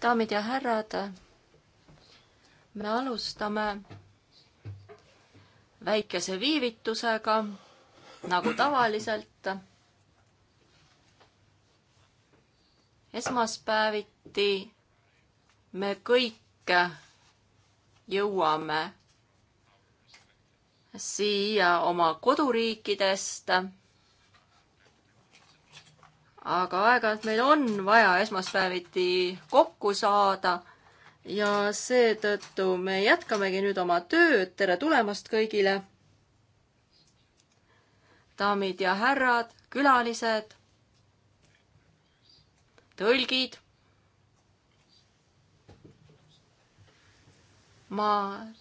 daamid ja härrad, me alustame väikese viivitusega, nagu tavaliselt. esmaspäeviti me kõik jõuame siia oma koduriikidest aga aeg-ajalt meil on vaja esmaspäeviti kokku saada ja seetõttu me jätkamegi nüüd oma tööd. tere tulemast kõigile. daamid ja härrad, külalised, tõlgid. ma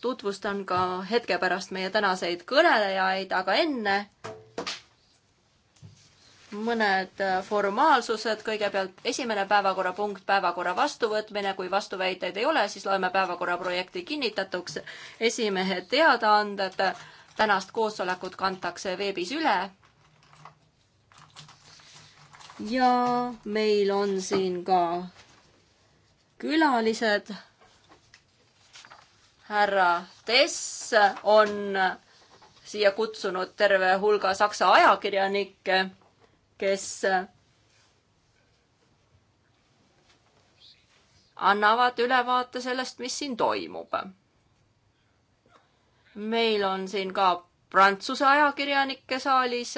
tutvustan ka hetke pärast meie tänaseid kõnelejaid, aga enne mõned äh, formaalsused, kõigepealt esimene päevakorrapunkt, päevakorra vastuvõtmine, kui vastuväiteid ei ole, siis loeme päevakorra projekti kinnitatuks. esimehe teadaanded, tänast koosolekut kantakse veebis üle. ja meil on siin ka külalised. härra Tess on siia kutsunud terve hulga saksa ajakirjanikke kes annavad ülevaate sellest, mis siin toimub. meil on siin ka Prantsuse ajakirjanikke saalis.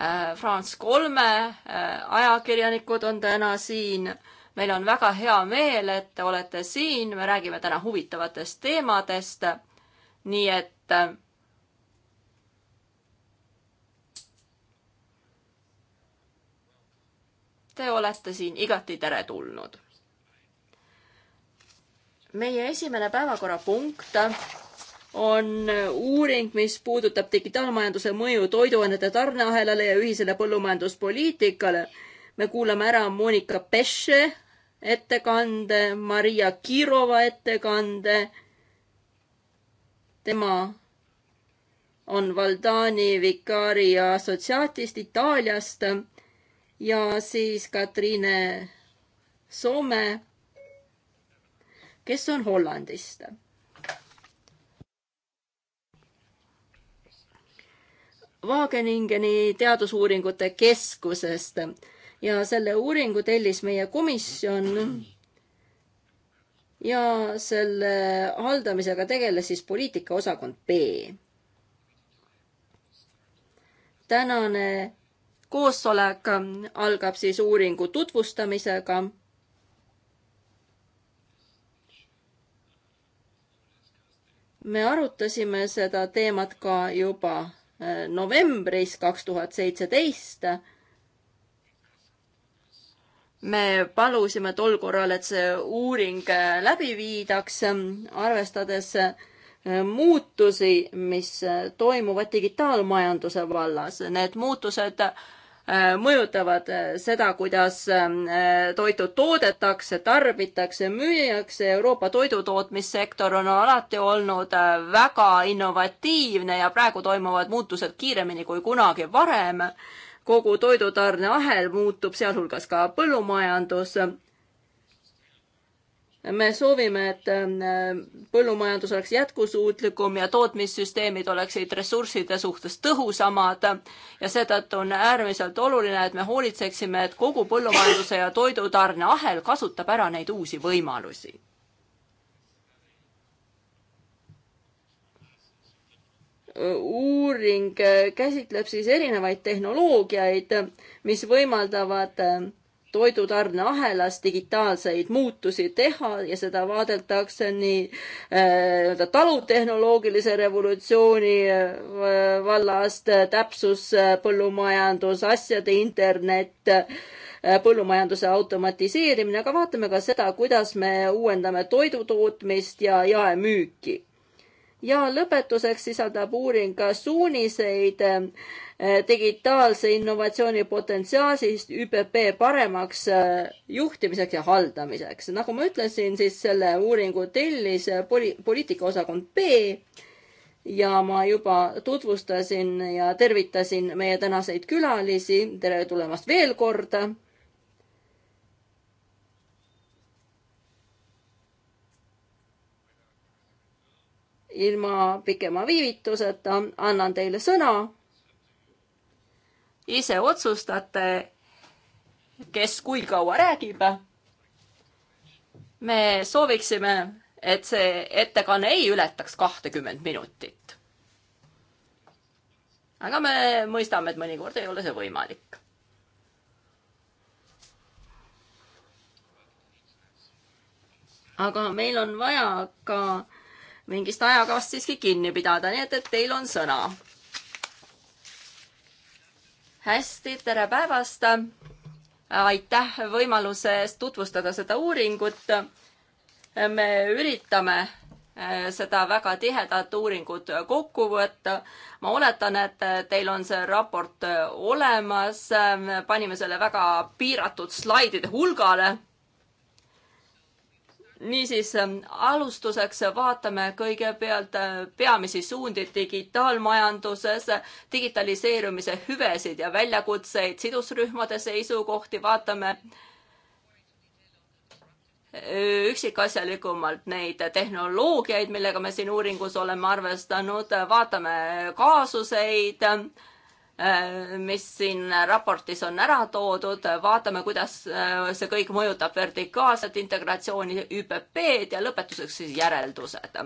Äh, France kolme äh, ajakirjanikud on täna siin meil on väga hea meel, et te olete siin, me räägime täna huvitavatest teemadest. nii et te olete siin igati teretulnud. meie esimene päevakorrapunkt on uuring, mis puudutab digitaalmajanduse mõju toiduainete tarneahelale ja ühisele põllumajanduspoliitikale. me kuulame ära Monika Pesce ettekande, Maria Kirova ettekande. tema on Valdani vikaari assotsiaatist Itaaliast ja siis Katriine Soome, kes on Hollandist. Vaageningeni teadusuuringute keskusest ja selle uuringu tellis meie komisjon. ja selle haldamisega tegeles siis poliitikaosakond B. tänane koosolek algab siis uuringu tutvustamisega me arutasime seda teemat ka juba äh, novembris kaks tuhat seitseteist me palusime tol korral, et see uuring äh, läbi viidaks, ähm, arvestades äh, muutusi, mis äh, toimuvad digitaalmajanduse vallas. Need muutused mõjutavad seda, kuidas ähm, toitu toodetakse, tarbitakse, müüakse. Euroopa toidutootmissektor on alati olnud väga innovatiivne ja praegu toimuvad muutused kiiremini kui kunagi varem kogu toidutarneahel muutub, sealhulgas ka põllumajandus. me soovime, et äh, põllumajandus oleks jätkusuutlikum ja tootmissüsteemid oleksid ressursside suhtes tõhusamad ja seetõttu on äärmiselt oluline, et me hoolitseksime, et kogu põllumajanduse ja toidutarneahel kasutab ära neid uusi võimalusi uuring käsitleb siis erinevaid tehnoloogiaid, mis võimaldavad äh, toidutarneahelas digitaalseid muutusi teha ja seda vaadeldakse nii äh, nii-öelda talutehnoloogilise revolutsiooni äh, vallast, täpsus, põllumajandus, asjade internet, põllumajanduse automatiseerimine, aga vaatame ka seda, kuidas me uuendame toidutootmist ja jaemüüki ja lõpetuseks sisaldab uuring ka suuniseid eh, digitaalse innovatsiooni potentsiaalsist ÜPP paremaks eh, juhtimiseks ja haldamiseks. nagu ma ütlesin, siis selle uuringu tellis eh, poli-, poliitikaosakond B ja ma juba tutvustasin ja tervitasin meie tänaseid külalisi. tere tulemast veel kord ilma pikema viivituseta annan teile sõna. ise otsustate, kes kui kaua räägib. me sooviksime, et see ettekanne ei ületaks kahtekümmend minutit. aga me mõistame, et mõnikord ei ole see võimalik aga meil on vaja ka mingist ajakavast siiski kinni pidada, nii et, et teil on sõna. hästi, tere päevast. aitäh võimaluse eest tutvustada seda uuringut. me üritame äh, seda väga tihedat uuringut kokku võtta. ma oletan, et teil on see raport äh, olemas. panime selle väga piiratud slaidide hulgale niisiis, ähm, alustuseks vaatame kõigepealt äh, peamisi suundi digitaalmajanduses, digitaliseerumise hüvesid ja väljakutseid, sidusrühmade seisukohti, vaatame äh, üksikasjalikumalt neid tehnoloogiaid, millega me siin uuringus oleme arvestanud, vaatame kaasuseid Äh, mis siin raportis on ära toodud, vaatame, kuidas äh, see kõik mõjutab vertikaalset integratsiooni ÜPP-d ja lõpetuseks siis järeldused.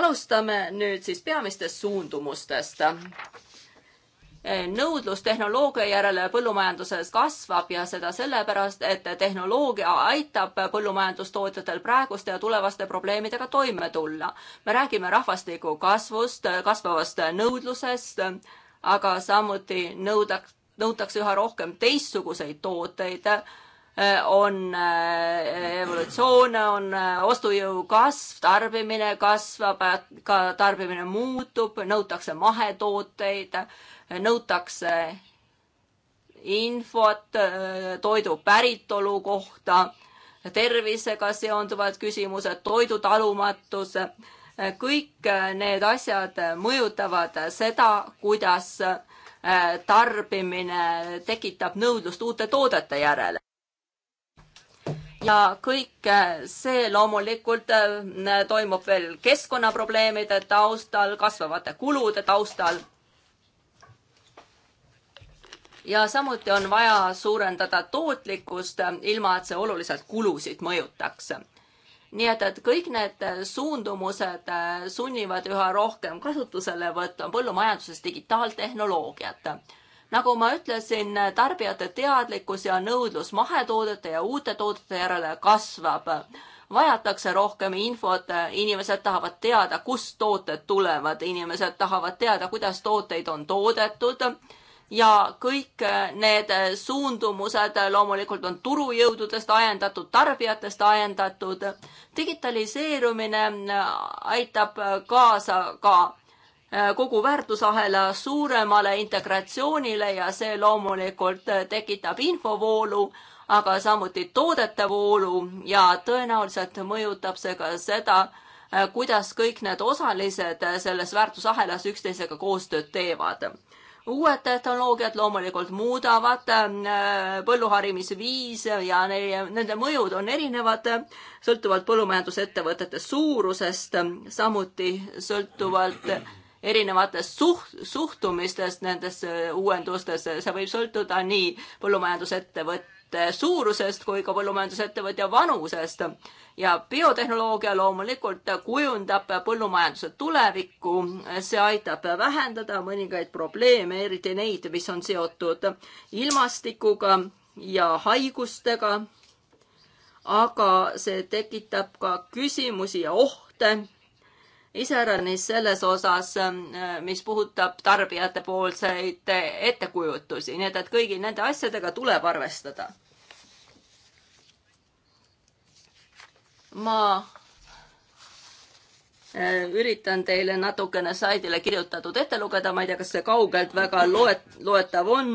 alustame nüüd siis peamistest suundumustest äh, nõudlus tehnoloogia järele põllumajanduses kasvab ja seda sellepärast, et tehnoloogia aitab põllumajandustootjatel praeguste ja tulevaste probleemidega toime tulla. me räägime rahvastiku kasvust, kasvavast nõudlusest aga samuti nõudaks, nõutakse üha rohkem teistsuguseid tooteid, on äh, evolutsioon, on äh, ostujõu kasv, tarbimine kasvab, ka tarbimine muutub, nõutakse mahetooteid, nõutakse infot äh, toidu päritolu kohta, tervisega seonduvad küsimused, toidu talumatus kõik äh, need asjad mõjutavad seda, kuidas äh, tarbimine tekitab nõudlust uute toodete järele. ja kõik äh, see loomulikult toimub veel keskkonnaprobleemide taustal, kasvavate kulude taustal. ja samuti on vaja suurendada tootlikkust, ilma et see oluliselt kulusid mõjutaks nii et, et kõik need äh, suundumused äh, sunnivad üha rohkem kasutusele võtma põllumajanduses digitaaltehnoloogiat. nagu ma ütlesin, tarbijate teadlikkus ja nõudlus mahetoodete ja uute toodete järele kasvab. vajatakse rohkem infot, äh, inimesed tahavad teada, kust tooted tulevad, inimesed tahavad teada, kuidas tooteid on toodetud ja kõik äh, need äh, suundumused äh, loomulikult on turujõududest ajendatud, tarbijatest ajendatud. digitaliseerumine aitab kaasa ka kogu väärtusahela suuremale integratsioonile ja see loomulikult tekitab infovoolu, aga samuti toodete voolu ja tõenäoliselt mõjutab see ka seda, kuidas kõik need osalised selles väärtusahelas üksteisega koostööd teevad uued tehnoloogiad loomulikult muudavad ähm, äh, põlluharimisviise ja neie, nende mõjud on erinevad, sõltuvalt põllumajandusettevõtete suurusest, samuti sõltuvalt erinevatest suht-, suhtumistest nendesse uuendustesse, see võib sõltuda nii põllumajandusettevõtte ettevõtte suurusest kui ka põllumajandusettevõtja vanusest. ja biotehnoloogia loomulikult kujundab põllumajanduse tulevikku, see aitab vähendada mõningaid probleeme, eriti neid, mis on seotud ilmastikuga ja haigustega. aga see tekitab ka küsimusi ja ohte iseäranis selles osas, mis puudutab tarbijatepoolseid ettekujutusi, nii et, et kõigi nende asjadega tuleb arvestada. ma äh, üritan teile natukene slaidile kirjutatud ette lugeda, ma ei tea, kas see kaugelt väga loet-, loetav on.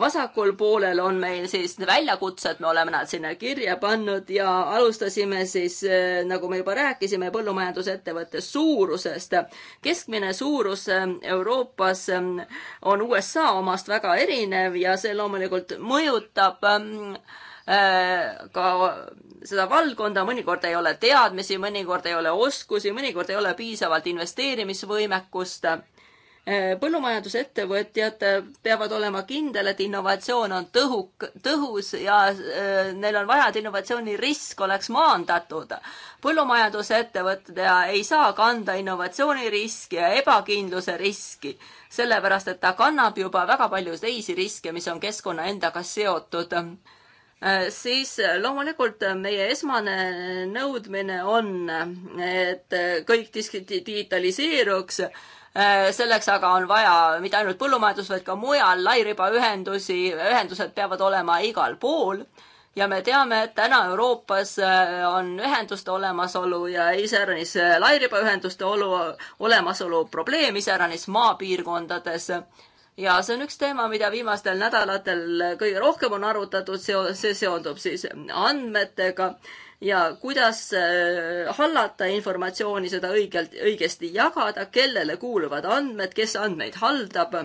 vasakul poolel on meil siis väljakutsed, me oleme nad sinna kirja pannud ja alustasime siis, äh, nagu me juba rääkisime, põllumajandusettevõtte suurusest. keskmine suurus äh, Euroopas on USA omast väga erinev ja see loomulikult mõjutab äh, Äh, ka seda valdkonda, mõnikord ei ole teadmisi, mõnikord ei ole oskusi, mõnikord ei ole piisavalt investeerimisvõimekust. Äh, põllumajandusettevõtjad peavad olema kindel, et innovatsioon on tõhuk, tõhus ja äh, neil on vaja, et innovatsioonirisk oleks maandatud. põllumajandusettevõtja ei saa kanda innovatsiooniriski ja ebakindluse riski, sellepärast et ta kannab juba väga palju teisi riske, mis on keskkonna endaga seotud Äh, siis äh, loomulikult äh, meie esmane nõudmine on, et kõik digitaliseeruks. selleks aga on vaja mitte ainult põllumajandus, vaid ka mujal lairibaühendusi, ühendused peavad olema igal pool ja me teame, et täna Euroopas on ühenduste olemasolu ja iseäranis lairibaühenduste olu, olemasolu probleem iseäranis maapiirkondades ja see on üks teema, mida viimastel nädalatel kõige rohkem on arutatud, see seondub siis andmetega ja kuidas äh, hallata informatsiooni, seda õigelt, õigesti jagada, kellele kuuluvad andmed, kes andmeid haldab.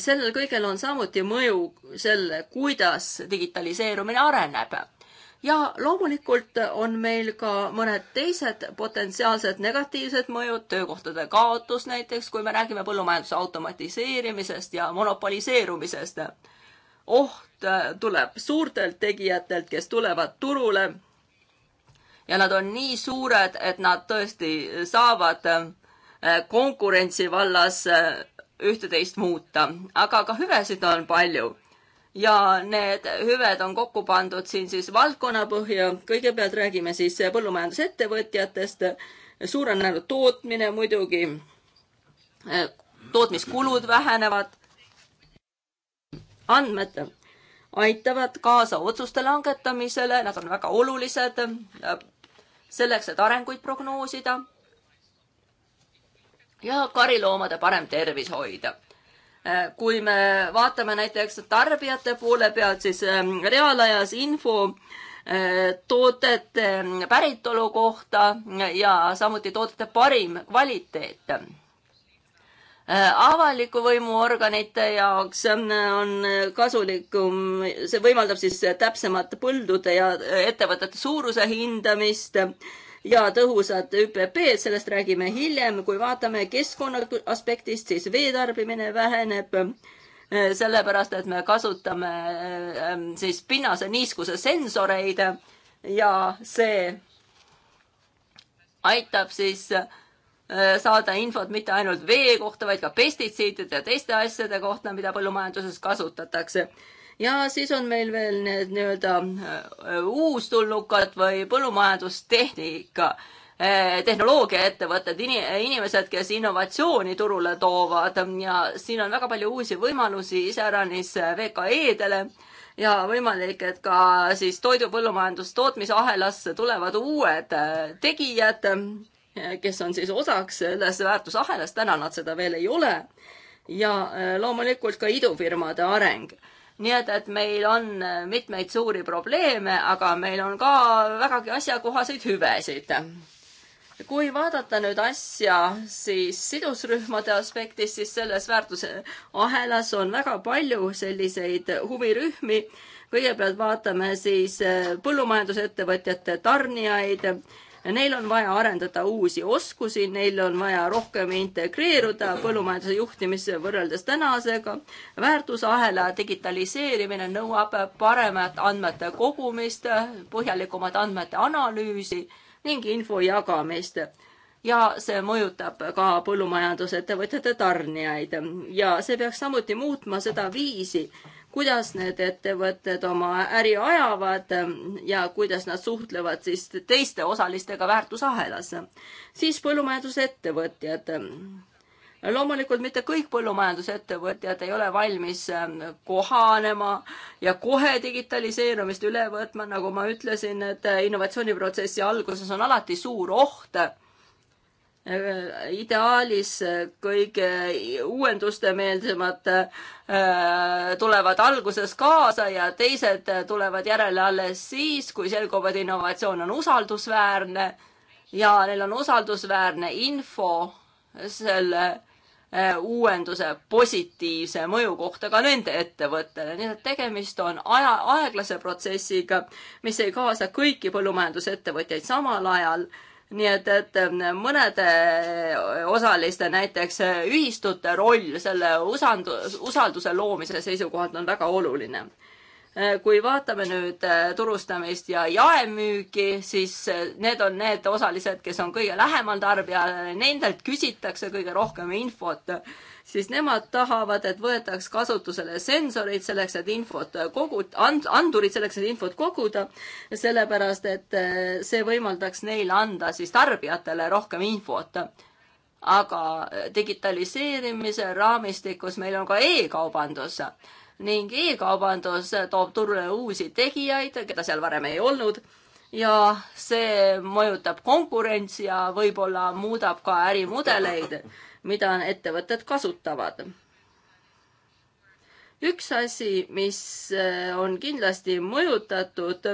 sellel kõigel on samuti mõju selle, kuidas digitaliseerumine areneb ja loomulikult on meil ka mõned teised potentsiaalsed negatiivsed mõjud, töökohtade kaotus näiteks, kui me räägime põllumajanduse automatiseerimisest ja monopoliseerumisest. oht tuleb suurtelt tegijatelt, kes tulevad turule ja nad on nii suured, et nad tõesti saavad eh, konkurentsi vallas eh, üht-teist muuta, aga ka hüvesid on palju ja need hüved on kokku pandud siin siis valdkonnapõhja. kõigepealt räägime siis põllumajandusettevõtjatest, suurenenud tootmine muidugi, tootmiskulud vähenevad. andmed aitavad kaasa otsuste langetamisele, nad on väga olulised selleks, et arenguid prognoosida ja kariloomade parem tervis hoida Äh, kui me vaatame näiteks tarbijate poole pealt, siis ähm, reaalajas info äh, toodete ähm, päritolu kohta ja samuti toodete parim kvaliteet. Äh, avaliku võimu organite jaoks on kasulikum, see võimaldab siis täpsemat põldude ja ettevõtete suuruse hindamist ja tõhusat ÜPP-d, sellest räägime hiljem. kui vaatame keskkonna aspektist, siis veetarbimine väheneb eh, sellepärast, et me kasutame eh, siis pinnase niiskuse sensoreid ja see aitab siis eh, saada infot mitte ainult vee kohta, vaid ka pestitsiidide ja teiste asjade kohta, mida põllumajanduses kasutatakse ja siis on meil veel need nii-öelda äh, uustulnukad või põllumajandustehnika äh, tehnoloogiaettevõtted, inimesed, kes innovatsiooni turule toovad ja siin on väga palju uusi võimalusi iseäranis äh, VKE-dele ja võimalik, et ka siis toidu põllumajandustootmise ahelasse tulevad uued tegijad, kes on siis osaks selles väärtusahelas, täna nad seda veel ei ole. ja loomulikult ka idufirmade areng nii et, et meil on äh, mitmeid suuri probleeme, aga meil on ka vägagi asjakohaseid hüvesid. kui vaadata nüüd asja siis sidusrühmade aspektist, siis selles väärtuse ahelas on väga palju selliseid huvirühmi. kõigepealt vaatame siis äh, põllumajandusettevõtjate tarnijaid Neil on vaja arendada uusi oskusi, neil on vaja rohkem integreeruda põllumajanduse juhtimisse võrreldes tänasega. väärtusahela digitaliseerimine nõuab paremat andmete kogumist, põhjalikumat andmete analüüsi ning info jagamist ja see mõjutab ka põllumajandusettevõtjate tarnijaid ja see peaks samuti muutma seda viisi, kuidas need ettevõtted oma äri ajavad ja kuidas nad suhtlevad siis teiste osalistega väärtusahelas. siis põllumajandusettevõtjad. loomulikult mitte kõik põllumajandusettevõtjad ei ole valmis kohanema ja kohe digitaliseerumist üle võtma, nagu ma ütlesin, et innovatsiooniprotsessi alguses on alati suur oht Äh, ideaalis äh, kõige uuendustemeelsemad äh, tulevad alguses kaasa ja teised tulevad järele alles siis, kui selgub, et innovatsioon on usaldusväärne ja neil on usaldusväärne info selle uuenduse positiivse mõju kohta ka nende ettevõttele, nii et tegemist on aja, aeglase protsessiga, mis ei kaasa kõiki põllumajandusettevõtjaid samal ajal nii et, et ähm, mõnede äh, osaliste, näiteks äh, ühistute roll selle usandu, usalduse loomise seisukohalt on väga oluline. Äh, kui vaatame nüüd turustamist ja jaemüügi, siis need on need osalised, kes on kõige lähemal tarbijale, nendelt küsitakse kõige rohkem infot siis nemad tahavad, et võetaks kasutusele sensorid selleks, et infot kogu-, and-, andurid selleks, et infot koguda, sellepärast et eh, see võimaldaks neil anda siis tarbijatele rohkem infot. aga eh, digitaliseerimise raamistikus meil on ka e-kaubandus ning e-kaubandus toob turule uusi tegijaid, keda seal varem ei olnud ja see mõjutab konkurentsi ja võib-olla muudab ka ärimudeleid mida ettevõtted kasutavad. üks asi, mis eh, on kindlasti mõjutatud,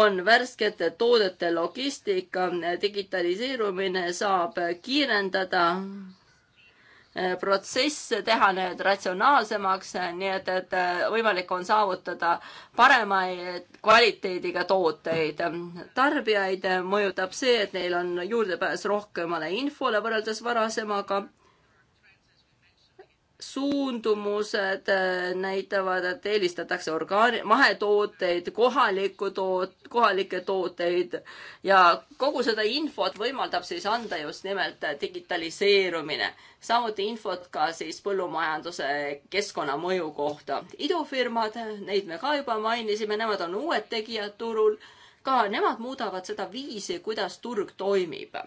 on värskete toodete logistika, digitaliseerumine saab kiirendada Äh, protsess, teha need ratsionaalsemaks, nii et, et äh, võimalik on saavutada parema kvaliteediga tooteid. tarbijaid mõjutab see, et neil on juurdepääs rohkemale infole võrreldes varasemaga suundumused äh, näitavad, et eelistatakse orgaan-, mahetooteid, kohalikku toot-, kohalikke tooteid ja kogu seda infot võimaldab siis anda just nimelt digitaliseerumine. samuti infot ka siis põllumajanduse keskkonnamõju kohta. idufirmad, neid me ka juba mainisime, nemad on uued tegijad turul, ka nemad muudavad seda viisi, kuidas turg toimib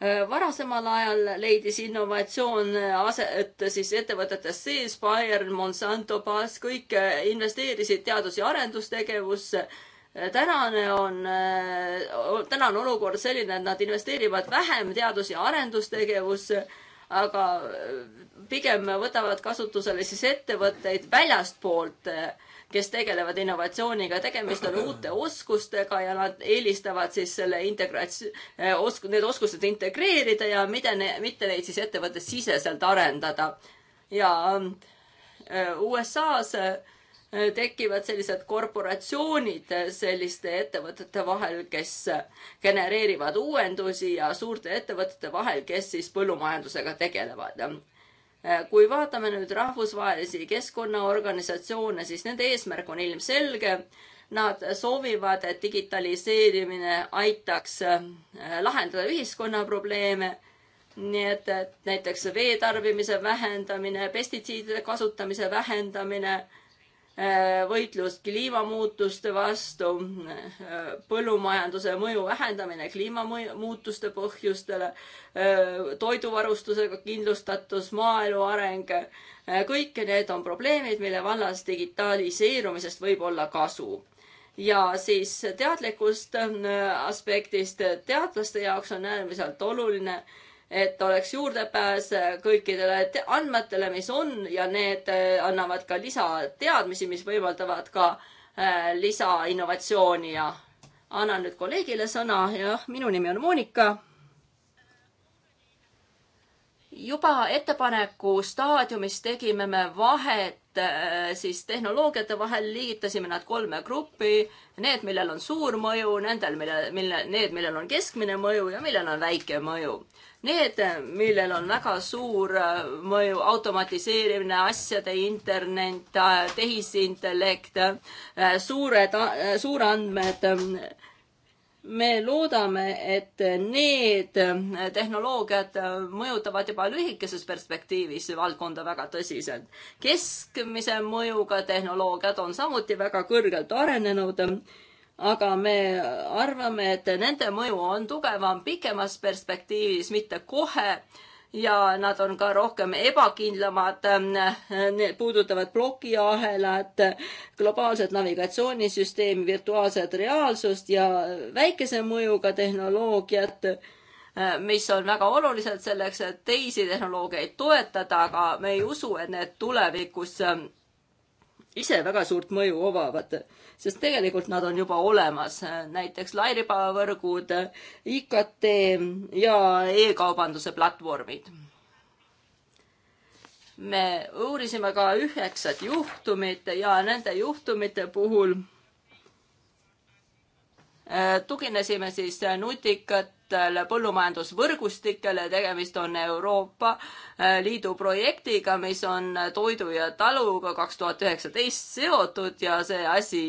Äh, varasemal ajal leidis innovatsioon äh, aset siis ettevõtetes sees, Bayern, Monsanto, Bas, kõik äh, investeerisid teadus- ja arendustegevusse. tänane on, tänane olukord selline, et nad investeerivad vähem teadus- ja arendustegevusse, aga pigem võtavad kasutusele siis ettevõtteid väljastpoolt äh, kes tegelevad innovatsiooniga, tegemist on uute oskustega ja nad eelistavad siis selle integrats-, eh, osk-, need oskused integreerida ja mida ne-, mitte neid siis ettevõttes siseselt arendada. ja eh, USA-s eh, tekivad sellised korporatsioonid selliste ettevõtete vahel, kes genereerivad uuendusi ja suurte ettevõtete vahel, kes siis põllumajandusega tegelevad Äh, kui vaatame nüüd rahvusvahelisi keskkonnaorganisatsioone, siis nende eesmärk on ilmselge. Nad soovivad, et digitaliseerimine aitaks äh, lahendada ühiskonna probleeme. nii et, et näiteks vee tarbimise vähendamine, pestitsiidide kasutamise vähendamine Äh, võitlust kliimamuutuste vastu, äh, põllumajanduse mõju vähendamine kliimamuutuste põhjustele, äh, toiduvarustusega kindlustatus, maaelu areng, kõik need on probleemid, mille vallas digitaliseerumisest võib olla kasu ja siis teadlikust aspektist teadlaste jaoks on äärmiselt oluline, et oleks juurdepääs kõikidele andmetele, mis on ja need äh, annavad ka lisateadmisi, mis võimaldavad ka äh, lisainnovatsiooni ja annan nüüd kolleegile sõna, jah, minu nimi on Monika. juba ettepaneku staadiumis tegime me vahet Äh, siis tehnoloogiate vahel liigitasime nad kolme gruppi. Need, millel on suur mõju, nendel, mille, mille, need, millel on keskmine mõju ja millel on väike mõju. Need, millel on väga suur äh, mõju, automatiseerimine, asjade internet, äh, tehisintellekt, suured, suurandmed me loodame, et need tehnoloogiad mõjutavad juba lühikeses perspektiivis valdkonda väga tõsiselt. keskmise mõjuga tehnoloogiad on samuti väga kõrgelt arenenud, aga me arvame, et nende mõju on tugevam pikemas perspektiivis, mitte kohe ja nad on ka rohkem ebakindlamad, ähm, need puudutavad plokiahelat, globaalset navigatsioonisüsteemi, virtuaalset reaalsust ja väikese mõjuga tehnoloogiat, äh, mis on väga olulised selleks, et teisi tehnoloogiaid toetada, aga me ei usu, et need tulevikus ähm, ise väga suurt mõju omavad, sest tegelikult nad on juba olemas, näiteks lairibavõrgud, IKT ja e-kaubanduse platvormid. me uurisime ka üheksat juhtumit ja nende juhtumite puhul äh, tuginesime siis nutikat erinevatele põllumajandusvõrgustikele, tegemist on Euroopa äh, Liidu projektiga, mis on toidu ja taluga kaks tuhat üheksateist seotud ja see asi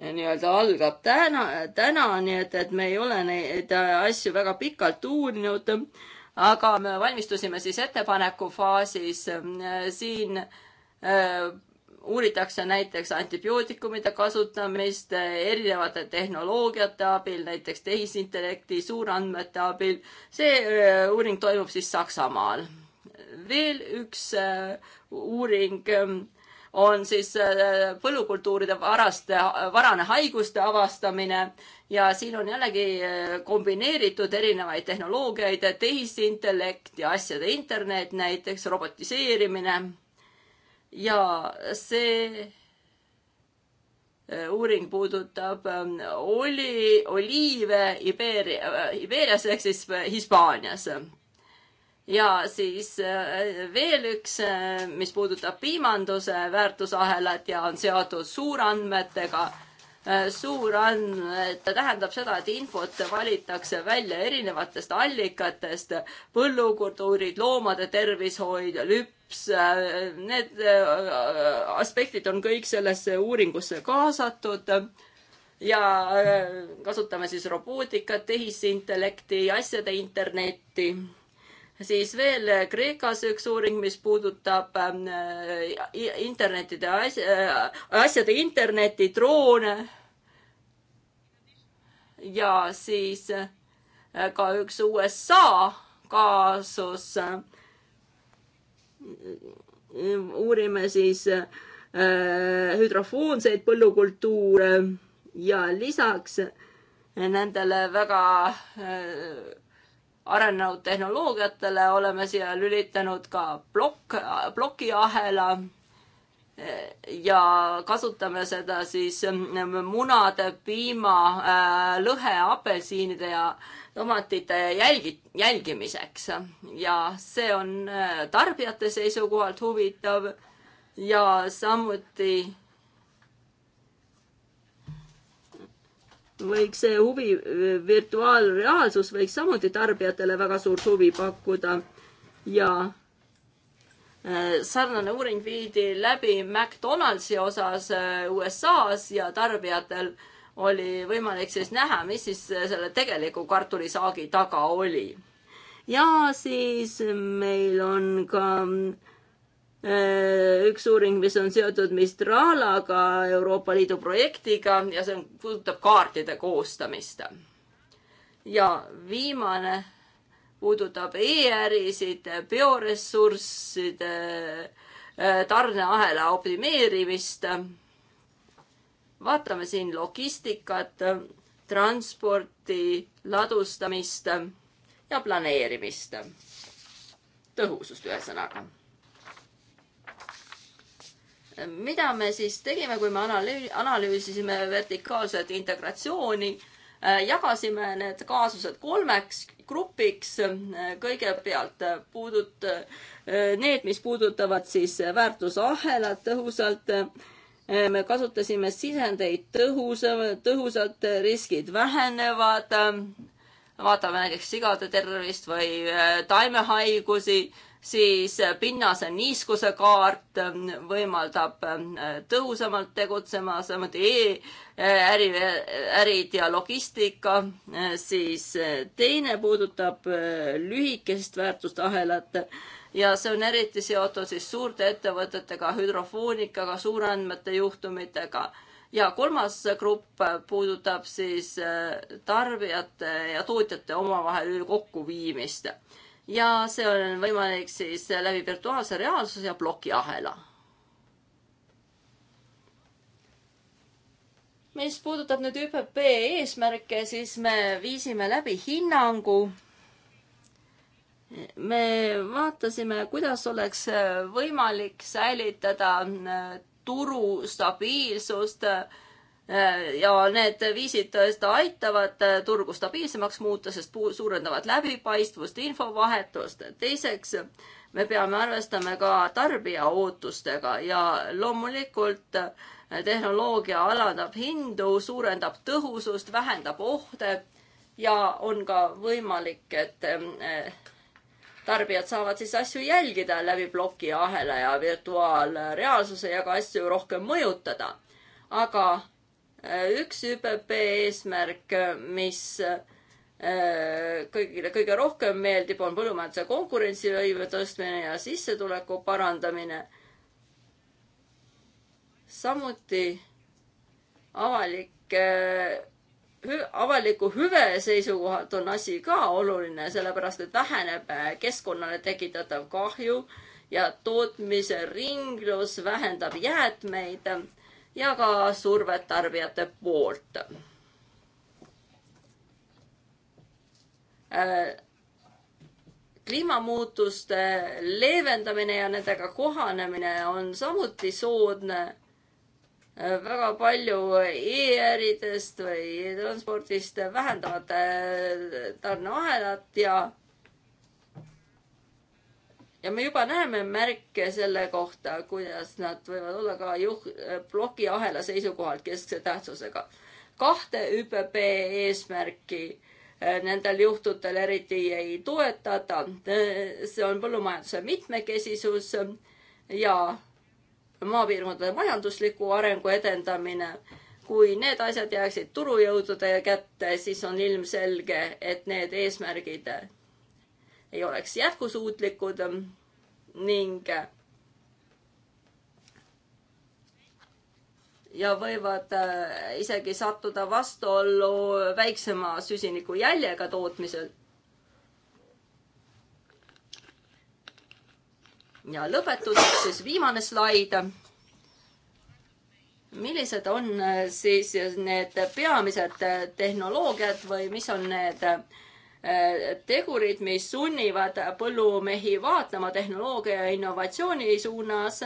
äh, nii-öelda algab täna, täna, nii et, et me ei ole neid äh, asju väga pikalt uurinud, aga me valmistusime siis ettepaneku faasis siin uuritakse näiteks antibiootikumide kasutamist erinevate tehnoloogiate abil, näiteks tehisintellekti, suurandmete abil. see äh, uuring toimub siis Saksamaal. veel üks äh, uuring ähm, on siis äh, põllukultuuride varaste, varane haiguste avastamine ja siin on jällegi kombineeritud erinevaid tehnoloogiaid, tehisintellekt ja asjade internet, näiteks robotiseerimine ja see äh, uuring puudutab ähm, oli, oliive Iberia, äh, Iberias ehk siis äh, Hispaanias. ja siis veel üks, mis puudutab piimanduse väärtusahelat ja on seotud suurandmetega Äh, suurandmed tähendab seda, et infot valitakse välja erinevatest allikatest, põllukultuurid, loomade tervishoid, lüps, äh, need äh, aspektid on kõik sellesse uuringusse kaasatud ja kasutame siis robootikat, tehisintellekti, asjade internetti siis veel eh, Kreekas üks uuring, mis puudutab ähm, äh, internetide asja, äh, asjade interneti, droone. ja siis äh, ka üks USA kaasus. uurime siis hüdrofoonseid põllukultuure ja lisaks nendele väga arenenud tehnoloogiatele, oleme siia lülitanud ka plokk, plokiahela eh, ja kasutame seda siis mm, munade, piima, eh, lõhe, apelsiniide ja tomatite jälgi, jälgimiseks ja see on eh, tarbijate seisukohalt huvitav ja samuti võiks see huvi, eh, virtuaalreaalsus võiks samuti tarbijatele väga suurt huvi pakkuda ja eh, sarnane uuring viidi läbi McDonaldsi osas eh, USA-s ja tarbijatel oli võimalik siis näha, mis siis selle tegeliku kartulisaagi taga oli. ja siis meil on ka äh, Äh, üks uuring, mis on seotud Mistralaga, Euroopa Liidu projektiga ja see puudutab kaartide koostamist. ja viimane puudutab e-ärisid, bioressursside äh, tarneahela optimeerimist. vaatame siin logistikat, transporti, ladustamist ja planeerimist. tõhusust ühesõnaga mida me siis tegime, kui me analüü-, analüüsisime vertikaalset integratsiooni, äh, jagasime need kaasused kolmeks grupiks, äh, kõigepealt äh, puudut-, need, mis puudutavad siis väärtusahelat tõhusalt, me kasutasime sisendeid tõhusa, tõhusalt, riskid vähenevad, vaatame näiteks sigade tervist või taimehaigusi siis pinnase niiskuse kaart ähm, võimaldab ähm, tõhusamalt tegutsema, samuti e-äri, äh, ärid ja logistika, äh, siis äh, teine puudutab lühikest väärtustahelat ja see on eriti seotud siis suurte ettevõtetega, hüdrofoonikaga, suurandmete juhtumitega ja kolmas grupp puudutab siis tarbijate ja tootjate omavahel kokkuviimist ja see on võimalik siis läbi virtuaalse reaalsuse ja plokiahela. mis puudutab nüüd ÜPP eesmärke, siis me viisime läbi hinnangu. me vaatasime, kuidas oleks võimalik säilitada turu stabiilsust äh, Äh, ja need viisid tõesti aitavad äh, turgu stabiilsemaks muuta, sest suurendavad läbipaistvust, infovahetust. teiseks, me peame arvestama ka tarbija ootustega ja loomulikult äh, tehnoloogia alandab hindu, suurendab tõhusust, vähendab ohte ja on ka võimalik, et tarbijad saavad siis asju jälgida läbi plokiahela ja virtuaalreaalsuse ja ka asju rohkem mõjutada. aga üks ÜPP eesmärk, mis äh, kõigile kõige rohkem meeldib, on põllumajanduse konkurentsivõime tõstmine ja sissetuleku parandamine. samuti avalike, äh, avaliku hüve seisukohalt on asi ka oluline, sellepärast et väheneb äh, keskkonnale tekitatav kahju ja tootmise ringlus vähendab jäätmeid ja ka survet tarbijate poolt äh, kliimamuutuste leevendamine ja nendega kohanemine on samuti soodne. Äh, väga palju e-äridest või e transpordist vähendavad tarneahelat ja ja me juba näeme märke selle kohta, kuidas nad võivad olla ka juh-, plokiahela seisukohalt keskse tähtsusega. kahte ÜPP eesmärki äh, nendel juhtudel eriti ei toetata. Äh, see on põllumajanduse mitmekesisus ja maapiirkondade majandusliku arengu edendamine. kui need asjad jääksid turujõudude kätte, siis on ilmselge, et need eesmärgid ei oleks jätkusuutlikud ning ja võivad äh, isegi sattuda vastuollu väiksema süsinikujäljega tootmisel. ja lõpetuseks siis viimane slaid. millised on äh, siis need peamised äh, tehnoloogiad või mis on need äh, tegurid, mis sunnivad põllumehi vaatama tehnoloogia ja innovatsiooni suunas,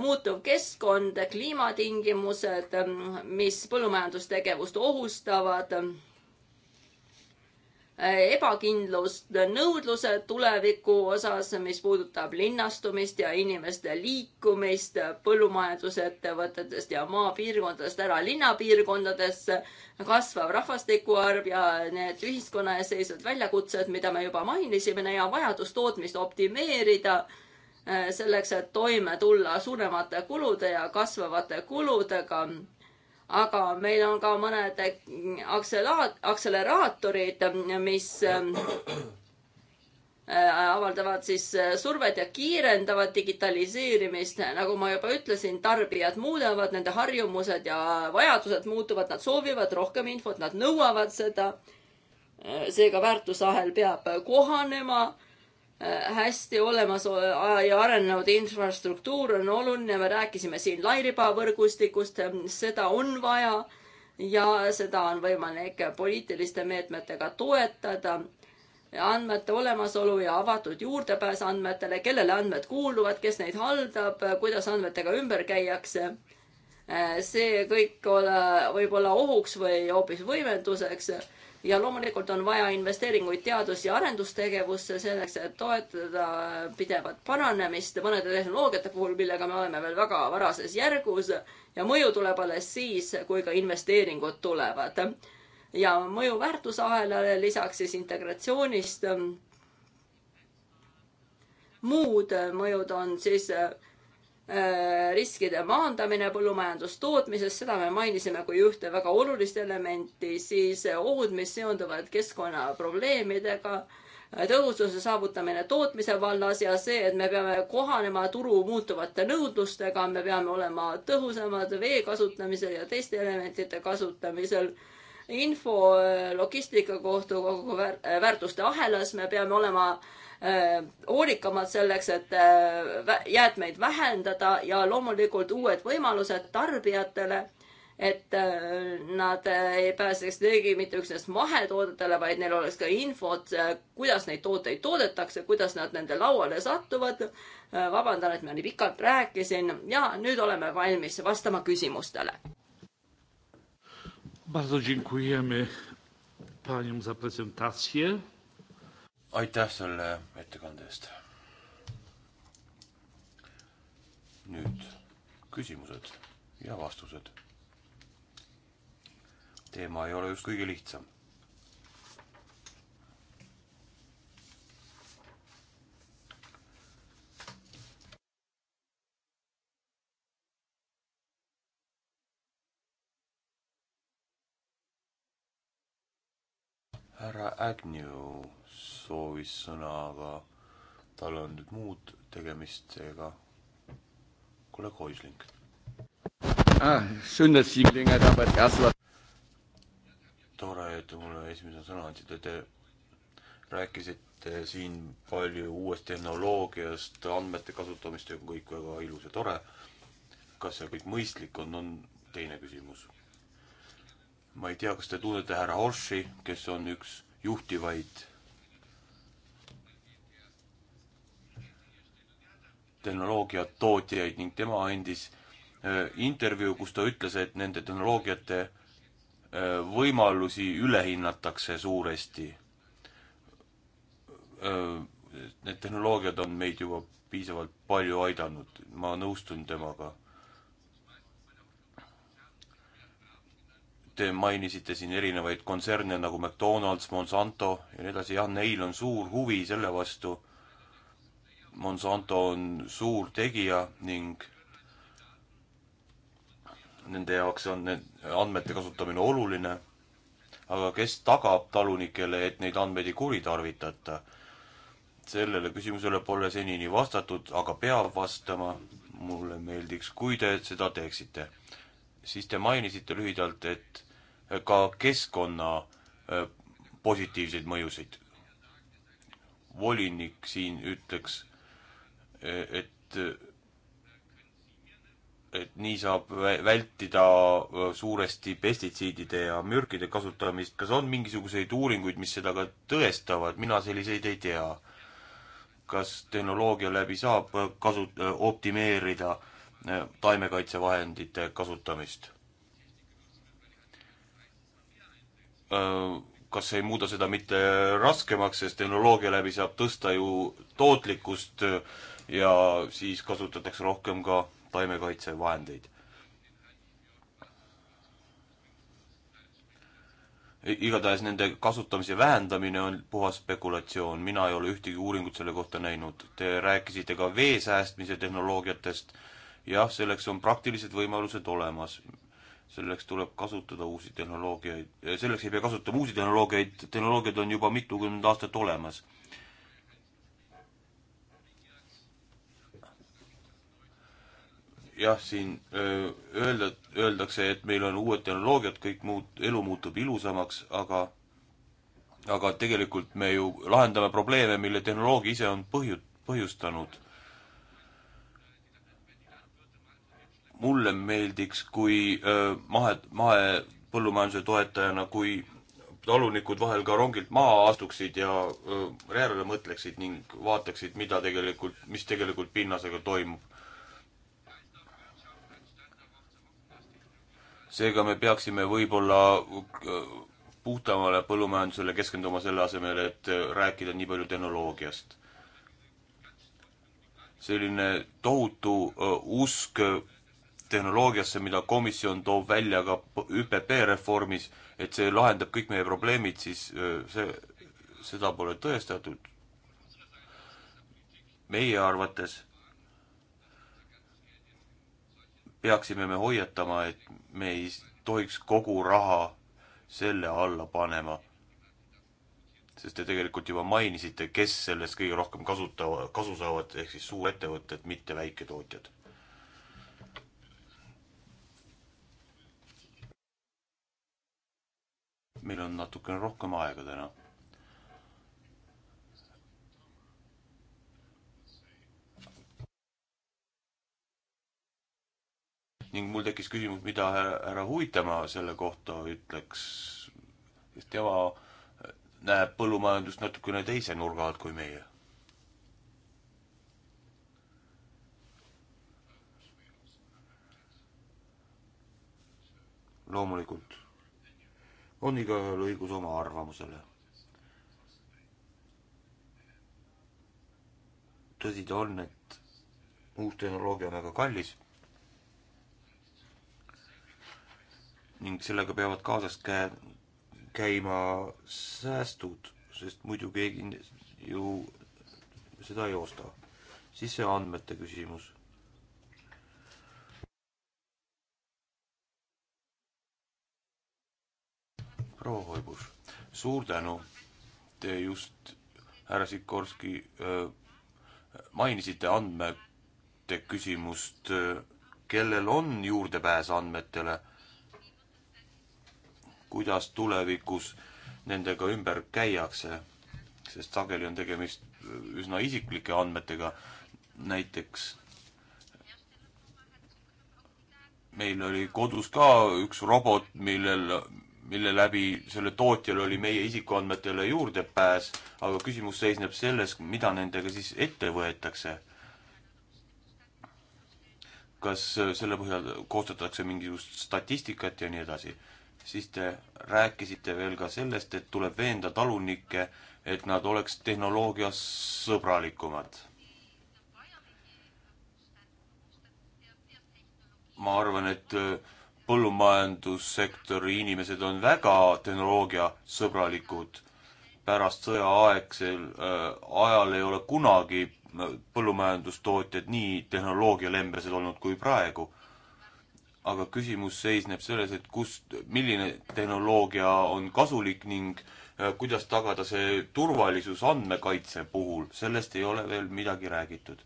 muutuv keskkond, kliimatingimused, mis põllumajandustegevust ohustavad Äh, ebakindlust nõudluse tuleviku osas, mis puudutab linnastumist ja inimeste liikumist põllumajandusettevõtetest ja maapiirkondadest ära linnapiirkondadesse, kasvav rahvastiku arv ja need ühiskonna ees seisvad väljakutsed, mida me juba mainisime ja vajadus tootmist optimeerida äh, selleks, et toime tulla suuremate kulude ja kasvavate kuludega aga meil on ka mõned aktselaat-, akseleraatorid, mis ähm, äh, avaldavad siis äh, survet ja kiirendavad digitaliseerimist. nagu ma juba ütlesin, tarbijad muudavad, nende harjumused ja vajadused muutuvad, nad soovivad rohkem infot, nad nõuavad seda. Äh, seega väärtusahel peab kohanema Äh, hästi olemas ja arenenud infrastruktuur on oluline, me rääkisime siin lairibavõrgustikust, seda on vaja ja seda on võimalik poliitiliste meetmetega toetada. andmete olemasolu ja avatud juurdepääs andmetele, kellele andmed kuuluvad, kes neid haldab, kuidas andmetega ümber käiakse. Äh, see kõik ole, võib olla ohuks või hoopis võimenduseks ja loomulikult on vaja investeeringuid teadus- ja arendustegevusse selleks, et toetada pidevat paranemist mõnede tehnoloogiate puhul, millega me oleme veel väga varases järgus ja mõju tuleb alles siis, kui ka investeeringud tulevad. ja mõju väärtusahelale lisaks siis integratsioonist. muud mõjud on siis Äh, riskide maandamine põllumajandustootmises, seda me mainisime kui ühte väga olulist elementi, siis ohud, mis seonduvad keskkonnaprobleemidega, tõhususe saavutamine tootmise vallas ja see, et me peame kohanema turu muutuvate nõudlustega, me peame olema tõhusamad vee kasutamisel ja teiste elementide kasutamisel info logistika kohta kogu väärtuste ahelas, me peame olema hoolikamad äh, selleks, et äh, jäätmeid vähendada ja loomulikult uued võimalused tarbijatele, et äh, nad ei pääseks ligi mitte üksnes mahetoodetele, vaid neil oleks ka infot, kuidas neid tooteid toodetakse, kuidas nad nende lauale satuvad. vabandan, et ma nii pikalt rääkisin ja nüüd oleme valmis vastama küsimustele Bardzo dziękujemy paniom za prezentację. aitäh selle ettekande eest. nüüd küsimused ja vastused. teema ei ole just kõige lihtsam härra Agnew soovis sõna, aga tal on nüüd muud tegemist, seega kolleeg Oisling ah,. tore, et te mulle esimese sõna andsite, te rääkisite siin palju uuest tehnoloogiast, andmete kasutamist ja kõik väga ilus ja tore. kas see kõik mõistlik on, on teine küsimus ma ei tea, kas te tunnete härra Horši, kes on üks juhtivaid tehnoloogiatootjaid ning tema andis äh, intervjuu, kus ta ütles, et nende tehnoloogiate äh, võimalusi ülehinnatakse suuresti äh,. Need tehnoloogiad on meid juba piisavalt palju aidanud, ma nõustun temaga Te mainisite siin erinevaid kontserne nagu McDonalds, Monsanto ja nii edasi, jah, neil on suur huvi selle vastu. Monsanto on suur tegija ning nende jaoks on need andmete kasutamine oluline. aga kes tagab talunikele, et neid andmeid ei kuritarvitata? sellele küsimusele pole senini vastatud, aga peab vastama. mulle meeldiks, kui te seda teeksite siis te mainisite lühidalt, et ka keskkonna äh, positiivseid mõjusid. volinik siin ütleks, e, et, et nii saab vältida äh, suuresti pestitsiidide ja mürkide kasutamist. kas on mingisuguseid uuringuid, mis seda ka tõestavad? mina selliseid ei tea. kas tehnoloogia läbi saab äh, kasu-, optimeerida äh, Äh, taimekaitsevahendite kasutamist. Äh, kas ei muuda seda mitte raskemaks, sest tehnoloogia läbi saab tõsta ju tootlikkust äh, ja siis kasutatakse rohkem ka taimekaitsevahendeid. igatahes nende kasutamise vähendamine on puhas spekulatsioon, mina ei ole ühtegi uuringut selle kohta näinud. Te rääkisite ka vee säästmise tehnoloogiatest jah, selleks on praktilised võimalused olemas. selleks tuleb kasutada uusi tehnoloogiaid, eh, selleks ei pea kasutama uusi tehnoloogiaid, tehnoloogiad on juba mitukümmend aastat olemas. jah, siin eh, öelda, öeldakse, et meil on uued tehnoloogiad, kõik muut-, elu muutub ilusamaks, aga aga tegelikult me ju lahendame probleeme, mille tehnoloogia ise on põhju-, põhjustanud mulle meeldiks, kui mahe, mahepõllumajanduse toetajana, kui talunikud vahel ka rongilt maha astuksid ja järele mõtleksid ning vaataksid, mida tegelikult, mis tegelikult pinnasega toimub. seega me peaksime võib-olla puhtamale põllumajandusele keskenduma selle asemel, et rääkida nii palju tehnoloogiast. selline tohutu usk tehnoloogiasse, mida komisjon toob välja ka ÜPP reformis, et see lahendab kõik meie probleemid, siis see, seda pole tõestatud. meie arvates peaksime me hoiatama, et me ei tohiks kogu raha selle alla panema. sest te tegelikult juba mainisite, kes sellest kõige rohkem kasutavad, kasu saavad, ehk siis suurettevõtted, mitte väiketootjad meil on natukene rohkem aega täna. ning mul tekkis küsimus, mida härra Huitema selle kohta ütleks, sest tema näeb põllumajandust natukene teise nurga alt kui meie loomulikult on igaühel õigus oma arvamusele. tõsi ta on, et uus tehnoloogia on väga kallis. ning sellega peavad kaasas käe, käima säästud, sest muidu keegi ju seda ei osta. siis see andmete küsimus proua Hoibus, suur tänu. Te just, härra Sikorski, mainisite andmete küsimust, kellel on juurdepääs andmetele, kuidas tulevikus nendega ümber käiakse, sest sageli on tegemist üsna isiklike andmetega, näiteks meil oli kodus ka üks robot, millel mille läbi selle tootjal oli meie isikuandmetele juurdepääs, aga küsimus seisneb selles, mida nendega siis ette võetakse. kas selle põhjal koostatakse mingisugust statistikat ja nii edasi? siis te rääkisite veel ka sellest, et tuleb veenda talunikke, et nad oleks tehnoloogias sõbralikumad. ma arvan, et põllumajandussektori inimesed on väga tehnoloogiasõbralikud. pärast sõjaaegsel äh, ajal ei ole kunagi äh, põllumajandustootjad nii tehnoloogialembesed olnud kui praegu. aga küsimus seisneb selles, et kust, milline tehnoloogia on kasulik ning äh, kuidas tagada see turvalisus andmekaitse puhul, sellest ei ole veel midagi räägitud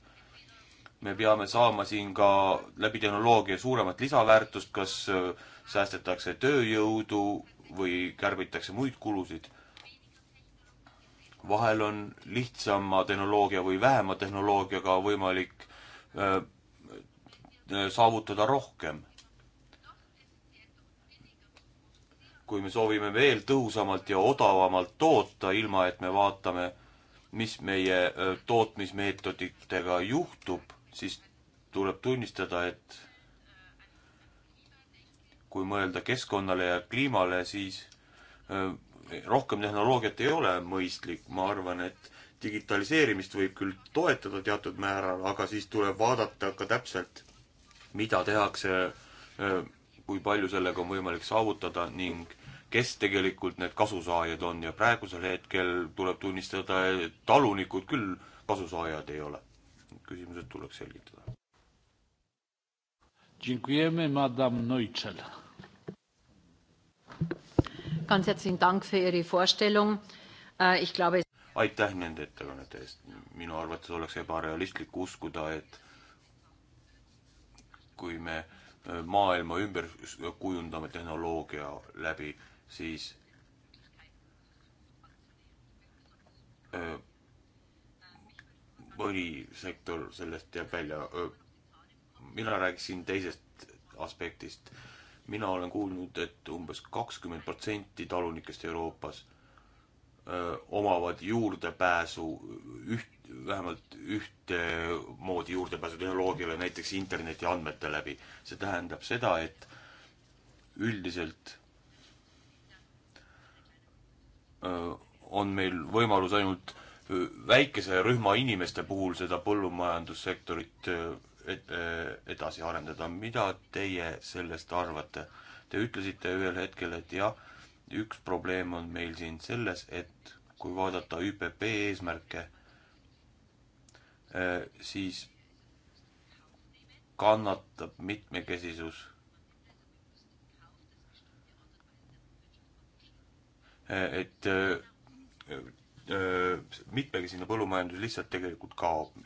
me peame saama siin ka läbi tehnoloogia suuremat lisaväärtust, kas äh, säästetakse tööjõudu või kärbitakse muid kulusid. vahel on lihtsama tehnoloogia või vähema tehnoloogiaga võimalik äh, äh, saavutada rohkem. kui me soovime veel tõhusamalt ja odavamalt toota, ilma et me vaatame, mis meie äh, tootmismeetoditega juhtub siis tuleb tunnistada, et kui mõelda keskkonnale ja kliimale, siis äh, rohkem tehnoloogiat ei ole mõistlik, ma arvan, et digitaliseerimist võib küll toetada teatud määral, aga siis tuleb vaadata ka täpselt, mida tehakse, äh, kui palju sellega on võimalik saavutada ning kes tegelikult need kasusaajad on ja praegusel hetkel tuleb tunnistada, et talunikud küll kasusaajad ei ole küsimused tuleks selgitada. Dziękujemy, madam Neutschel. Ganz herzlichen Dank für Ihre Vorstellung. Äh, ich glaube, aitäh nende ettekannete eest. minu arvates oleks ebarealistlik uskuda, et kui me äh, maailma ümber kujundame tehnoloogia läbi, siis äh, põhisektor sellest jääb välja. mina rääkisin teisest aspektist. mina olen kuulnud, et umbes kakskümmend protsenti talunikest Euroopas öö, omavad juurdepääsu üht, vähemalt ühtemoodi juurdepääsu tehnoloogiale, näiteks interneti andmete läbi. see tähendab seda, et üldiselt öö, on meil võimalus ainult öö, väikese rühma inimeste puhul seda põllumajandussektorit äh, et, äh, edasi arendada. mida teie sellest arvate? Te ütlesite ühel hetkel, et jah, üks probleem on meil siin selles, et kui vaadata ÜPP eesmärke, äh, siis kannatab mitmekesisus. et mitmekesine põllumajandus lihtsalt tegelikult kaob.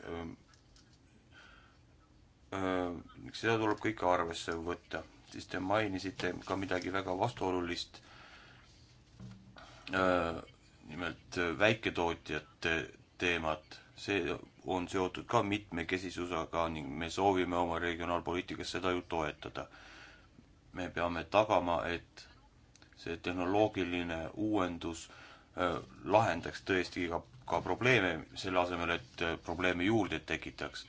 seda tuleb kõike arvesse võtta, siis te mainisite ka midagi väga vastuolulist. nimelt väiketootjate teemat, see on seotud ka mitmekesisusega ning me soovime oma regionaalpoliitikas seda ju toetada. me peame tagama, et see tehnoloogiline uuendus äh, Äh, lahendaks tõesti ka, ka probleeme, selle asemel, et äh, probleeme juurde tekitaks.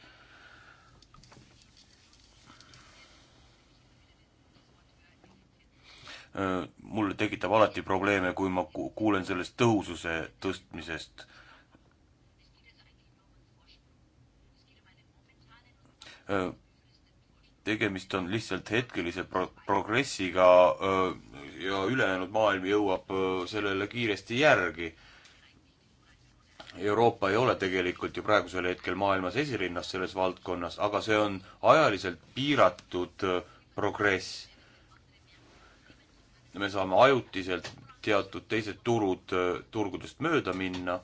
Äh, mulle tekitab alati probleeme, kui ma kuulen sellest tõhususe tõstmisest tegemist on lihtsalt hetkelise pro-, progressiga ja ülejäänud maailm jõuab sellele kiiresti järgi. Euroopa ei ole tegelikult ju praegusel hetkel maailmas esirinnas selles valdkonnas, aga see on ajaliselt piiratud progress. me saame ajutiselt teatud teised turud turgudest mööda minna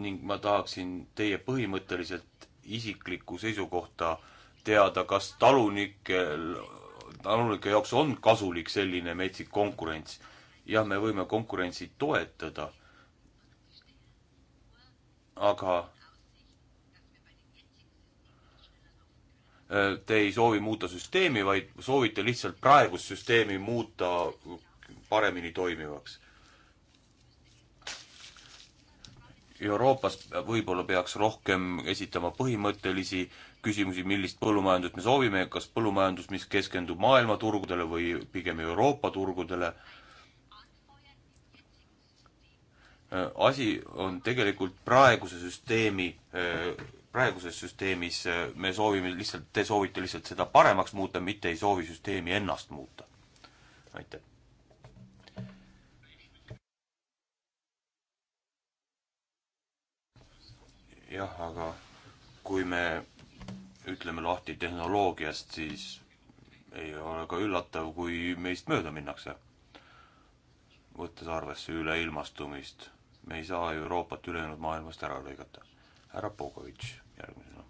ning ma tahaksin teie põhimõtteliselt isiklikku seisukohta teada, kas talunikel, talunike jaoks on kasulik selline metsik konkurents. jah, me võime konkurentsi toetada, aga äh, te ei soovi muuta süsteemi, vaid soovite lihtsalt praegust süsteemi muuta paremini toimivaks. Euroopas võib-olla peaks rohkem esitama põhimõttelisi küsimusi, millist põllumajandust me soovime, kas põllumajandus, mis keskendub maailmaturgudele või pigem Euroopa turgudele. asi on tegelikult praeguse süsteemi, praeguses süsteemis me soovime lihtsalt, te soovite lihtsalt seda paremaks muuta, mitte ei soovi süsteemi ennast muuta. aitäh. jah, aga kui me ütleme lahti tehnoloogiast, siis ei ole ka üllatav, kui meist mööda minnakse. võttes arvesse üleilmastumist, me ei saa Euroopat ülejäänud maailmast ära lõigata. härra Pogovitš järgmisena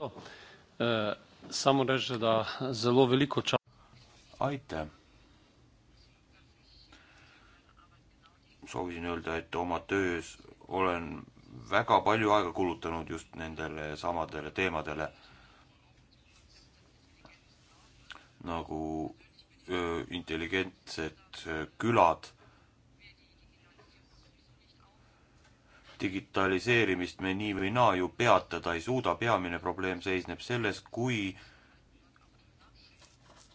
oh.. Samo reći da zelo veliko ča-. aitäh! soovisin öelda, et oma töös olen väga palju aega kulutanud just nendele samadele teemadele, nagu öö, intelligentsed öö, külad. digitaliseerimist me nii või naa ju peatada ei suuda, peamine probleem seisneb selles, kui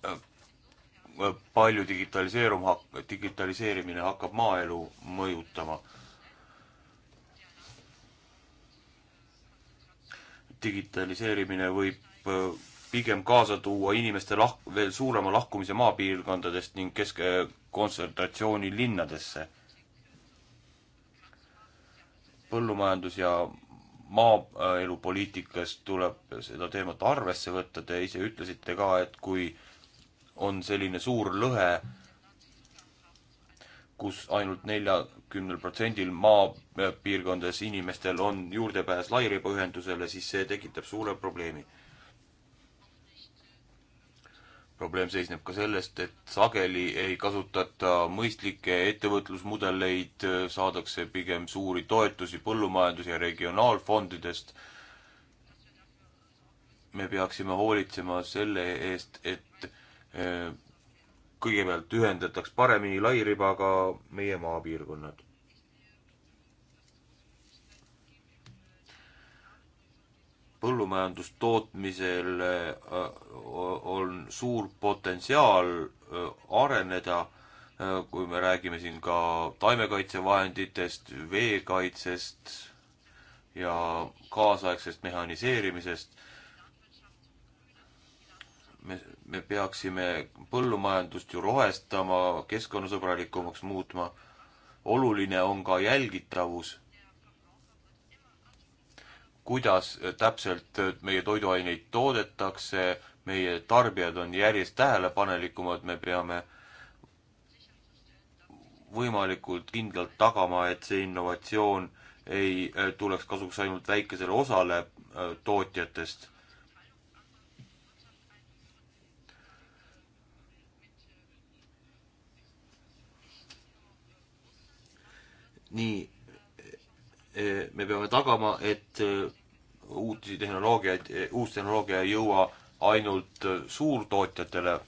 öö, palju digitaliseerum hak-, digitaliseerimine hakkab maaelu mõjutama digitaliseerimine võib äh, pigem kaasa tuua inimeste lah-, veel suurema lahkumise maapiirkondadest ning keskkontsentratsiooni äh, linnadesse. põllumajandus- ja maaelupoliitikas tuleb seda teemat arvesse võtta, te ise ütlesite ka, et kui on selline suur lõhe kus ainult neljakümnel protsendil maapiirkondades inimestel on juurdepääs lairibaühendusele, siis see tekitab suure probleemi. probleem seisneb ka sellest, et sageli ei kasutata mõistlikke ettevõtlusmudeleid, saadakse pigem suuri toetusi põllumajandus- ja regionaalfondidest. me peaksime hoolitsema selle eest, et eh, kõigepealt ühendataks paremini lairibaga meie maapiirkonnad. põllumajandustootmisel äh, on suur potentsiaal äh, areneda, äh, kui me räägime siin ka taimekaitsevahenditest, veekaitsest ja kaasaegsest mehhaniseerimisest. me me peaksime põllumajandust ju rohestama, keskkonnasõbralikumaks muutma. oluline on ka jälgitavus. kuidas täpselt meie toiduaineid toodetakse, meie tarbijad on järjest tähelepanelikumad, me peame võimalikult kindlalt tagama, et see innovatsioon ei tuleks kasuks ainult väikesele osale tootjatest nii eh, eh, me peame tagama, et eh, uusi tehnoloogiaid, uus tehnoloogia ei jõua ainult suurtootjatele.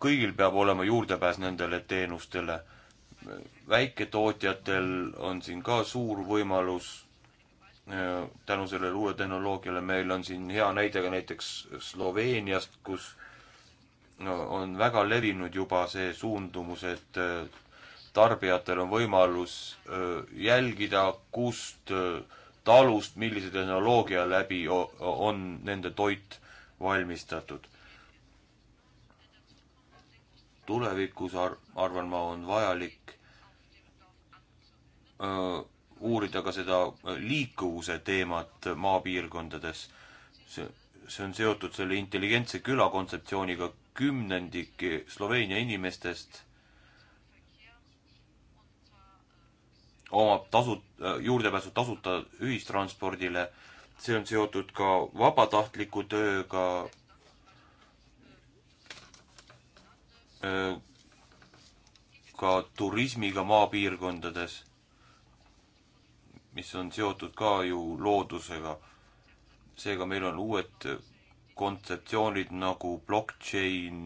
kõigil peab olema juurdepääs nendele teenustele. väiketootjatel on siin ka suur võimalus. tänu sellele uuele tehnoloogiale meil on siin hea näide ka näiteks Sloveeniast, kus on väga levinud juba see suundumus, et äh, tarbijatel on võimalus äh, jälgida, kust äh, talust, millise tehnoloogia läbi on nende toit valmistatud. tulevikus ar-, arvan ma, on vajalik öö, uurida ka seda liikuvuse teemat maapiirkondades. see, see on seotud selle intelligentse küla kontseptsiooniga, kümnendik Sloveenia inimestest omab tasu, juurdepääsu tasuta ühistranspordile. see on seotud ka vabatahtliku tööga. ka turismiga maapiirkondades, mis on seotud ka ju loodusega. seega meil on uued kontseptsioonid nagu blockchain,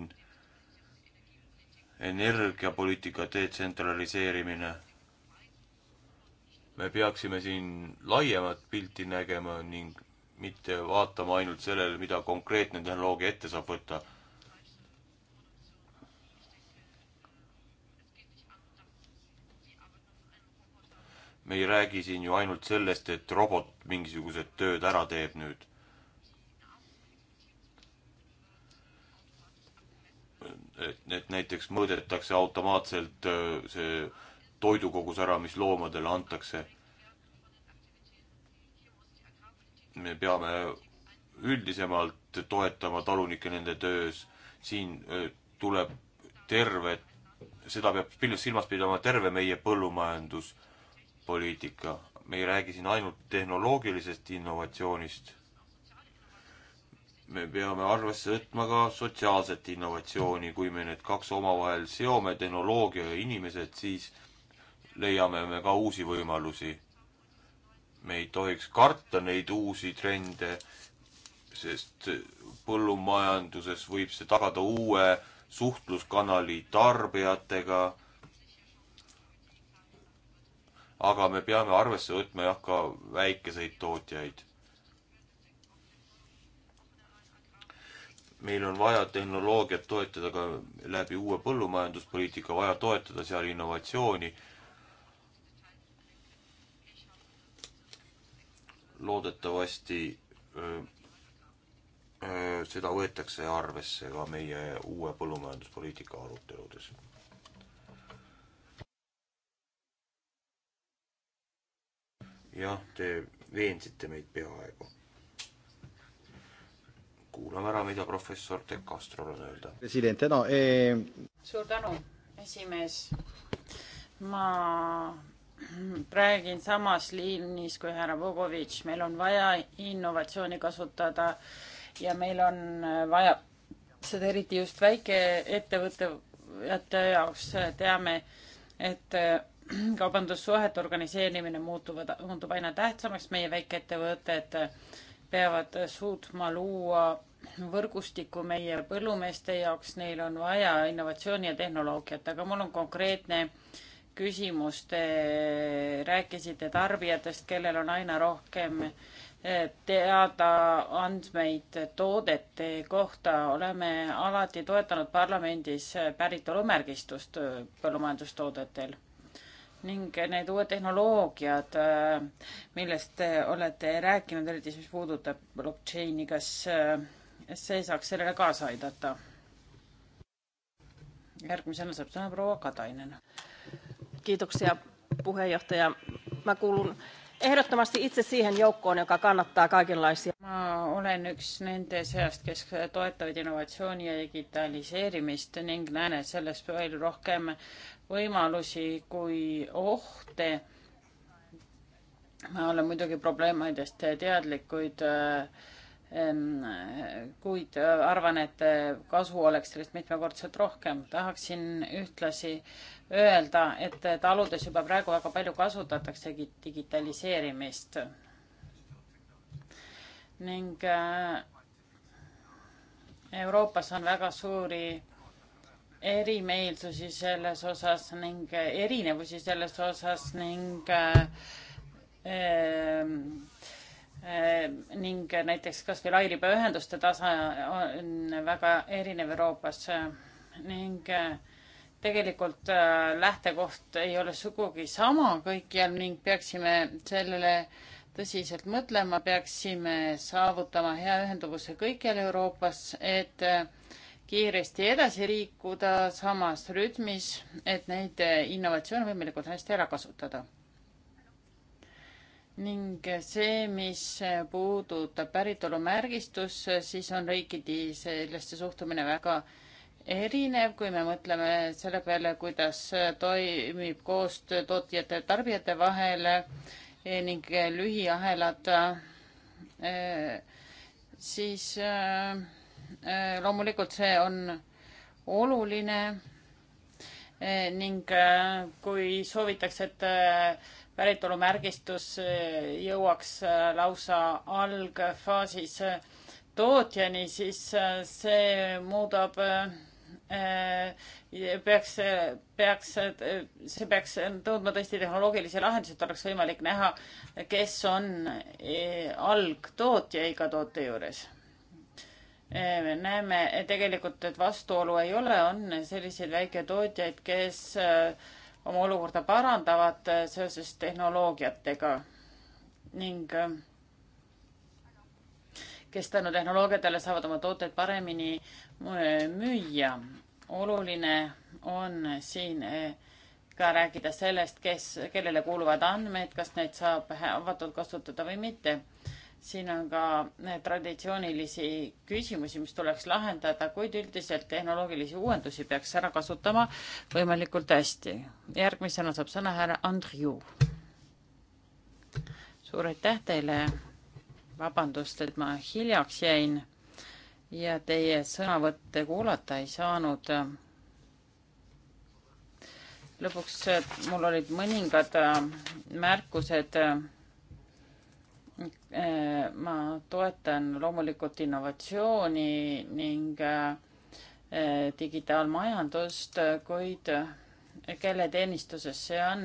energiapoliitika detsentraliseerimine. me peaksime siin laiemat pilti nägema ning mitte vaatama ainult sellele, mida konkreetne tehnoloogia ette saab võtta. me ei räägi siin ju ainult sellest, et robot mingisugused tööd ära teeb nüüd et, et näiteks mõõdetakse automaatselt äh, see toidukogus ära, mis loomadele antakse. me peame üldisemalt toetama talunikke nende töös, siin äh, tuleb terve, seda peab silmas pidama terve meie põllumajanduspoliitika. me ei räägi siin ainult tehnoloogilisest innovatsioonist me peame arvesse võtma ka sotsiaalset innovatsiooni, kui me need kaks omavahel seome, tehnoloogia ja inimesed, siis leiame me ka uusi võimalusi. me ei tohiks karta neid uusi trende, sest põllumajanduses võib see tagada uue suhtluskanali tarbijatega. aga me peame arvesse võtma jah, ka väikeseid tootjaid meil on vaja tehnoloogiat toetada ka läbi uue põllumajanduspoliitika, vaja toetada seal innovatsiooni. loodetavasti öö, öö, seda võetakse arvesse ka meie uue põllumajanduspoliitika aruteludes. jah, te veensite meid peaaegu kuulame ära, mida professor De Castrol on öelda. president Edo ee.... suur tänu, esimees. ma räägin samas liinis kui härra Vogovitš, meil on vaja innovatsiooni kasutada ja meil on vaja seda eriti just väikeettevõtjate jaoks teame, et äh, kaubandussuhete organiseerimine muutuvad, muutub aina tähtsamaks, meie väikeettevõtted et peavad suutma luua võrgustiku meie põllumeeste jaoks, neil on vaja innovatsiooni ja tehnoloogiat, aga mul on konkreetne küsimus, te rääkisite tarbijatest, kellel on aina rohkem eh, teada andmeid toodete kohta, oleme alati toetanud parlamendis päritolumärgistust eh, põllumajandustoodetel ning need uued tehnoloogiad, äh, millest te olete rääkinud, eriti siis puudutab blockchain'i, kas äh, see saaks sellele kaasa aidata? järgmisena saab sõna proua Katainen. kiitoksia, puheenjohtaja. ma kuulun ehdottomasti itse siihen joukkoon, joka kannattaa kaikenlaisia. ma olen üks nende seast, kes toetavad innovatsiooni ja digitaliseerimist ning näen, et selles palju rohkem võimalusi kui ohte. ma olen muidugi probleemidest teadlik, kuid kuid arvan, et kasu oleks sellest mitmekordselt rohkem. tahaksin ühtlasi öelda, et taludes juba praegu väga palju kasutataksegi digitaliseerimist. ning Euroopas on väga suuri erimeelsusi selles osas ning erinevusi selles osas ning äh, äh, ning näiteks kas või lairibaühenduste tase on väga erinev Euroopas ning äh, tegelikult äh, lähtekoht ei ole sugugi sama kõikjal ning peaksime sellele tõsiselt mõtlema, peaksime saavutama hea ühenduvuse kõikjal Euroopas, et äh, kiiresti edasi liikuda samas rütmis, et neid eh, innovatsioone võimalikult hästi ära kasutada. ning see, mis puudutab päritolumärgistust, siis on riikidi sellesse suhtumine väga erinev, kui me mõtleme selle peale, kuidas toimib koostöö tootjate ja tarbijate vahel eh, ning lühiahelad, eh, siis äh, Äh, loomulikult see on oluline äh, ning äh, kui soovitakse, et päritolumärgistus jõuaks lausa algfaasis tootjani, siis see muudab, peaks, peaks, see peaks tõudma tõesti tehnoloogilisi lahendusi, et oleks võimalik näha, kes on algtootja iga toote juures. Ehm, näeme et tegelikult, et vastuolu ei ole, on selliseid väiketootjaid, kes eh, oma olukorda parandavad eh, seoses tehnoloogiatega ning eh, kes tänu tehnoloogiatele saavad oma tooteid paremini müüa. oluline on siin ka rääkida sellest, kes, kellele kuuluvad andmed, kas neid saab avatult kasutada või mitte siin on ka eh, traditsioonilisi küsimusi, mis tuleks lahendada, kuid üldiselt tehnoloogilisi uuendusi peaks ära kasutama võimalikult hästi. järgmisena saab sõna härra Andriu. suur aitäh teile. vabandust, et ma hiljaks jäin ja teie sõnavõtte kuulata ei saanud. lõpuks eh, mul olid mõningad eh, märkused Äh, ma toetan loomulikult innovatsiooni ning äh, digitaalmajandust, kuid kelle teenistuses see on?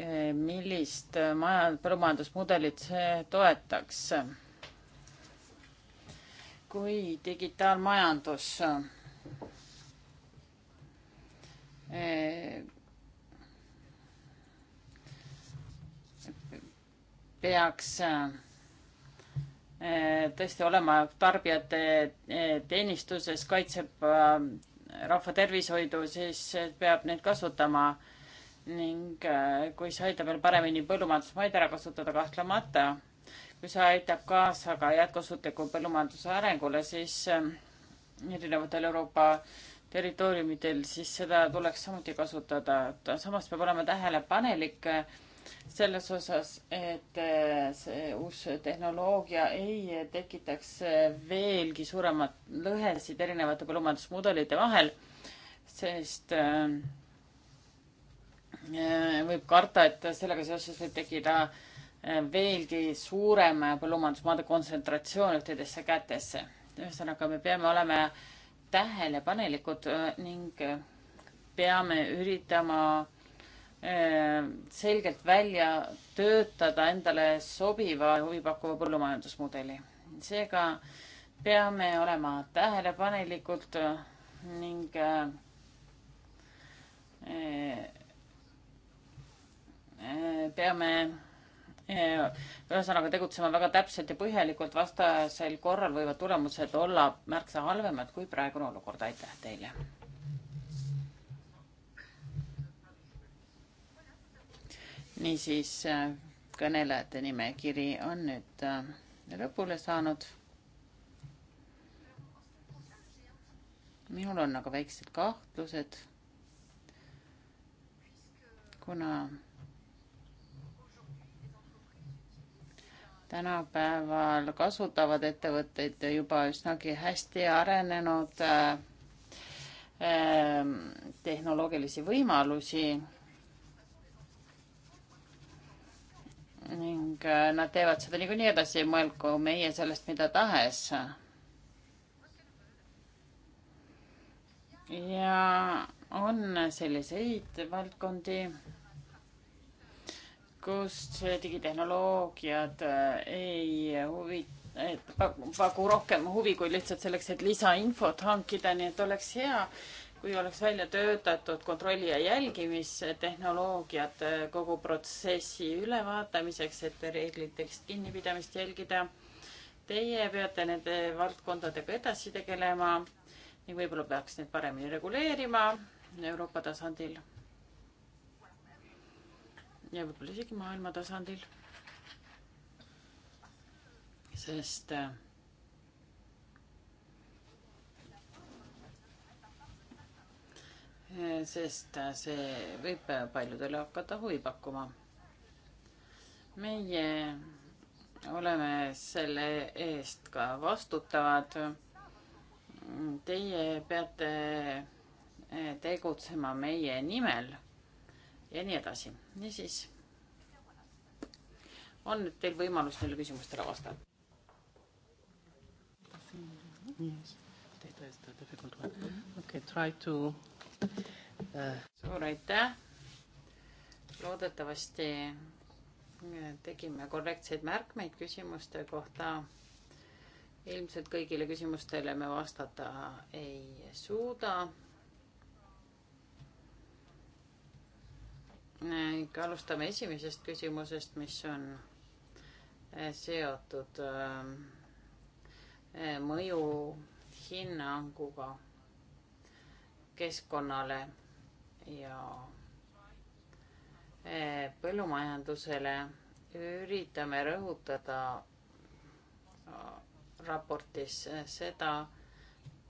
Äh, millist maja, põllumajandusmudelit see toetaks? kui digitaalmajandus peaks äh, tõesti olema tarbijate äh, teenistuses, kaitseb äh, rahva tervishoidu, siis peab neid kasutama. ning kui see aitab veel paremini põllumajandusmaid ära kasutada, kahtlemata, kui see aitab kaasa ka jätkusuutliku põllumajanduse arengule, siis erinevatel Euroopa territooriumidel, siis seda tuleks samuti kasutada. samas peab olema tähelepanelik selles osas, et äh, see uus tehnoloogia ei tekitaks äh, veelgi suuremat lõhesid erinevate põllumajandusmudelite vahel, sest äh, võib karta, et sellega seoses võib tekkida veelgi suurem põllumajandusmaade kontsentratsioon ühtedesse kätesse. ühesõnaga, me peame olema tähelepanelikud ning peame üritama Äh, selgelt välja töötada endale sobiva ja huvipakkuva põllumajandusmudeli. seega peame olema tähelepanelikud ning äh, äh, peame ühesõnaga tegutsema väga täpselt ja põhjalikult, vastasel korral võivad tulemused olla märksa halvemad kui praegune olukord. aitäh teile! niisiis äh, kõnelejate nimekiri on nüüd äh, lõpule saanud. minul on aga väiksed kahtlused, kuna tänapäeval kasutavad ettevõtteid juba üsnagi hästi arenenud äh, tehnoloogilisi võimalusi ning äh, nad teevad seda niikuinii edasi, mõelgu meie sellest mida tahes. ja on selliseid valdkondi, kus digitehnoloogiad äh, ei huvi, paku rohkem huvi kui lihtsalt selleks, et lisainfot hankida, nii et oleks hea, kui oleks välja töötatud kontrolli ja jälgimistehnoloogiad eh, kogu protsessi ülevaatamiseks, et reeglitest kinnipidamist jälgida. Teie peate nende valdkondadega edasi tegelema ning võib-olla peaks neid paremini reguleerima Euroopa tasandil. ja võib-olla isegi maailma tasandil. sest eh, sest see võib paljudele hakata huvi pakkuma. meie oleme selle eest ka vastutavad. Teie peate tegutsema meie nimel ja nii edasi. niisiis on nüüd teil võimalus neile küsimustele vastata. Yes, data is the difficult one. Okay, try to suur aitäh. loodetavasti äh, tegime korrektseid märkmeid küsimuste kohta. ilmselt kõigile küsimustele me vastata ei suuda ikka alustame esimesest küsimusest, mis on äh, seotud äh, mõjuhinnanguga keskkonnale ja eh, põllumajandusele üritame rõhutada äh, raportis äh, seda,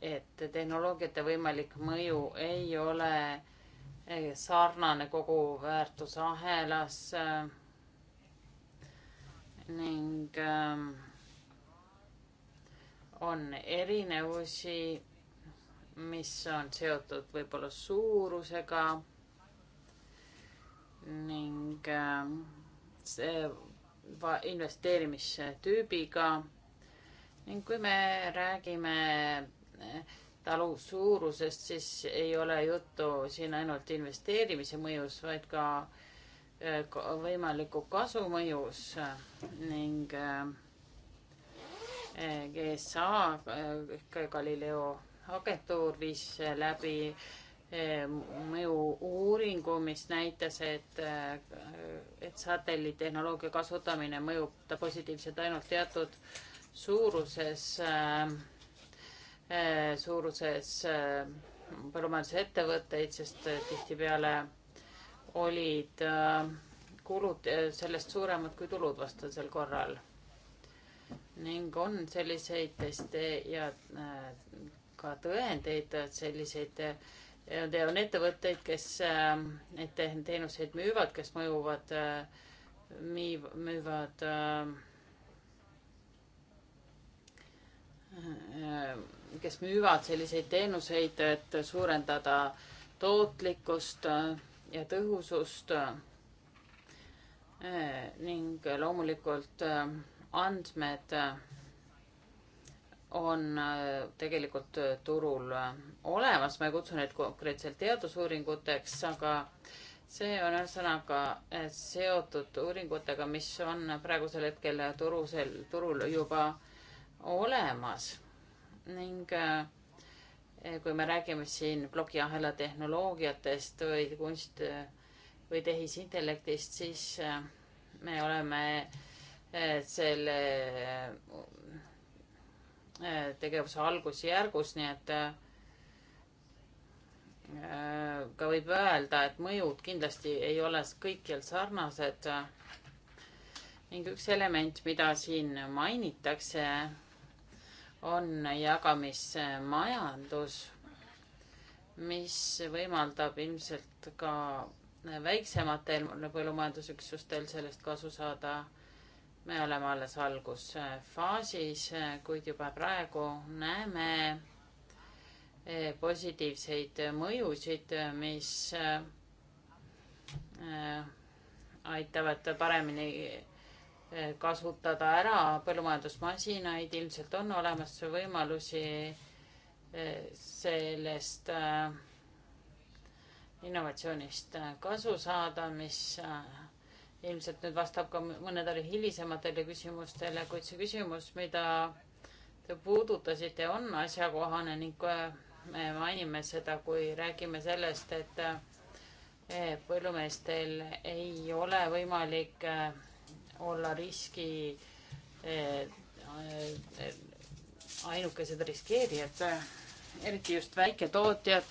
et tehnoloogiate võimalik mõju ei ole äh, sarnane kogu väärtusahelas ning ähm, on erinevusi mis on seotud võib-olla suurusega ning äh, see investeerimistüübiga ning kui me räägime äh, talu suurusest, siis ei ole juttu siin ainult investeerimise mõjus, vaid ka äh, võimaliku kasu mõjus ning GSA Galileo agentuuris läbi eh, mõju-uuringu, mis näitas, et, eh, et satelliittehnoloogia kasutamine mõjub positiivselt ainult teatud suuruses äh,, suuruses äh, põllumajandusettevõtteid, sest tihtipeale olid äh, kulud sellest suuremad kui tulud vastasel korral. ning on selliseid teste ja ka tõendeid, et selliseid ja on ettevõtteid, kes neid teenuseid müüvad, kes mõjuvad, müüvad kes müüvad selliseid teenuseid, et suurendada tootlikkust ja tõhusust ning loomulikult andmed on äh, tegelikult äh, turul äh, olemas, ma ei kutsu neid konkreetselt teadusuuringuteks, aga see on ühesõnaga seotud uuringutega, mis on praegusel hetkel turusel, turul juba olemas. ning kui me räägime siin plokiahela tehnoloogiatest või kunst või tehisintellektist, siis me oleme selle tegevuse algusjärgus, nii et äh, ka võib öelda, et mõjud kindlasti ei ole kõikjal sarnased. ning üks element, mida siin mainitakse, on jagamismajandus, mis võimaldab ilmselt ka väiksematel põllumajandusüksustel sellest kasu saada me oleme alles algusfaasis, kuid juba praegu näeme eh, positiivseid mõjusid, mis eh, aitavad paremini eh, kasutada ära põllumajandusmasinaid, ilmselt on olemas võimalusi sellest innovatsioonist kasu saada, mis ilmselt nüüd vastab ka mõnedele hilisematele küsimustele, kuid see küsimus, mida te puudutasite, on asjakohane ning äh, me mainime seda, kui räägime sellest, et äh, põllumeestel ei ole võimalik äh, olla riski ainukesed riskeerijad, eriti just väiketootjad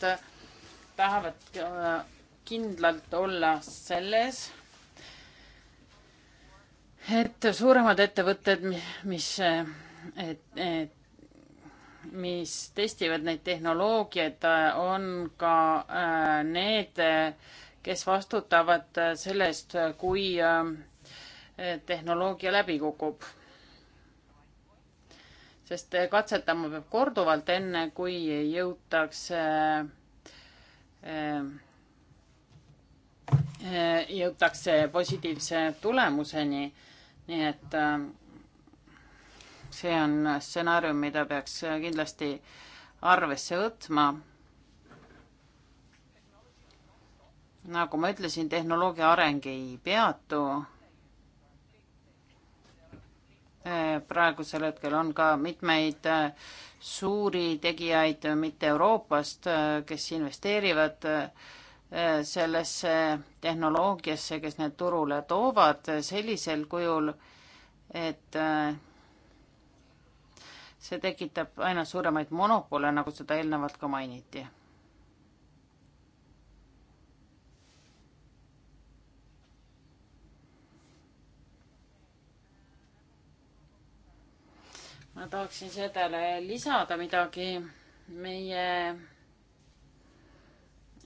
tahavad kindlalt olla selles et suuremad ettevõtted, mis, et, et mis testivad neid tehnoloogiaid, on ka äh, need, kes vastutavad selle eest, kui äh, tehnoloogia läbi kukub. sest katsetama peab korduvalt, enne kui jõutakse, äh, jõutakse positiivse tulemuseni nii et ähm, see on stsenaarium, mida peaks kindlasti arvesse võtma. nagu ma ütlesin, tehnoloogia areng ei peatu. Äh, praegusel hetkel on ka mitmeid äh, suuri tegijaid, mitte Euroopast, äh, kes investeerivad äh, sellesse tehnoloogiasse, kes need turule toovad sellisel kujul, et äh, see tekitab aina suuremaid monopole, nagu seda eelnevalt ka mainiti. ma tahaksin sellele lisada midagi meie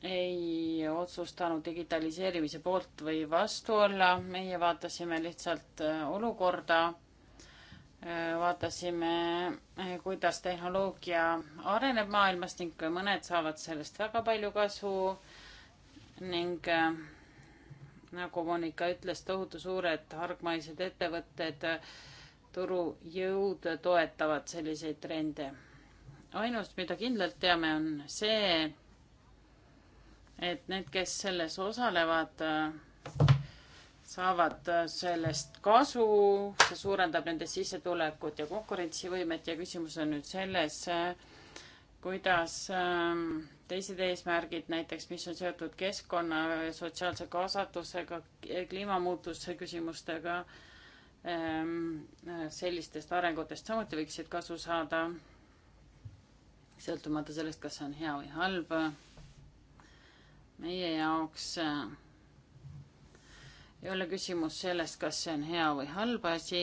ei otsustanud digitaliseerimise poolt või vastu olla, meie vaatasime lihtsalt äh, olukorda, äh, vaatasime, äh, kuidas tehnoloogia areneb maailmas ning mõned saavad sellest väga palju kasu ning nagu Monika ütles, tohutu suured hargmaised ettevõtted, turujõud toetavad selliseid trende. ainus, mida kindlalt teame, on see, et need, kes selles osalevad, saavad sellest kasu, see suurendab nende sissetulekut ja konkurentsivõimet ja küsimus on nüüd selles, kuidas ähm, teised eesmärgid, näiteks mis on seotud keskkonna, sotsiaalse kaasatusega, kliimamuutuse küsimustega, ähm, sellistest arengutest samuti võiksid kasu saada, sõltumata sellest, kas see on hea või halb meie jaoks äh, ei ole küsimus selles, kas see on hea või halb asi,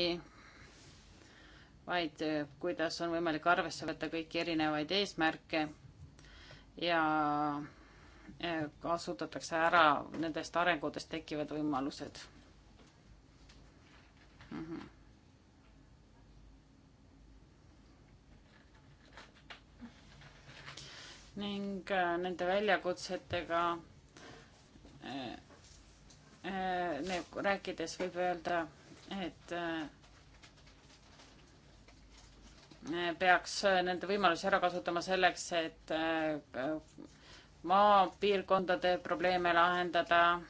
vaid äh, kuidas on võimalik arvesse võtta kõiki erinevaid eesmärke ja äh, kasutatakse ära nendest arengutest tekivad võimalused mm. -hmm ning äh, nende väljakutsetega äh, äh, rääkides võib öelda, et peaks nende võimalusi ära kasutama selleks, et maapiirkondade probleeme lahendada.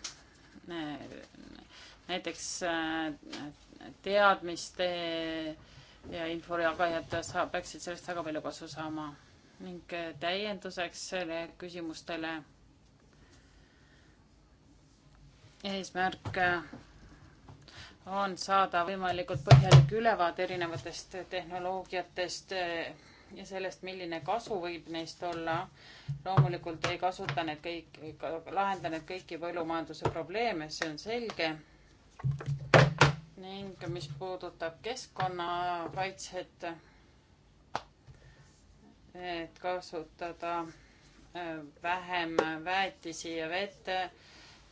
näiteks teadmiste ja info jagajad saab, peaksid sellest väga palju kasu saama ning täienduseks selle küsimustele eesmärk on saada võimalikult põhjalik ülevaade erinevatest tehnoloogiatest ja sellest, milline kasu võib neist olla. loomulikult ei kasuta need kõik, lahenda need kõiki põllumajanduse probleeme, see on selge. ning mis puudutab keskkonnakaitset et kasutada äh, vähem väetisi ja vett,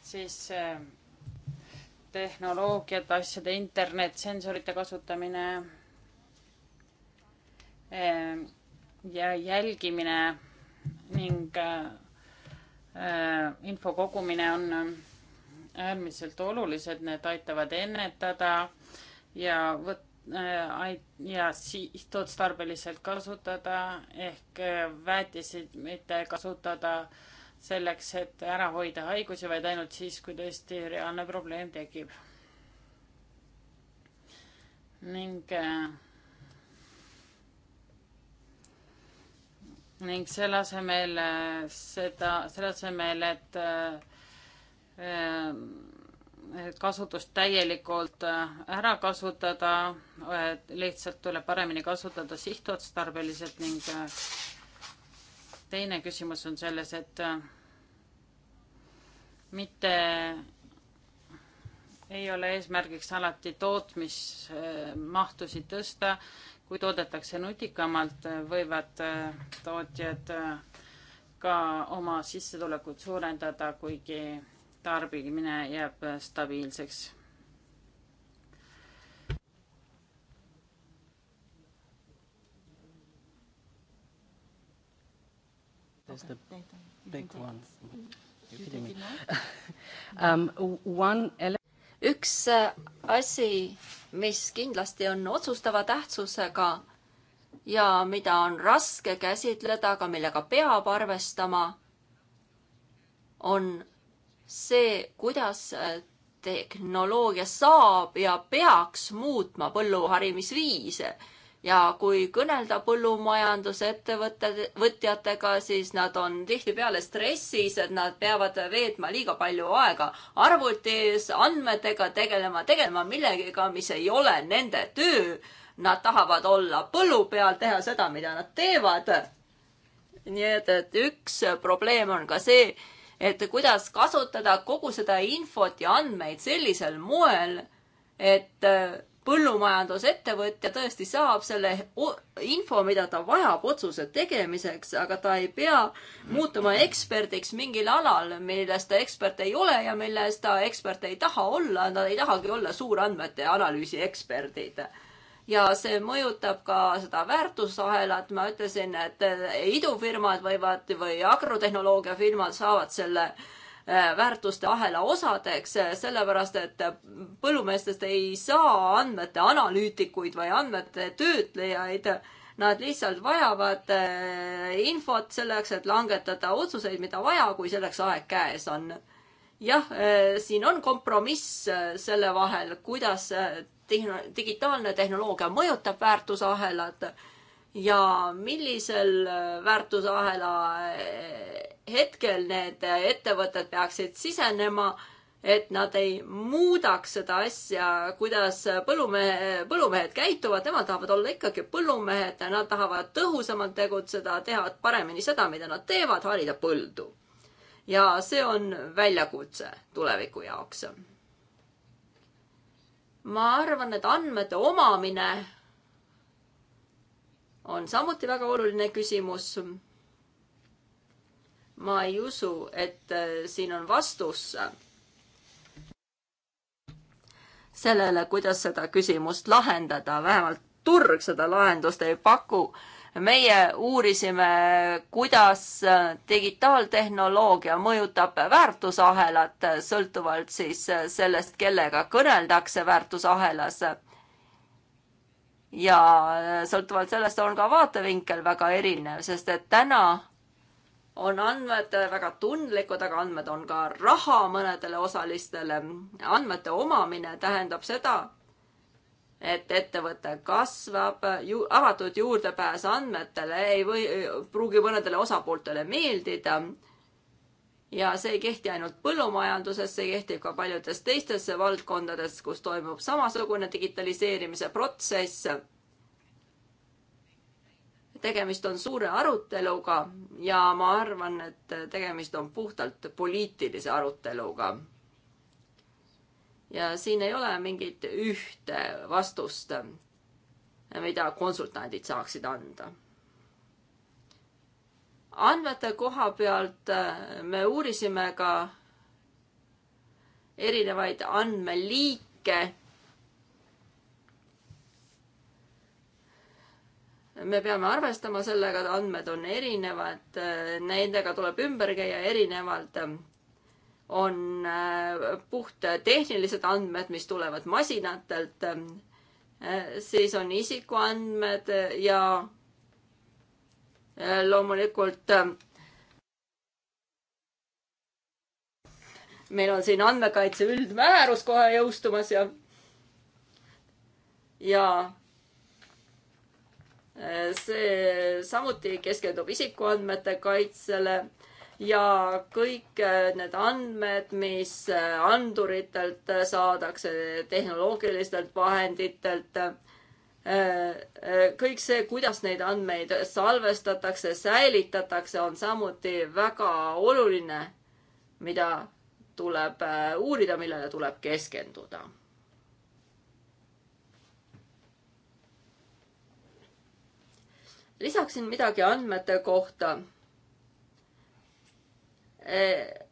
siis äh, tehnoloogiad, asjade internet, sensorite kasutamine äh, ja jälgimine ning info kogumine on äärmiselt olulised, need aitavad ennetada ja võt-, Äh, ja sihtotstarbeliselt kasutada ehk äh, väetiseid mitte kasutada selleks, et ära hoida haigusi, vaid ainult siis, kui tõesti reaalne probleem tekib. ning äh, ning selle asemel seda, selle asemel, et äh, kasutust täielikult äh, ära kasutada, lihtsalt tuleb paremini kasutada sihtotstarbeliselt ning äh, teine küsimus on selles, et äh, mitte ei ole eesmärgiks alati tootmismahtusid tõsta, kui toodetakse nutikamalt, võivad tootjad ka oma sissetulekut suurendada, kuigi tarbimine jääb stabiilseks. There's the big one. You kidding me? um, one ele- üks äh, asi, mis kindlasti on otsustava tähtsusega ja mida on raske käsitleda, aga millega peab arvestama, on see, kuidas äh, tehnoloogia saab ja peaks muutma põlluharimisviise. ja kui kõnelda põllumajandusettevõtjatega, siis nad on tihtipeale stressis, et nad peavad veetma liiga palju aega arvuti ees, andmetega tegelema, tegelema millegagi, mis ei ole nende töö. Nad tahavad olla põllu peal, teha seda, mida nad teevad. nii et, et üks probleem on ka see, et kuidas kasutada kogu seda infot ja andmeid sellisel moel, et äh, põllumajandusettevõtja tõesti saab selle info, mida ta vajab otsuse tegemiseks, aga ta ei pea muutuma eksperdiks mingil alal, milles ta ekspert ei ole ja milles ta ekspert ei taha olla, nad ei tahagi olla suurandmete analüüsi eksperdid ja see mõjutab ka seda väärtusahelat. ma ütlesin, et eh, idufirmad võivad või agrotehnoloogiafirmad saavad selle eh, väärtuste ahela osadeks, eh, sellepärast et põllumeestest ei saa andmete analüütikuid või andmete töötlejaid. Nad lihtsalt vajavad infot selleks, et langetada otsuseid, mida vaja, kui selleks aeg käes on. jah, siin on kompromiss selle vahel, kuidas tehn-, digitaalne tehnoloogia mõjutab väärtusahelat ja millisel äh, väärtusahela äh, hetkel need äh, ettevõtted peaksid sisenema, et nad ei muudaks seda asja, kuidas põllumehe, põllumehed käituvad, nemad tahavad olla ikkagi põllumehed, nad tahavad tõhusamalt tegutseda, teevad paremini seda, mida nad teevad, harida põldu. ja see on väljakutse tuleviku jaoks ma arvan, et andmete omamine on samuti väga oluline küsimus. ma ei usu, et äh, siin on vastus sellele, kuidas seda küsimust lahendada, vähemalt turg seda lahendust ei paku meie uurisime, kuidas äh, digitaaltehnoloogia mõjutab väärtusahelat, äh, sõltuvalt siis äh, sellest, kellega kõneldakse väärtusahelas. ja sõltuvalt sellest on ka vaatevinkel väga erinev, sest et täna on andmed väga tundlikud, aga andmed on ka raha mõnedele osalistele. andmete omamine tähendab seda, et ettevõte kasvab ju,, avatud juurdepääs andmetele ei või, pruugi mõnedele osapooltele meeldida. ja see ei kehti ainult põllumajanduses, see kehtib ka paljudes teistes valdkondades, kus toimub samasugune digitaliseerimise protsess. tegemist on suure aruteluga ja ma arvan, et tegemist on puhtalt poliitilise aruteluga ja siin ei ole mingit ühte vastust, mida konsultandid saaksid anda. andmete koha pealt äh, me uurisime ka erinevaid andmeliike me peame arvestama sellega, et andmed on erinevad, äh, nendega tuleb ümber käia erinevalt. Äh, on äh, puht tehnilised andmed, mis tulevad masinatelt, ähm, äh, siis on isikuandmed äh, ja loomulikult ähm, meil on siin andmekaitse üldmäärus kohe jõustumas ja, ja see samuti keskendub isikuandmete kaitsele ja kõik äh, need andmed, mis äh, anduritelt äh, saadakse, tehnoloogilistelt vahenditelt, kõik see, kuidas neid andmeid salvestatakse, säilitatakse, on samuti väga oluline, mida tuleb uurida, millele tuleb keskenduda lisaksin midagi andmete kohta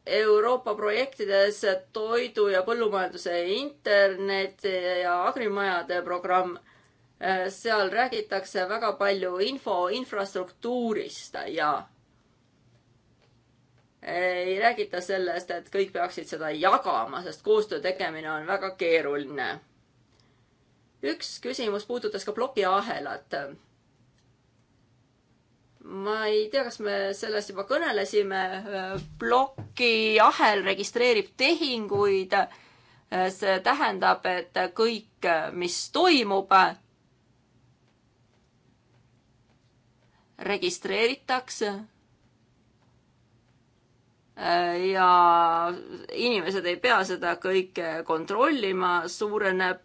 Euroopa projektides toidu ja põllumajanduse internet ja agrimajade programm. seal räägitakse väga palju info infrastruktuurist ja ei räägita sellest, et kõik peaksid seda jagama, sest koostöö tegemine on väga keeruline. üks küsimus puudutas ka plokiahelat ma ei tea, kas me sellest juba kõnelesime, plokiahel registreerib tehinguid. see tähendab, et kõik, mis toimub, registreeritakse. ja inimesed ei pea seda kõike kontrollima, suureneb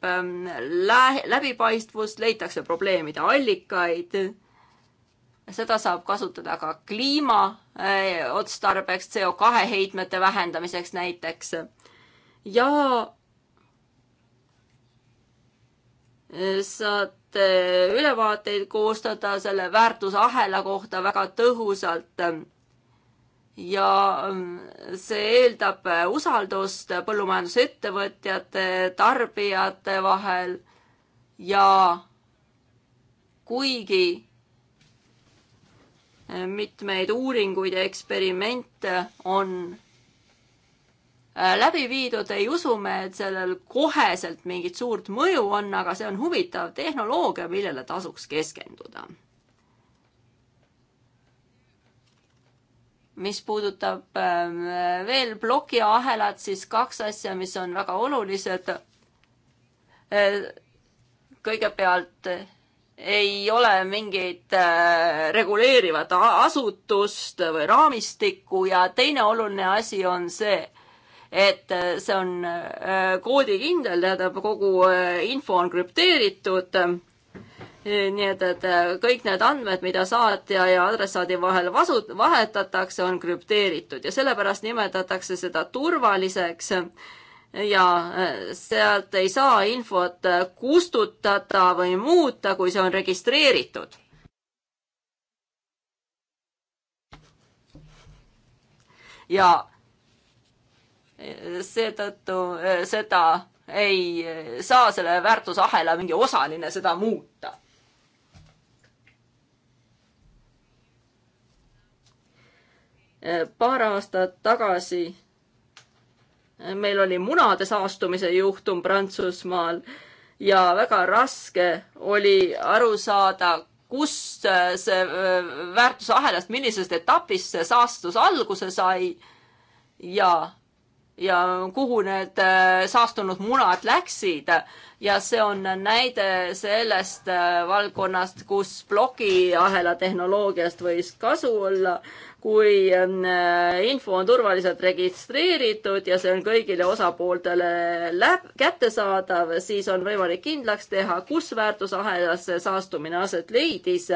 läbipaistvus, leitakse probleemide allikaid seda saab kasutada ka kliima eh, otstarbeks, CO2 heitmete vähendamiseks näiteks. ja eh, saate ülevaateid koostada selle väärtusahela kohta väga tõhusalt. ja mm, see eeldab usaldust põllumajandusettevõtjate, tarbijate vahel ja kuigi mitmeid uuringuid ja eksperimente on äh, läbi viidud, ei usu me, et sellel koheselt mingit suurt mõju on, aga see on huvitav tehnoloogia, millele tasuks keskenduda. mis puudutab ähm, veel plokiahelat, siis kaks asja, mis on väga olulised. Äh, kõigepealt ei ole mingit äh, reguleerivat asutust või raamistikku ja teine oluline asi on see, et äh, see on äh, koodikindel, tähendab kogu info on krüpteeritud. nii et, et kõik need andmed, mida saatja ja adressaadi vahel vasu-, vahetatakse, on krüpteeritud ja sellepärast nimetatakse seda turvaliseks ja äh, sealt ei saa infot äh, kustutada või muuta, kui see on registreeritud. ja äh, seetõttu seda ei saa selle väärtusahela mingi osaline seda muuta paar aastat tagasi meil oli munade saastumise juhtum Prantsusmaal ja väga raske oli aru saada, kust see äh, väärtusahelast, millisest etapist see saastus alguse sai ja, ja kuhu need äh, saastunud munad läksid. ja see on näide sellest äh, valdkonnast, kus plokiahela tehnoloogiast võis kasu olla, kui äh, info on turvaliselt registreeritud ja see on kõigile osapooltele läb-, kättesaadav, siis on võimalik kindlaks teha, kus väärtusahelas see saastumine aset leidis,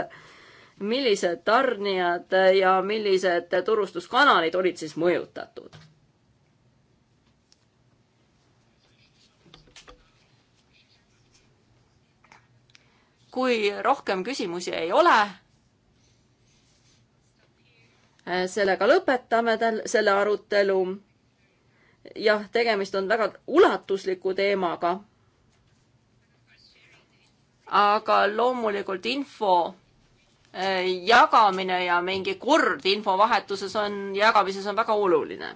millised tarnijad ja millised turustuskanalid olid siis mõjutatud. kui rohkem küsimusi ei ole Äh, sellega lõpetame täl-, selle arutelu. jah, tegemist on väga ulatusliku teemaga. aga loomulikult info äh, jagamine ja mingi kord infovahetuses on, jagamises on väga oluline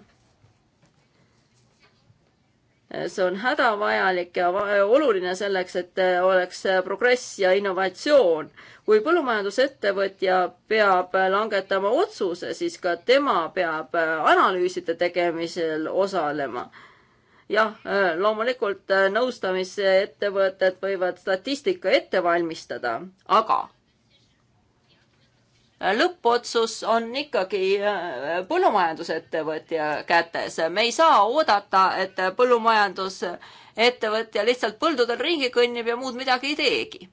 see on hädavajalik ja oluline selleks, et oleks progress ja innovatsioon. kui põllumajandusettevõtja peab langetama otsuse, siis ka tema peab analüüside tegemisel osalema jah, loomulikult nõustamisettevõtted võivad statistika ette valmistada, aga Äh, lõppotsus on ikkagi äh, põllumajandusettevõtja kätes. me ei saa oodata, et põllumajandusettevõtja lihtsalt põldudel ringi kõnnib ja muud midagi ei teegi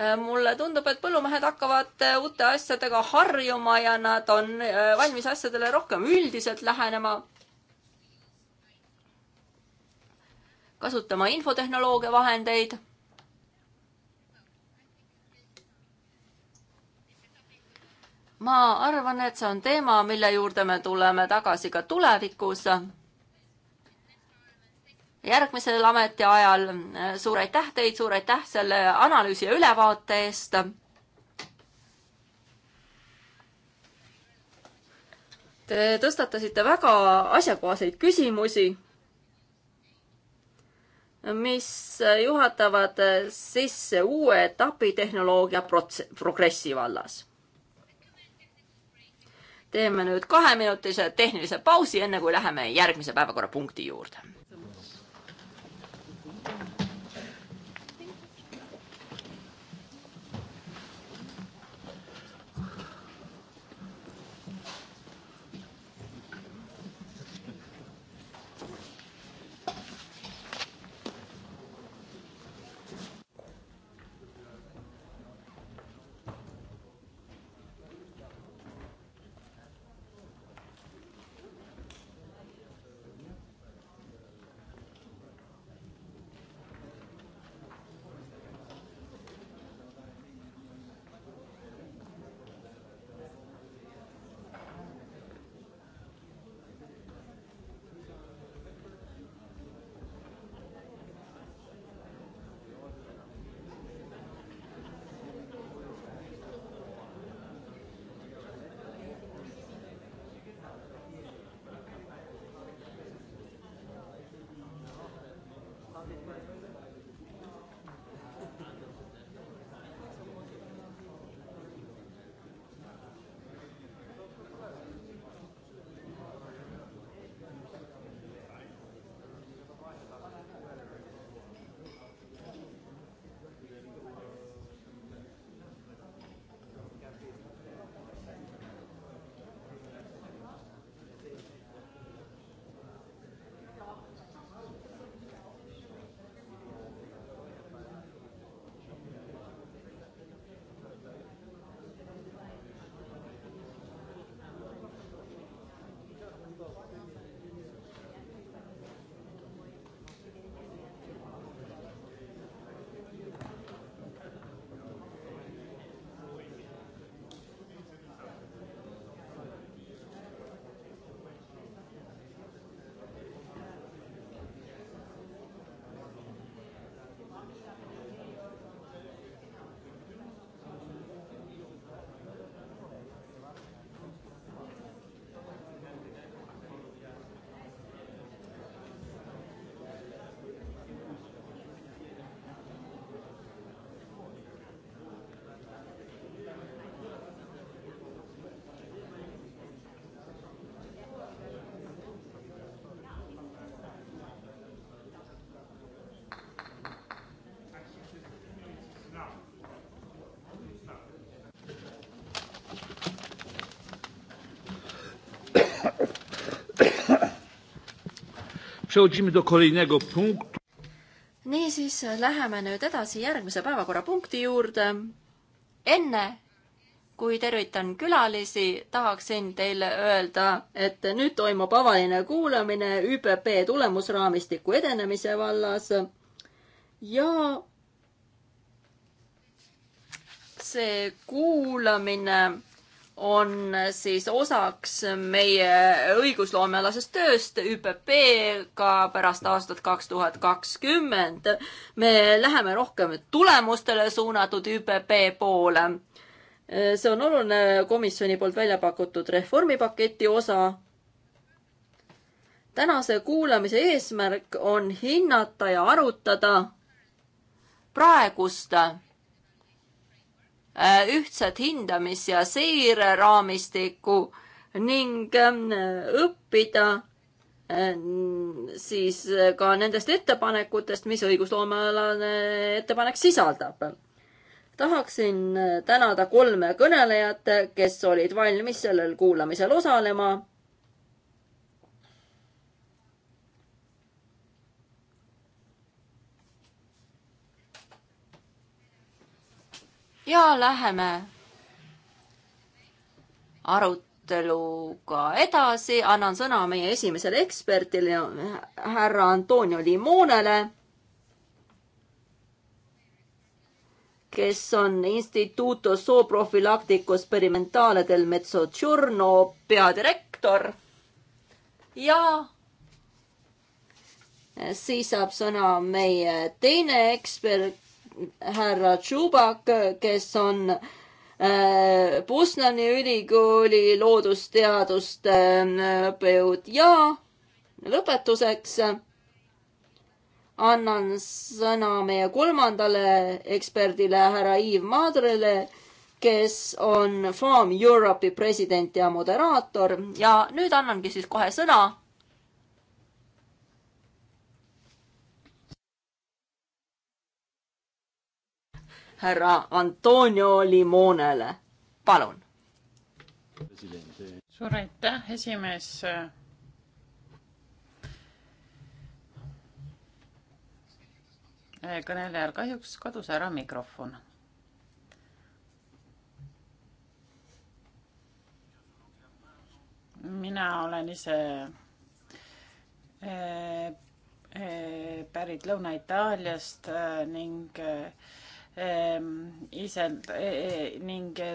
äh, mulle tundub, et põllumehed hakkavad uute asjadega harjuma ja nad on valmis asjadele rohkem üldiselt lähenema. kasutama infotehnoloogia vahendeid. ma arvan, et see on teema, mille juurde me tuleme tagasi ka tulevikus. järgmisel ametiajal suur aitäh teid, suur aitäh selle analüüsi ja ülevaate eest. Te tõstatasite väga asjakohaseid küsimusi mis juhatavad sisse uue etapi tehnoloogia protsess, progressi vallas teeme nüüd kaheminutise tehnilise pausi, enne kui läheme järgmise päevakorrapunkti juurde. niisiis, läheme nüüd edasi järgmise päevakorrapunkti juurde. enne kui tervitan külalisi, tahaksin teile öelda, et nüüd toimub avaline kuulamine ÜPP tulemusraamistiku edenemise vallas ja see kuulamine on siis osaks meie õigusloomealasest tööst ÜPP-ga pärast aastat kaks tuhat kakskümmend. me läheme rohkem tulemustele suunatud ÜPP poole. see on oluline komisjoni poolt välja pakutud reformipaketi osa. tänase kuulamise eesmärk on hinnata ja arutada praegust Äh, ühtset hindamis- ja seireraamistikku ning ähm, õppida äh, siis äh, ka nendest ettepanekutest, mis õigusloomealane ettepanek sisaldab. tahaksin tänada kolme kõnelejat, kes olid valmis sellel kuulamisel osalema ja läheme aruteluga edasi, annan sõna meie esimesele eksperdile, härra Antonio Limonele, kes on Instituto Soprofilactico Sperimentale del Mezzogiorno peadirektor ja siis saab sõna meie teine ekspert, härra Tšubak, kes on äh, Bosnani ülikooli loodusteaduste äh, õppejõud ja lõpetuseks annan sõna meie kolmandale eksperdile, härra Yves Madrele, kes on Farm Europe'i president ja moderaator ja nüüd annangi siis kohe sõna härra Antonio Limonele. palun. suur aitäh, esimees. kõnelejal kahjuks kadus ära mikrofon mina olen ise eh, eh, pärit Lõuna-Itaaliast eh, ning Ehm, iselt e, e, ning e,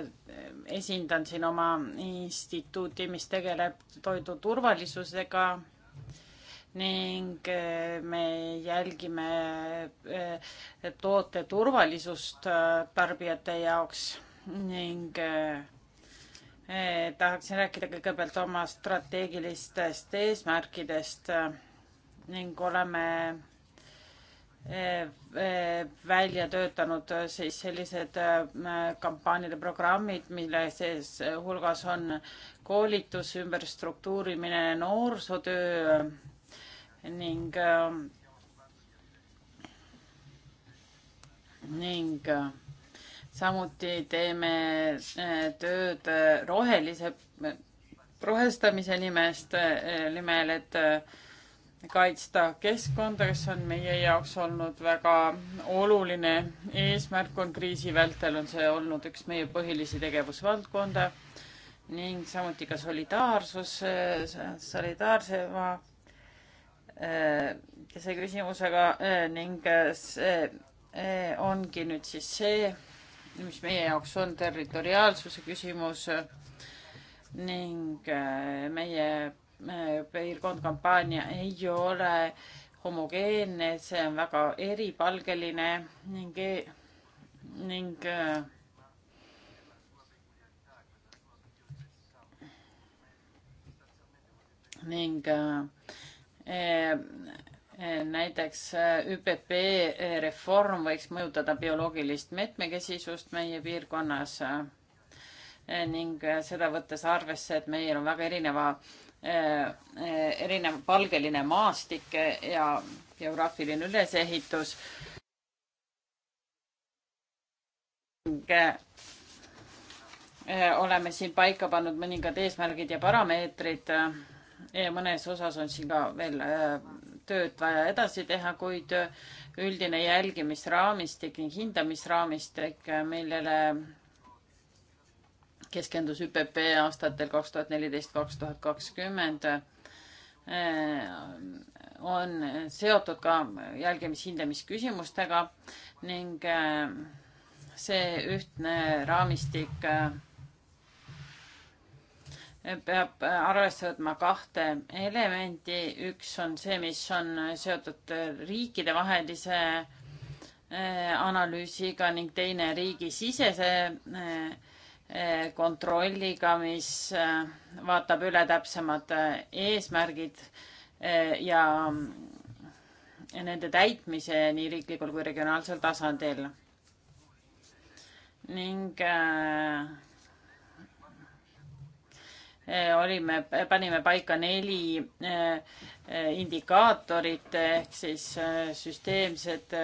esindan siin oma instituuti, mis tegeleb toidu turvalisusega ning me jälgime toote turvalisust tarbijate jaoks ning tahaksin rääkida kõigepealt oma strateegilistest eesmärkidest ning oleme Eh, eh, välja töötanud eh, siis sellised kampaaniad ja programmid, mille sees hulgas on koolitus, ümberstruktuurimine, noorsootöö ning ning samuti teeme tööd rohelise, rohestamise nimest, nimel, et kaitsta keskkonda, kes on meie jaoks olnud väga oluline eesmärk, on kriisi vältel on see olnud üks meie põhilisi tegevusvaldkonda ning samuti ka solidaarsus, solidaarsema äh, see küsimusega äh, ning see äh, ongi nüüd siis see, mis meie jaoks on territoriaalsuse küsimus ning meie piirkond kampaania ei ole homogeenne, see on väga eripalgeline ning, ning e, ning äh, äh, äh näiteks äh, ÜPP reform võiks mõjutada bioloogilist mitmekesisust meie piirkonnas ning seda võttes arvesse, et meil on väga erineva Äh, äh, erinev palgeline maastik ja geograafiline ülesehitus. Äh, oleme siin paika pannud mõningad eesmärgid ja parameetrid. mõnes osas on siin ka veel tööd vaja edasi teha, kuid üldine jälgimisraamistik ning hindamisraamistik, millele keskendus ÜPP aastatel kaks tuhat neliteist, kaks tuhat kakskümmend, äh, on seotud ka jälgimis-hindamisküsimustega ning äh, see ühtne raamistik äh, peab arvesse võtma kahte elementi. üks on see, mis on seotud riikidevahelise analüüsiga ning teine riigisisese kontrolliga, mis äh, vaatab üle täpsemad äh, eesmärgid äh, ja nende täitmise nii riiklikul kui regionaalsel tasandil. ning olime, panime paika neli indikaatorit ehk siis süsteemsed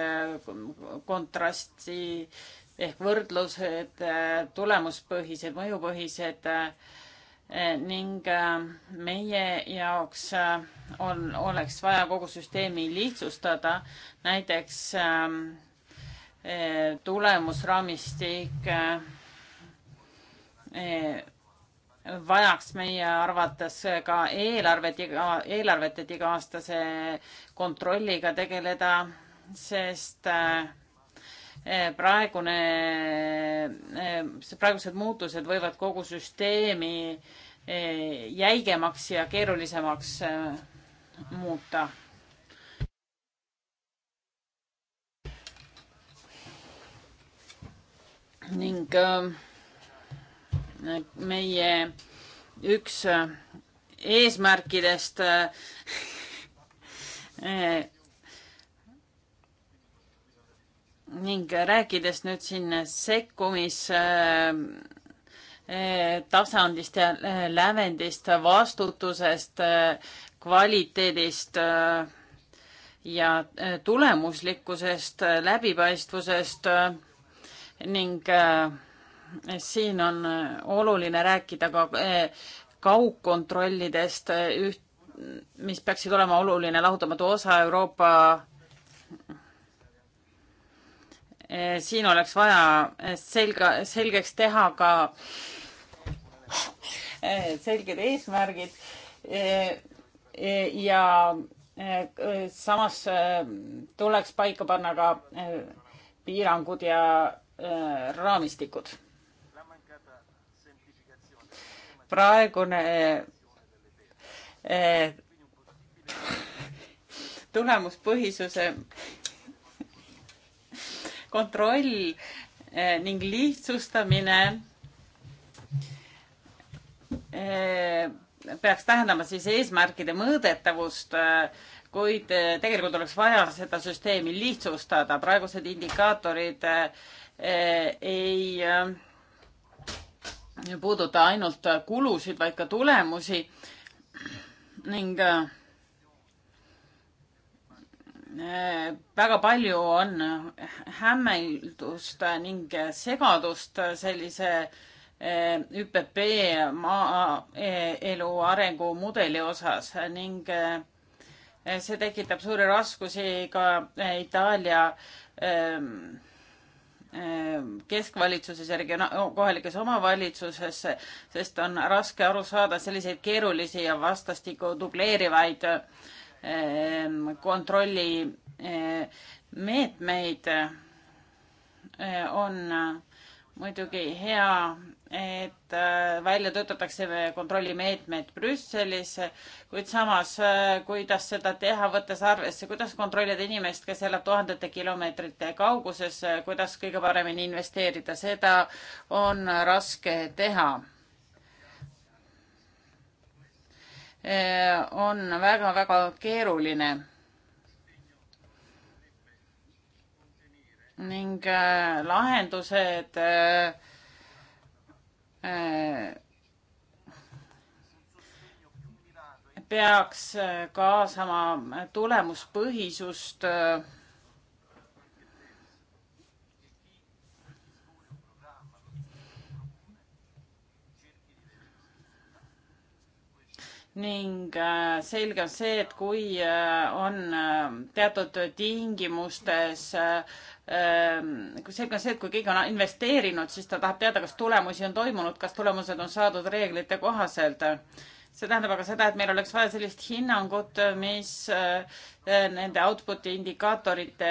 kontrasti äh, ehk võrdlused, tulemuspõhised, mõjupõhised eh, ning eh, meie jaoks eh, on, oleks vaja kogu süsteemi lihtsustada, näiteks tulemusraamistik vajaks meie arvates ka eelarvet iga, eelarvet, et iga-aastase kontrolliga tegeleda, sest äh, Eh, praegune, eh, praegused muutused võivad kogu süsteemi eh, jäigemaks ja keerulisemaks muuta. ning meie üks eesmärkidest ning rääkides nüüd siin sekkumistasandist äh, ja äh, lävendist, vastutusest, äh, kvaliteedist ja tulemuslikkusest, läbipaistvusest ning siin on oluline rääkida ka kaugkontrollidest, üht, mis peaksid olema oluline lahutamatu osa Euroopa Eh, siin oleks vaja eh, selga, selgeks teha ka eh, selged eesmärgid ja samas tuleks paika panna ka piirangud ja raamistikud. praegune tulemuspõhisuse kontroll eh, ning lihtsustamine eh, peaks tähendama siis eesmärkide mõõdetavust, eh, kuid tegelikult oleks vaja seda süsteemi lihtsustada. praegused indikaatorid ei puuduta ainult kulusid, vaid ka tulemusi ning väga palju on hämmeldust ning segadust sellise eh, ÜPP maaelu arengumudeli osas ning eh, see tekitab suuri raskusi ka eh, Itaalia ehm, ehm, keskvalitsuses ja regionaal-, kohalikes omavalitsuses, sest on raske aru saada selliseid keerulisi ja vastastikku dubleerivaid äh, Ehm, kontrolli ehm, meetmeid. Eh, on muidugi hea, et eh, välja töötatakse kontrollimeetmed Brüsselis, kuid samas, eh, kuidas seda teha, võttes arvesse, kuidas kontrollida inimest, kes elab tuhandete kilomeetrite kauguses, kuidas kõige paremini investeerida, seda on raske teha Eh, on väga-väga keeruline. ning eh, lahendused eh, peaks kaasama tulemuspõhisust ning äh, selge on see, et kui äh, on äh, teatud tingimustes, kui selge on see, et kui keegi on investeerinud, siis ta tahab teada, kas tulemusi on toimunud, kas tulemused on saadud reeglite kohaselt. see tähendab aga seda, et meil oleks vaja sellist hinnangut, mis nende output'i indikaatorite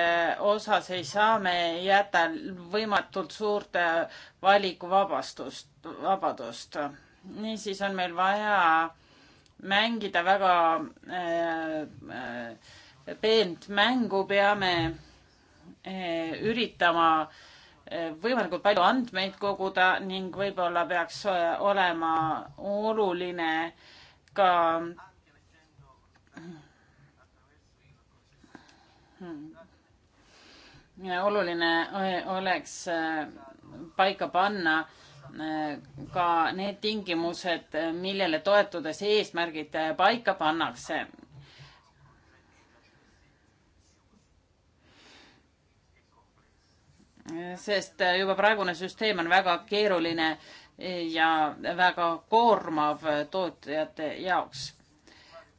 osas ei saa, me ei jäta võimatult suurt valikuvabastust, vabadust. niisiis on meil vaja mängida väga äh, äh, peent mängu, peame äh, üritama võimalikult palju andmeid koguda ning võib-olla peaks olema oluline ka oluline oleks paika panna äh, Äh, ka need tingimused, millele toetudes eesmärgid äh, paika pannakse. sest äh, juba praegune süsteem on väga keeruline ja väga koormav tootjate jaoks.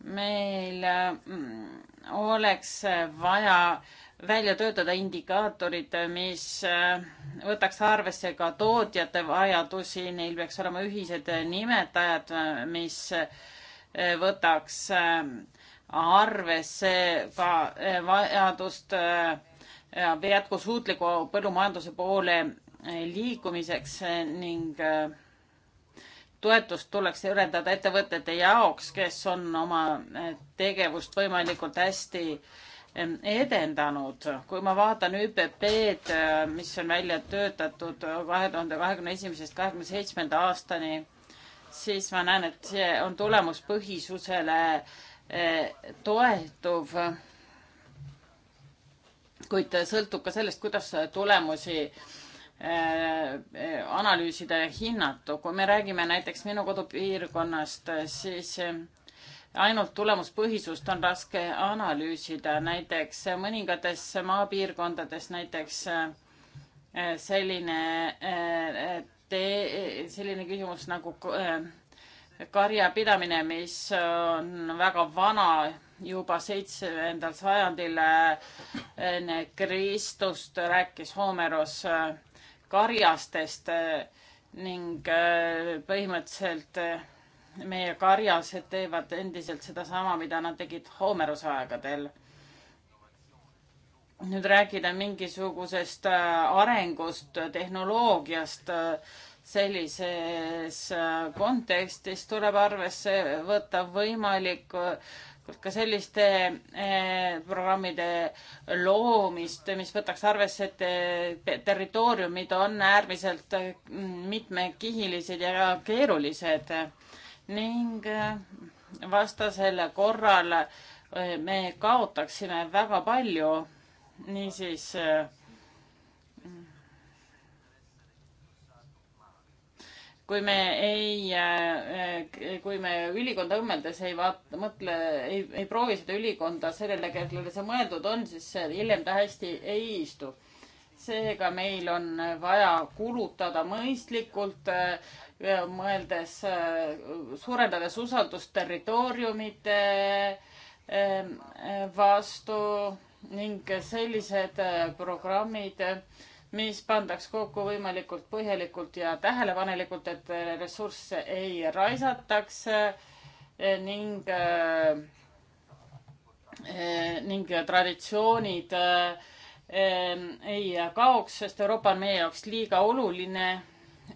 meil mm, oleks vaja äh, välja töötada indikaatorid, mis äh, võtaks arvesse ka tootjate vajadusi, neil peaks olema ühised nimetajad, mis äh, võtaks äh, arvesse ka vajadust jätkusuutliku põllumajanduse poole liikumiseks ning toetust tuleks ühendada ettevõtete jaoks, kes on oma tegevust võimalikult hästi äh, edendanud. kui ma vaatan ÜPP-d, äh, mis on välja töötatud kahe tuhande kahekümne esimesest kahekümne seitsmenda aastani, siis ma näen, et see on tulemuspõhisusele äh, toetuv, kuid sõltub ka sellest, kuidas tulemusi äh, analüüsida ja hinnata. kui me räägime näiteks minu kodupiirkonnast, siis ainult tulemuspõhisust on raske analüüsida, näiteks mõningates maapiirkondades näiteks eh, selline eh, tee, selline küsimus nagu eh, karjapidamine, mis on väga vana, juba seitsmendal sajandil enne Kristust rääkis Homeros karjastest ning põhimõtteliselt meie karjased teevad endiselt sedasama, mida nad tegid Homeruse aegadel. nüüd rääkida mingisugusest äh, arengust, tehnoloogiast äh, sellises äh, kontekstis tuleb arvesse võtta võimalik ka selliste programmide loomist, mis võtaks arvesse, et territooriumid on äärmiselt mitmekihilised ja keerulised ning äh, vastasel korral äh, me kaotaksime väga palju. niisiis äh, kui me ei, kui me ülikonda õmmeldes ei vaata, mõtle, ei, ei proovi seda ülikonda sellele, kellele see mõeldud on, siis see hiljem ta hästi ei istu. seega meil on vaja kulutada mõistlikult mõeldes äh, suurendades usaldust territooriumite ähm, äh, vastu ning sellised äh, programmid, mis pandaks kokku võimalikult põhjalikult ja tähelepanelikult, et ressursse ei raisataks ning ning traditsioonid ei kaoks, sest Euroopa on meie jaoks liiga oluline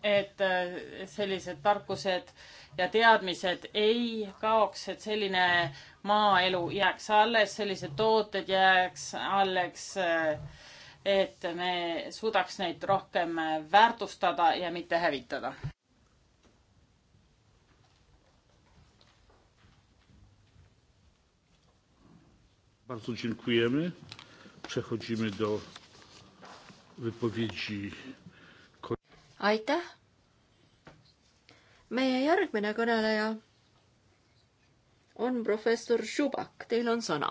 et äh, sellised tarkused ja teadmised ei kaoks, et selline maaelu jääks alles, sellised tooted jääks alles, äh, et me suudaks neid rohkem äh, väärtustada ja mitte hävitada. Bardzo dziękujemy. Przechodzimy do wypowiedzi aitäh! meie järgmine kõneleja on professor Šubak, teil on sõna.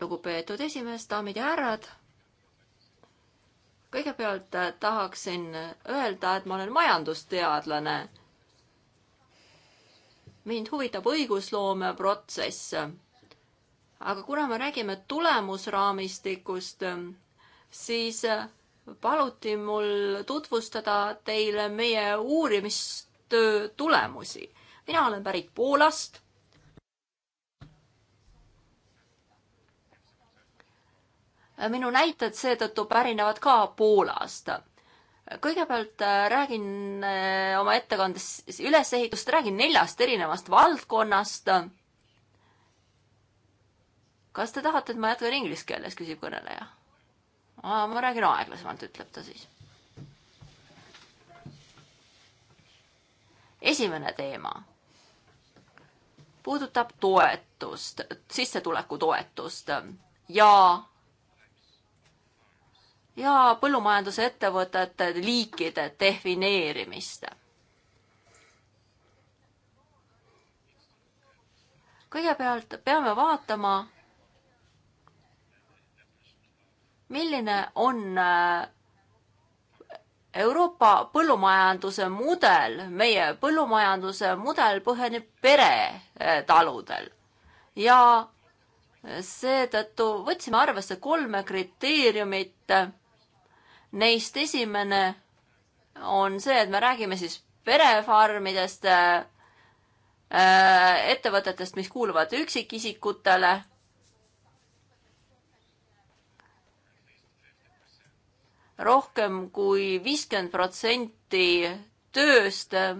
lugupeetud esimees, daamid ja härrad. kõigepealt tahaksin öelda, et ma olen majandusteadlane mind huvitab õigusloomeprotsess. aga kuna me räägime tulemusraamistikust, siis paluti mul tutvustada teile meie uurimistöö tulemusi. mina olen pärit Poolast. minu näited seetõttu pärinevad ka Poolast kõigepealt äh, räägin äh, oma ettekandes ülesehitust, räägin neljast erinevast valdkonnast. kas te tahate, et ma jätkan inglise keeles, küsib kõneleja. ma räägin aeglasemalt, ütleb ta siis. esimene teema puudutab toetust, sissetulekutoetust ja ja põllumajandusettevõtete liikide defineerimist. kõigepealt peame vaatama, milline on äh, Euroopa põllumajanduse mudel, meie põllumajanduse mudel põheneb peretaludel ja seetõttu võtsime arvesse kolme kriteeriumit Neist esimene on see, et me räägime siis perefarmidest, äh, äh, ettevõtetest, mis kuuluvad üksikisikutele. rohkem kui viiskümmend protsenti tööst äh,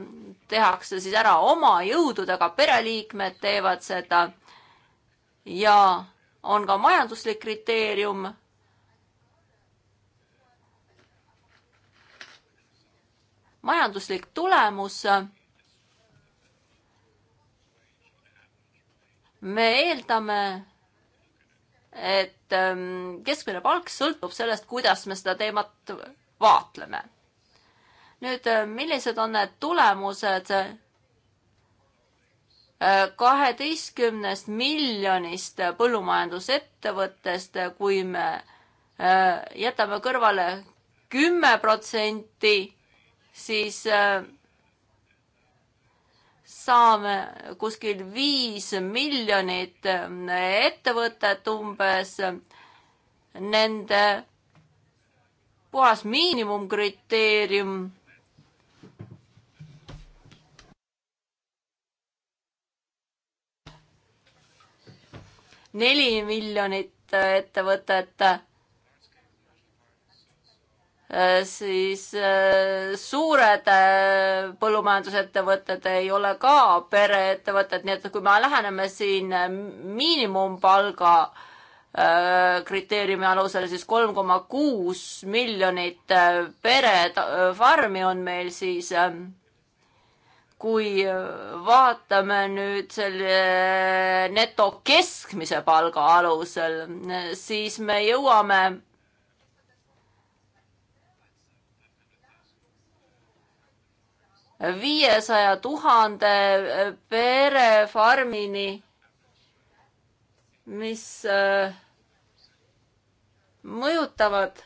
tehakse siis ära oma jõududega, pereliikmed teevad seda. ja on ka majanduslik kriteerium majanduslik tulemus. me eeldame, et ähm, keskmine palk sõltub sellest, kuidas me seda teemat vaatleme. nüüd, äh, millised on need tulemused äh, kaheteistkümnest miljonist põllumajandusettevõttest, kui me äh, jätame kõrvale kümme protsenti siis äh, saame kuskil viis miljonit äh, ettevõtet umbes nende puhas miinimumkriteerium neli miljonit äh, ettevõtet Äh, siis äh, suured äh, põllumajandusettevõtted ei ole ka pereettevõtted, nii et kui me läheneme siin miinimumpalga kriteeriumi alusel, siis kolm koma kuus miljonit perefarmi on meil siis kui vaatame nüüd selle neto keskmise palga alusel, siis me jõuame viiesaja tuhande äh, pere farmini, mis äh, mõjutavad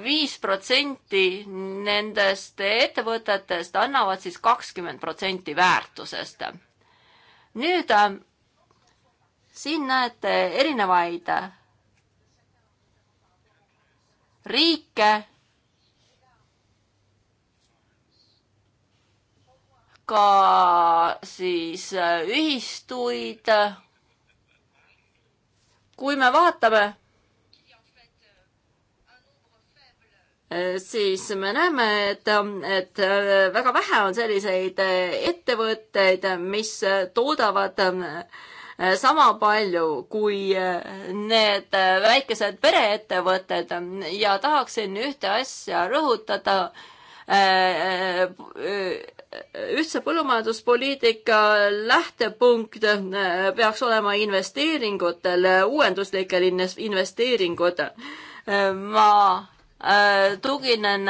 viis protsenti nendest ettevõtetest annavad siis kakskümmend protsenti väärtusest. nüüd äh, siin näete erinevaid riike, ka siis äh, ühistuid. kui me vaatame, äh, siis me näeme, et, et äh, väga vähe on selliseid ettevõtteid, mis toodavad äh, Äh, sama palju kui äh, need äh, väikesed pereettevõtted ja tahaksin ühte asja rõhutada ühtse põllumajanduspoliitika lähtepunkt peaks olema investeeringutel, uuenduslikel investeeringud. ma tuginen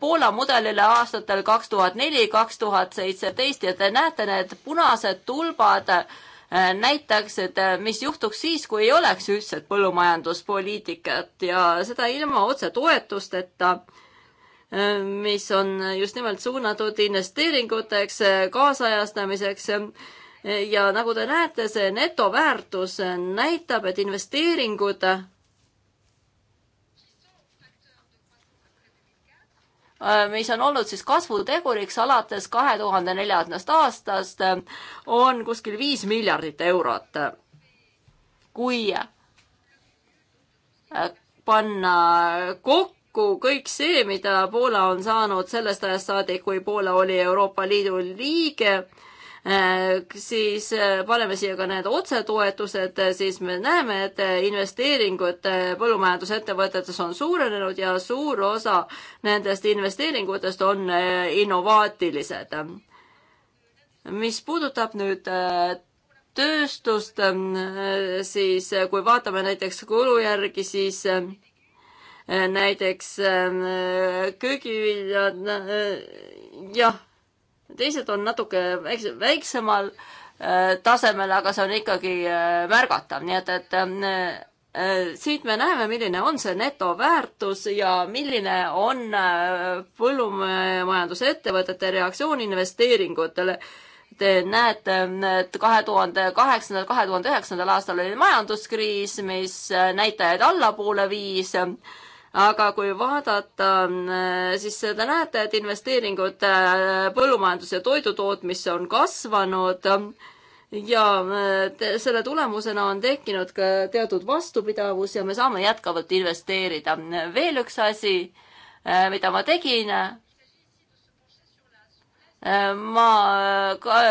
Poola mudelile aastatel kaks tuhat neli, kaks tuhat seitseteist ja te näete need punased tulbad Äh, näitaks, et äh, mis juhtuks siis, kui ei oleks üldse põllumajanduspoliitikat ja seda ilma otsetoetusteta, äh, mis on just nimelt suunatud investeeringuteks, kaasajastamiseks ja nagu te näete, see netoväärtus näitab, et investeeringud Äh, mis on olnud siis kasvuteguriks alates kahe tuhande neljandast aastast, äh, on kuskil viis miljardit eurot. kui äh, panna kokku kõik see, mida Poola on saanud sellest ajast saadik, kui Poola oli Euroopa Liidu liige, Äh, siis äh, paneme siia ka need otsetoetused, äh, siis me näeme, et investeeringud põllumajandusettevõtetes on suurenenud ja suur osa nendest investeeringutest on innovaatilised. mis puudutab nüüd tööstust, siis kui vaatame näiteks kulujärgi, siis näiteks köögiviljad, jah teised on natuke väikse, väiksemal äh, tasemel, aga see on ikkagi äh, märgatav, nii et, et ähm, äh, siit me näeme, milline on see netoväärtus ja milline on põllumajandusettevõtete reaktsioon investeeringutele. Te näete, et kahe tuhande kaheksandal, kahe tuhande üheksandal aastal oli majanduskriis, mis näitajaid allapoole viis aga kui vaadata, äh, siis te näete, et investeeringud äh, põllumajandus- ja toidutootmisse on kasvanud ja äh, selle tulemusena on tekkinud ka teatud vastupidavus ja me saame jätkuvalt investeerida. veel üks asi, mida ma tegin, ma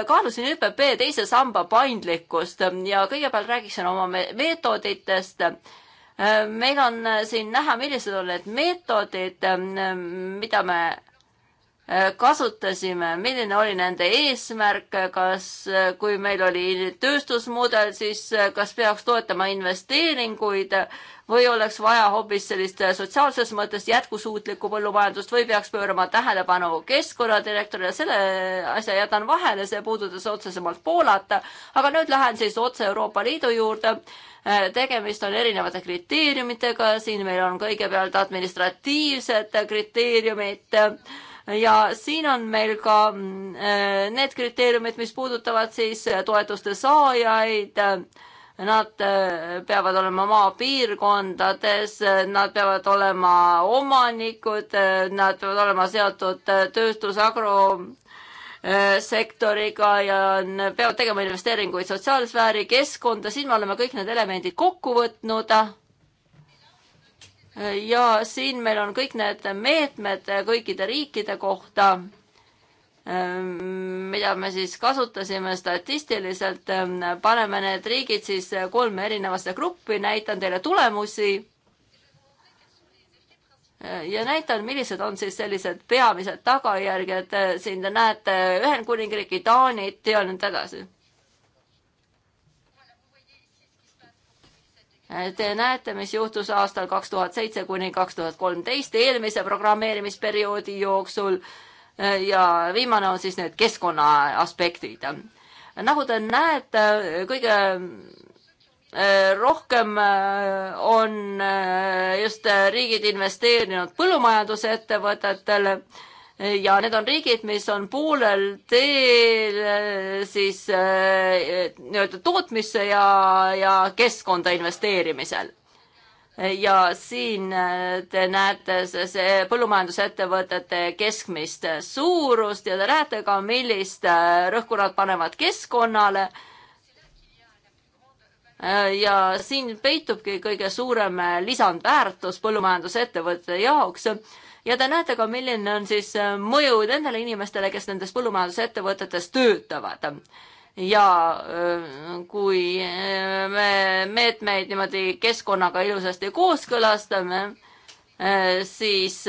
kaalusin ÜPP teise samba paindlikkust ja kõigepealt räägiksin oma meetoditest Äh, meil on äh, siin näha, millised on need meetodid, ähm, äh, mida me Äh, kasutasime, milline oli nende eesmärk, kas, äh, kui meil oli tööstusmudel, siis äh, kas peaks toetama investeeringuid või oleks vaja hoopis sellist sotsiaalses mõttes jätkusuutlikku põllumajandust või peaks pöörama tähelepanu keskkonnadirektorile, selle asja jätan vahele, see puudutas otsesemalt Poolat, aga nüüd lähen siis otse Euroopa Liidu juurde tegemist on erinevate kriteeriumitega, siin meil on kõigepealt administratiivsed kriteeriumid äh,, ja siin on meil ka mm, äh, need kriteeriumid, mis puudutavad siis toetuste saajaid. Nad äh, peavad olema maapiirkondades, nad peavad olema omanikud, äh, nad peavad olema seotud tööstus, agro sektoriga ja peavad tegema investeeringuid sotsiaalsfääri, keskkonda, siin me oleme kõik need elemendid kokku võtnud ja siin meil on kõik need meetmed kõikide riikide kohta, ähm, mida me siis kasutasime statistiliselt, ähm, paneme need riigid siis kolme erinevasse gruppi, näitan teile tulemusi äh, ja näitan, millised on siis sellised peamised tagajärjed, äh, siin te näete Ühendkuningriigi, Taanit ja nõnda edasi Te näete, mis juhtus aastal kaks tuhat seitse kuni kaks tuhat kolmteist, eelmise programmeerimisperioodi jooksul ja viimane on siis need keskkonna aspektid. nagu te näete, kõige äh, rohkem äh, on äh, just riigid investeerinud põllumajandusettevõtetele ja need on riigid, mis on poolel teel eh, siis eh, nii-öelda tootmisse ja, ja keskkonda investeerimisel ja siin eh, te näete see põllumajandusettevõtete keskmist suurust ja te näete ka, millist rõhku nad panevad keskkonnale. ja siin peitubki kõige suurem lisandväärtus põllumajandusettevõtete jaoks ja te näete ka, milline on siis äh, mõju nendele inimestele, kes nendes põllumajandusettevõtetes töötavad ja äh, kui äh, me meetmeid niimoodi keskkonnaga ilusasti kooskõlastame, siis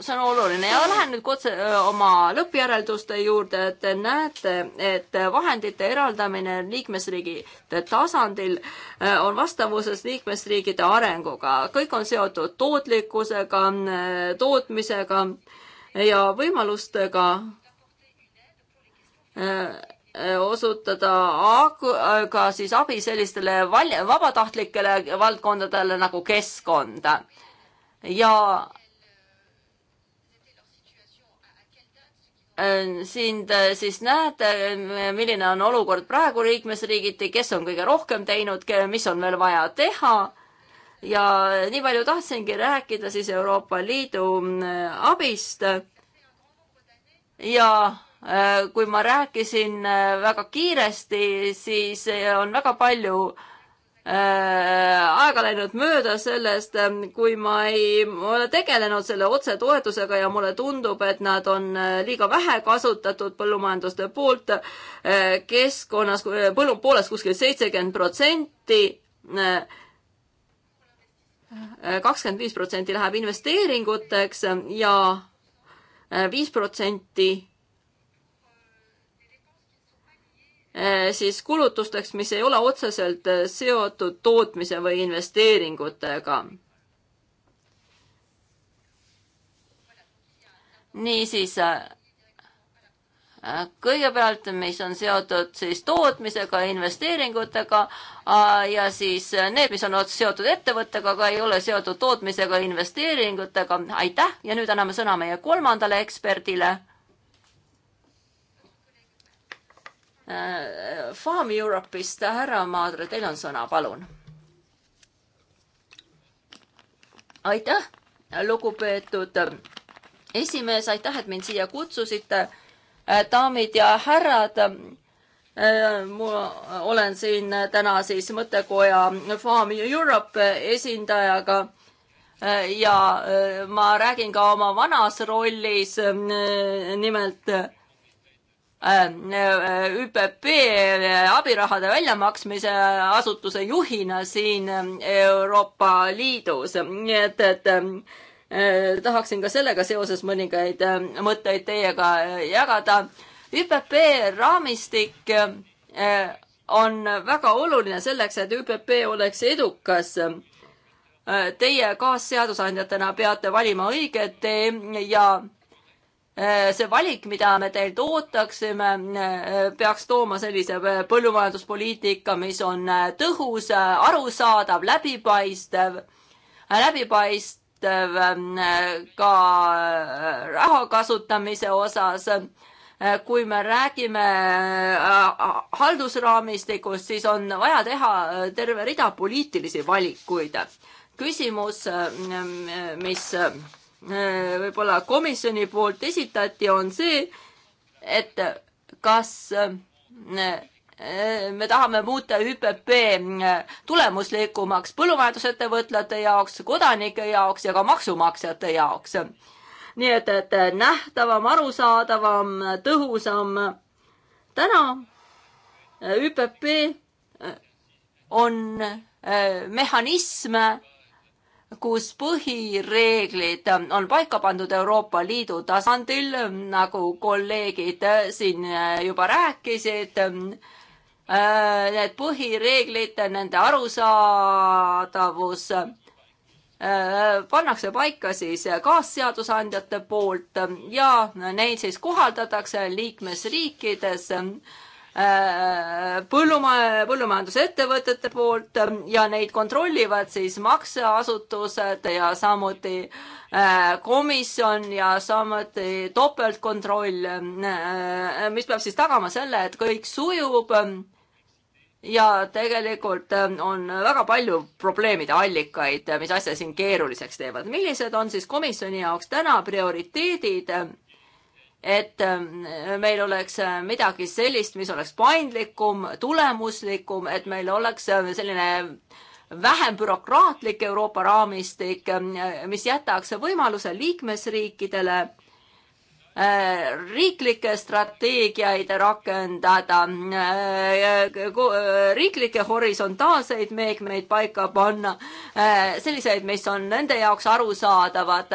see on oluline ja lähen nüüd otse oma lõppjärelduste juurde, et te näete, et vahendite eraldamine liikmesriigide tasandil on vastavuses liikmesriigide arenguga, kõik on seotud tootlikkusega, tootmisega ja võimalustega osutada ka siis abi sellistele val-, vabatahtlikele valdkondadele nagu keskkond ja Äh, siin te siis näete, milline on olukord praegu liikmesriigiti, kes on kõige rohkem teinud, mis on veel vaja teha. ja nii palju tahtsingi rääkida siis Euroopa Liidu äh, abist. ja äh, kui ma rääkisin väga kiiresti, siis on väga palju äh, Äh, aega läinud mööda sellest, ähm, kui ma ei ole tegelenud selle otsetoetusega ja mulle tundub, et nad on äh, liiga vähe kasutatud põllumajanduste poolt äh, keskkonnas, põllu poolest kuskil seitsekümmend protsenti kakskümmend viis protsenti läheb investeeringuteks ja viis protsenti Eh, siis kulutusteks, mis ei ole otseselt eh, seotud tootmise või investeeringutega. niisiis eh, kõigepealt, mis on seotud siis tootmisega, investeeringutega ja siis need, mis on seotud ettevõttega, aga ei ole seotud tootmisega, investeeringutega. aitäh ja nüüd anname sõna meie kolmandale eksperdile Farm Europe'ist härra Maadre, teil on sõna, palun. aitäh, lugupeetud esimees, aitäh, et mind siia kutsusite. daamid ja härrad, ma olen siin täna siis mõttekoja Farm Europe esindajaga ja ma räägin ka oma vanas rollis, nimelt Äh, äh, ÜPP abirahade väljamaksmise asutuse juhina siin äh, Euroopa Liidus, nii et, et tahaksin ka sellega seoses mõningaid mõtteid teiega jagada. ÜPP raamistik on väga oluline selleks, et ÜPP oleks edukas Teie kaasseadusandjatena peate valima õige tee ja Äh, see valik, mida me teilt ootaksime, äh, peaks tooma sellise äh, põllumajanduspoliitika, mis on tõhus, arusaadav, läbipaistev, läbipaistev ka raha kasutamise osas kui me räägime haldusraamistikust, siis on vaja teha terve rida poliitilisi valikuid. küsimus, mis Äh, võib-olla komisjoni poolt esitati, on see, et kas äh, äh, me tahame muuta ÜPP tulemuslikumaks põllumajandusettevõtlate jaoks, kodanike jaoks ja ka maksumaksjate jaoks. nii et, et nähtavam, arusaadavam, tõhusam. täna ÜPP on mehhanism, kus põhireeglid on paika pandud Euroopa Liidu tasandil, nagu kolleegid siin juba rääkisid. Need põhireeglid, nende arusaadavus pannakse paika siis kaasseadusandjate poolt ja neid siis kohaldatakse liikmesriikides Äh, põlluma-, põllumajandusettevõtete poolt ähm, ja neid kontrollivad siis makseasutused ja samuti äh, komisjon ja samuti topeltkontroll, äh, mis peab siis tagama selle, et kõik sujub ähm, ja tegelikult ähm, on väga palju probleemide allikaid, mis asja siin keeruliseks teevad. millised on siis komisjoni jaoks täna prioriteedid et ähm, meil oleks äh, midagi sellist, mis oleks paindlikum, tulemuslikum, et meil oleks äh, selline vähem bürokraatlik Euroopa raamistik, äh, mis jätaks võimaluse liikmesriikidele riiklikke strateegiaid rakendada, riiklikke horisontaalseid meetmeid paika panna, selliseid, mis on nende jaoks arusaadavad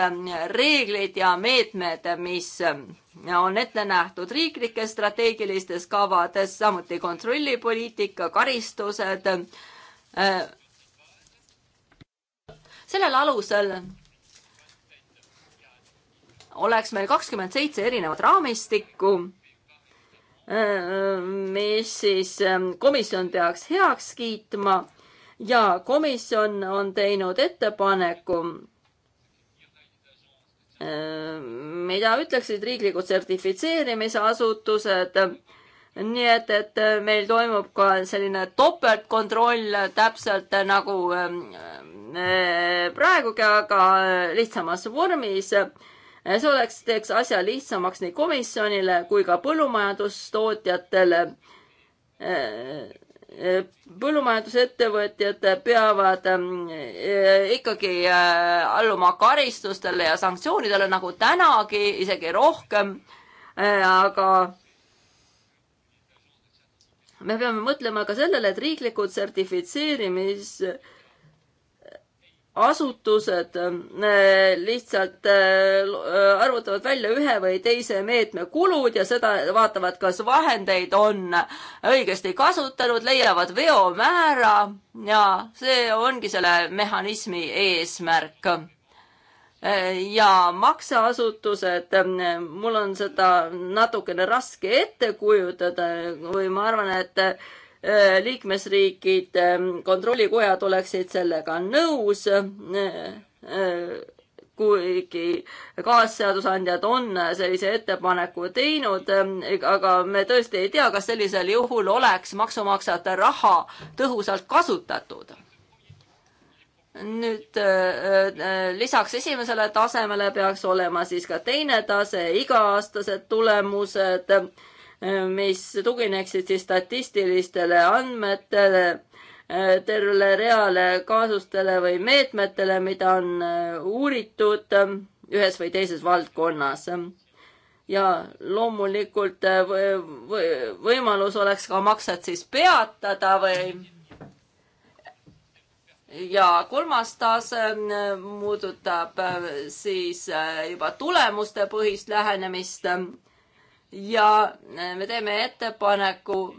reeglid ja meetmed, mis on ette nähtud riiklikes strateegilistes kavades, samuti kontrollipoliitika, karistused. sellel alusel oleks meil kakskümmend seitse erinevat raamistikku, mis siis komisjon peaks heaks kiitma ja komisjon on teinud ettepaneku Äh, mida ütleksid riiklikud sertifitseerimisasutused. nii et, et meil toimub ka selline topeltkontroll täpselt nagu ähm, äh, praegugi, aga lihtsamas vormis. Äh, see oleks, teeks asja lihtsamaks nii komisjonile kui ka põllumajandustootjatele põllumajandusettevõtjad peavad ähm, äh, ikkagi äh, alluma karistustele ja sanktsioonidele nagu tänagi, isegi rohkem. Äh, aga me peame mõtlema ka sellele, et riiklikud sertifitseerimis- asutused äh, lihtsalt äh, arvutavad välja ühe või teise meetme kulud ja seda vaatavad, kas vahendeid on õigesti kasutanud, leiavad veomäära ja see ongi selle mehhanismi eesmärk ja makseasutused, mul on seda natukene raske ette kujutada või ma arvan, et Äh, liikmesriigid, ähm, kontrollikojad oleksid sellega nõus, äh, äh, kuigi kaasseadusandjad on sellise ettepaneku teinud, ähm, aga me tõesti ei tea, kas sellisel juhul oleks maksumaksjate raha tõhusalt kasutatud. nüüd lisaks esimesele tasemele peaks olema siis ka teine tase, iga-aastased tulemused mis tugineksid siis statistilistele andmetele, äh, tervele reale kaasustele või meetmetele, mida on äh, uuritud äh, ühes või teises valdkonnas ja loomulikult võimalus oleks ka maksed siis peatada või ja kolmas tase muudutab siis juba tulemuste põhist lähenemist ja äh, me teeme ettepaneku,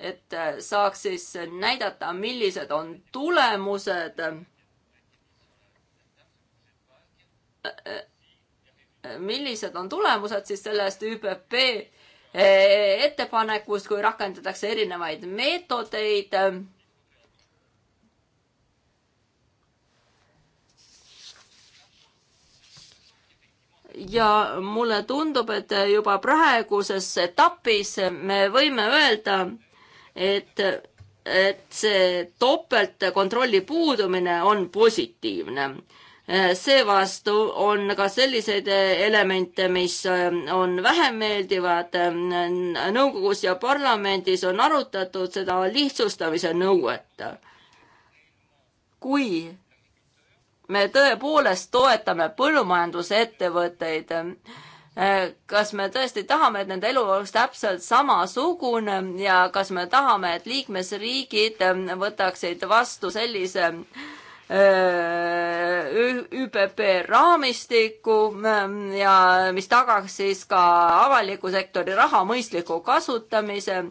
et äh, saaks siis näidata, millised on tulemused. Äh, millised on tulemused siis sellest ÜPP ettepanekust, kui rakendatakse erinevaid meetodeid ja mulle tundub, et juba praeguses etapis me võime öelda, et, et see topeltkontrolli puudumine on positiivne. seevastu on ka selliseid elemente, mis on vähem meeldivad. nõukogus ja parlamendis on arutatud seda lihtsustamise nõuet. kui me tõepoolest toetame põllumajandusettevõtteid. kas me tõesti tahame, et nende elu oleks täpselt samasugune ja kas me tahame, et liikmesriigid võtaksid vastu sellise ÜPP raamistiku ja mis tagaks siis ka avaliku sektori raha mõistliku kasutamise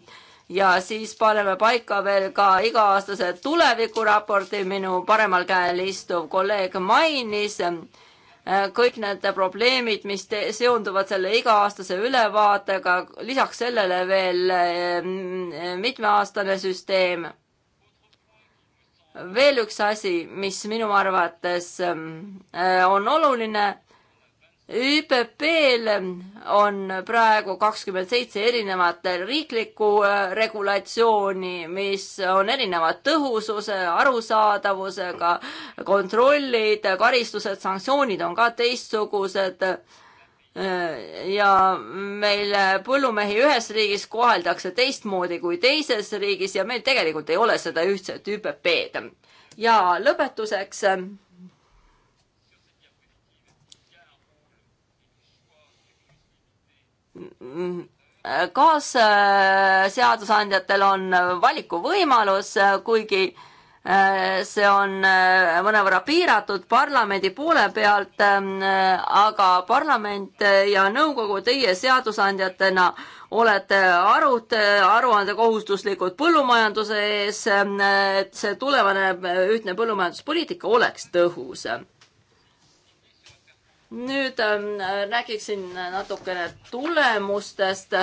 ja siis paneme paika veel ka iga-aastase tulevikuraporti, minu paremal käel istuv kolleeg mainis äh, kõik need probleemid, mis te, seonduvad selle iga-aastase ülevaatega, lisaks sellele veel äh, mitmeaastane süsteem. veel üks asi, mis minu arvates äh, on oluline ÜPP-l on praegu kakskümmend seitse erinevat riiklikku äh, regulatsiooni, mis on erinevad tõhususe, arusaadavusega, kontrollid, karistused, sanktsioonid on ka teistsugused äh, ja meil põllumehi ühes riigis koheldakse teistmoodi kui teises riigis ja meil tegelikult ei ole seda ühtset ÜPP-d. ja lõpetuseks kaasseadusandjatel on valikuvõimalus, kuigi äh, see on äh, mõnevõrra piiratud parlamendi poole pealt, ähm, aga parlament ja nõukogu, teie seadusandjatena olete arut-, aruandekohustuslikud põllumajanduse ees, ähm, et see tulevane ühtne põllumajanduspoliitika oleks tõhus nüüd ähm, räägiksin natukene tulemustest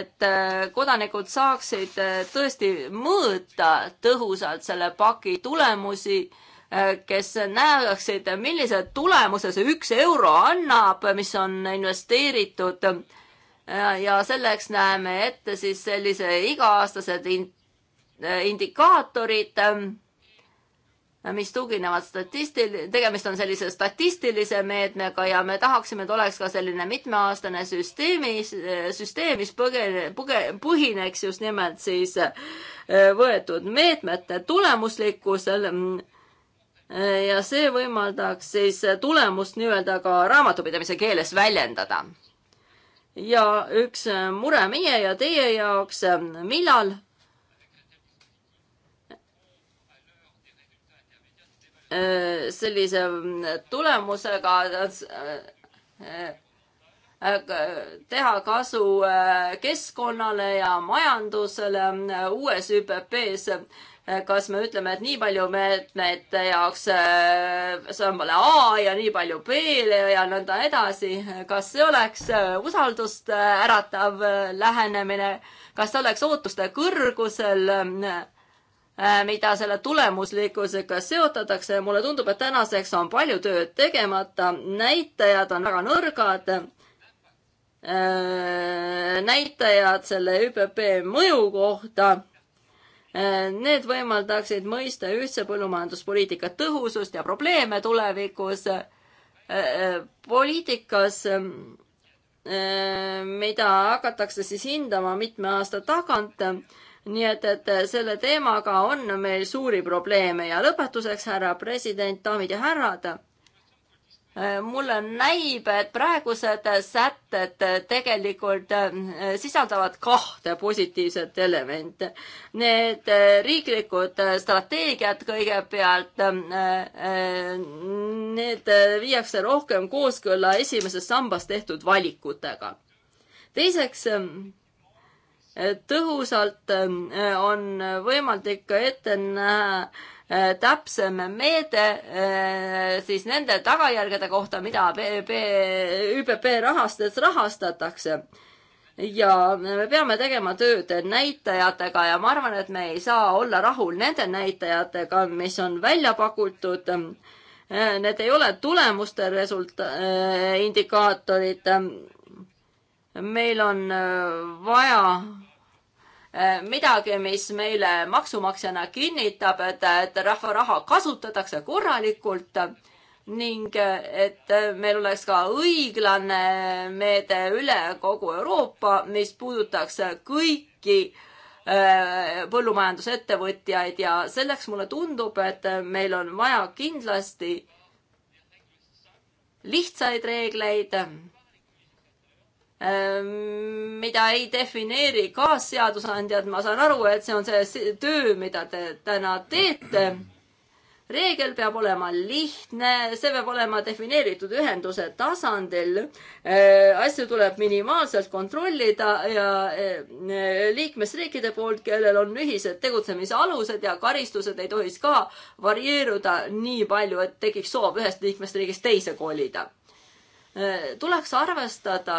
et äh, kodanikud saaksid äh, tõesti mõõta tõhusalt selle paki tulemusi, äh, kes näeksid, millise tulemuse see üks euro annab, mis on investeeritud. ja selleks näeme ette siis sellise iga-aastased indikaatorid mis tuginevad statistil-, tegemist on sellise statistilise meetmega ja me tahaksime, et oleks ka selline mitmeaastane süsteemis, süsteem, mis põge-, põge-, põhineks just nimelt siis äh, võetud meetmete tulemuslikkusel. Mm, äh, ja see võimaldaks siis tulemust nii-öelda ka raamatupidamise keeles väljendada. ja üks mure meie ja teie jaoks, millal Äh, sellise mm, tulemusega äh, äh, teha kasu keskkonnale ja majandusele mm, uues ÜPP-s kas me ütleme, et nii palju meetmete jaoks sambale A ja nii palju B-le ja nõnda edasi, kas see oleks usaldust äratav lähenemine, kas see oleks ootuste kõrgusel äh, Äh, mida selle tulemuslikkusega seotatakse ja mulle tundub, et tänaseks on palju tööd tegemata, näitajad on väga nõrgad. Äh, näitajad selle ÜPP mõju kohta. Äh, need võimaldaksid mõista ühtse põllumajanduspoliitika tõhusust ja probleeme tulevikus poliitikas, mida hakatakse siis hindama mitme aasta tagant nii et, et selle teemaga on meil suuri probleeme ja lõpetuseks, härra president, daamid ja härrad äh, mulle näib, et praegused sätted tegelikult äh, sisaldavad kahte positiivset elementi. Need äh, riiklikud strateegiad kõigepealt, need viiakse rohkem kooskõlla esimeses sambas tehtud valikutega. teiseks tõhusalt ähm, on võimalik ette näha äh, täpsem meede äh, siis nende tagajärgede kohta, mida ÜPP rahastades rahastatakse. ja me peame tegema tööd näitajatega ja ma arvan, et me ei saa olla rahul nende näitajatega, mis on välja pakutud. Äh, need ei ole tulemuste resulta-, indikaatorid meil on äh, vaja äh, midagi, mis meile maksumaksjana kinnitab, et, et rahva raha kasutatakse korralikult ning äh, et meil oleks ka õiglane meede üle kogu Euroopa, mis puudutaks kõiki põllumajandusettevõtjaid ja selleks mulle tundub, et meil on vaja kindlasti lihtsaid reegleid Ehm, mida ei defineeri kaasseadusandjad, ma saan aru, et see on see töö, mida te täna teete. reegel peab olema lihtne, see peab olema defineeritud ühenduse tasandil. Ehm, asju tuleb minimaalselt kontrollida ja ehm, liikmesriikide poolt, kellel on ühised tegutsemisalused ja karistused ei tohiks ka varieeruda nii palju, et tekiks soov ühest liikmesriigist teise kolida tuleks arvestada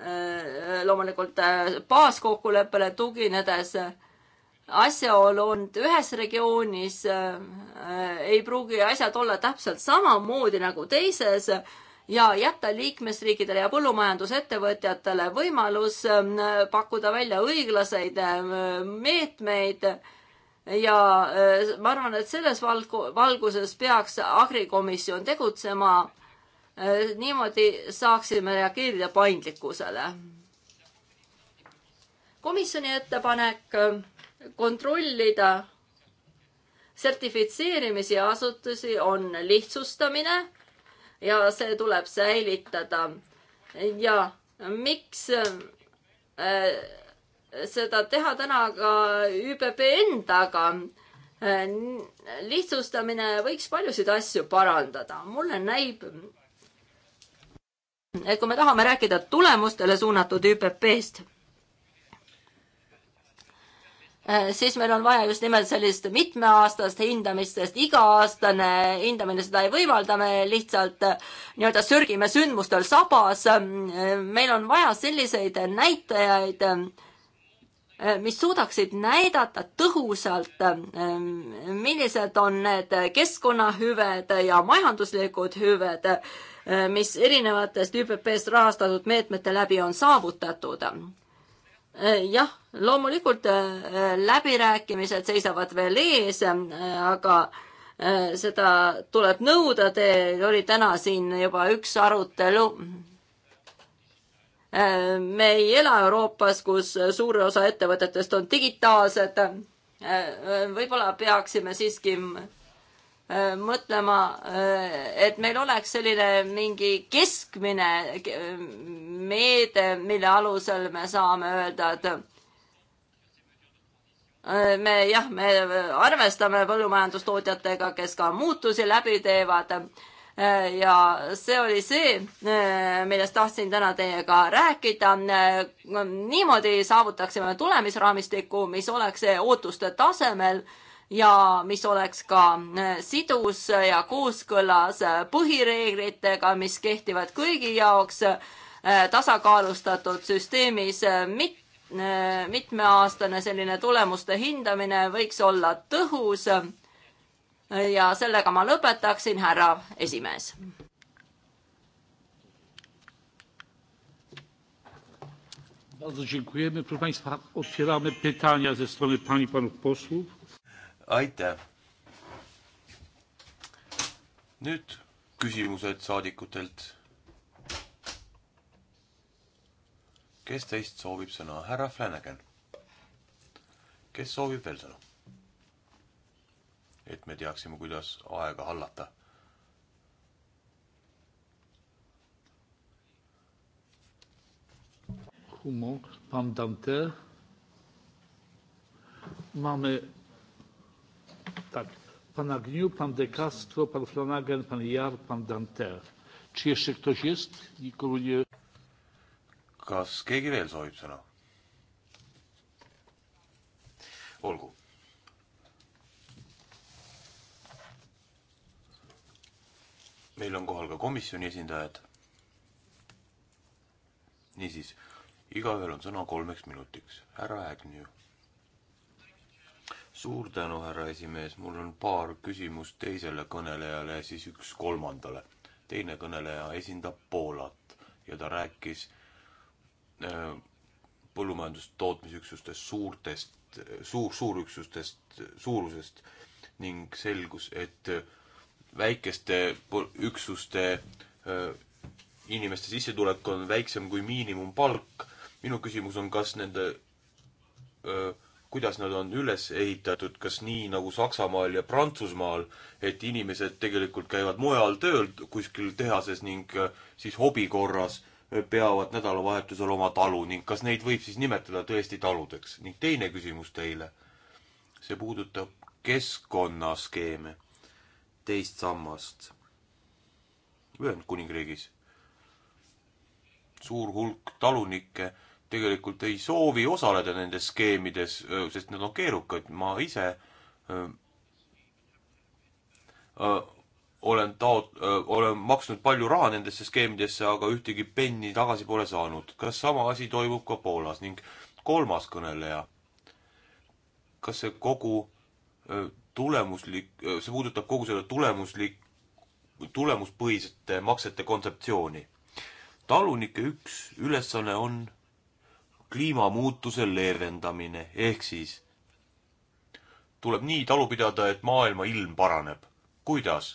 Äh, loomulikult äh, baaskokkuleppele tuginedes äh, asjaolu on, et ühes regioonis ei pruugi asjad olla täpselt samamoodi nagu teises ja jätta liikmesriikidele ja põllumajandusettevõtjatele võimalus pakkuda välja õiglaseid meetmeid ja ma arvan, et selles valgu-, valguses peaks agrikomisjon tegutsema Äh, niimoodi saaksime reageerida paindlikkusele. komisjoni ettepanek äh, kontrollida sertifitseerimisi asutusi on lihtsustamine ja see tuleb säilitada. ja miks äh, seda teha täna ka ÜBB endaga? lihtsustamine võiks paljusid asju parandada. mulle näib, et kui me tahame rääkida tulemustele suunatud ÜPP-st, eh, siis meil on vaja just nimelt sellist mitmeaastast hindamist, sest iga-aastane hindamine seda ei võimalda, me lihtsalt eh, nii-öelda sörgime sündmustel sabas. Eh, meil on vaja selliseid näitajaid, mis suudaksid näidata tõhusalt, millised on need keskkonnahüved ja majanduslikud hüved Äh, mis erinevatest ÜPP-st rahastatud meetmete läbi on saavutatud. Äh, jah, loomulikult äh, läbirääkimised seisavad veel ees, aga seda tuleb nõuda, teil oli täna siin juba üks arutelu. me ei ela Euroopas, kus suur osa ettevõtetest on digitaalsed. võib-olla peaksime siiski Äh, mõtlema, äh, et meil oleks selline mingi keskmine äh, meede, mille alusel me saame öelda, et me jah, me arvestame põllumajandustootjatega, kes ka muutusi läbi teevad. ja see oli see, millest tahtsin täna teiega rääkida. niimoodi saavutaksime tulemisraamistiku, mis oleks ootuste tasemel ja mis oleks ka äh, sidus ja kooskõlas äh, põhireeglitega, mis kehtivad kõigi jaoks äh, tasakaalustatud süsteemis. mit-, mitmeaastane selline tulemuste hindamine võiks olla tõhus. ja sellega ma lõpetaksin, härra esimees. Bardzo dziękujemy. Proszę Państwa, otwieramy pytania ze strony pani i panów posłów aitäh! nüüd küsimused saadikutelt. kes teist soovib sõna? härra Flanagan. kes soovib veel sõna? et me teaksime, kuidas aega hallata. Humor, pandanter. Mamy tak pan Agniu, pan De Castro, pan Flanagan, pan Jar, pan Danter. Czy jeszcze ktoś jest? Nikogo nie... Kas keegi veel soovib sõna? Olgu. Meil on kohal ka komisjoni esindajad. Niisiis, igaühel on sõna kolmeks minutiks. Ära Agniu suur tänu, härra esimees, mul on paar küsimust teisele kõnelejale ja siis üks kolmandale. teine kõneleja esindab Poolat ja ta rääkis äh, põllumajandustootmisüksustest, suurtest, suur, suurüksustest, suurusest ning selgus, et väikeste üksuste äh, inimeste sissetulek on väiksem kui miinimumpalk. minu küsimus on, kas nende öö, äh, kuidas nad on üles ehitatud, kas nii nagu Saksamaal ja Prantsusmaal, et inimesed tegelikult käivad mujal tööl kuskil tehases ning äh, siis hobi korras äh, peavad nädalavahetusel oma talu ning kas neid võib siis nimetada tõesti taludeks? ning teine küsimus teile. see puudutab keskkonnaskeeme, teist sammast Ühendkuningriigis. suur hulk talunikke tegelikult ei soovi osaleda nendes skeemides, sest need on keerukad, ma ise öö, öö, olen taot-, olen maksnud palju raha nendesse skeemidesse, aga ühtegi penni tagasi pole saanud. kas sama asi toimub ka Poolas ning kolmas kõneleja, kas see kogu tulemuslik, see puudutab kogu selle tulemuslik, tulemuspõhisete maksete kontseptsiooni. talunike üks ülesanne on kliimamuutuse leevendamine, ehk siis tuleb nii talu pidada, et maailma ilm paraneb. kuidas?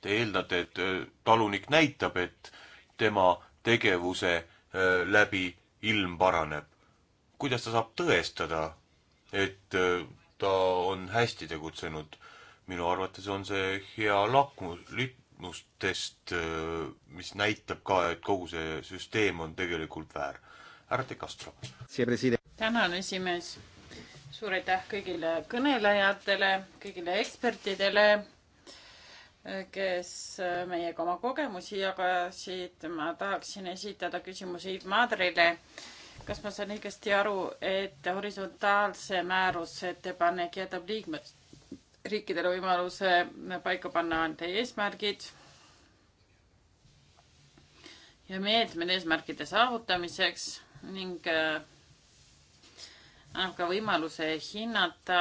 Te eeldate, et äh, talunik näitab, et tema tegevuse äh, läbi ilm paraneb. kuidas ta saab tõestada, et äh, ta on hästi tegutsenud? minu arvates on see hea lakmus, tulemustest, äh, mis näitab ka, et kogu see süsteem on tegelikult väär. härra De Castro. tänan, esimees. suur aitäh kõigile kõnelejatele, kõigile ekspertidele, äh, kes äh, meiega oma kogemusi jagasid. ma tahaksin esitada küsimuse Yves Madrile kas ma saan õigesti aru, et horisontaalse määruse ettepanek jätab liikmes, riikidele võimaluse paika panna teie eesmärgid ja meetmed eesmärkide saavutamiseks ning äh, annab ka võimaluse hinnata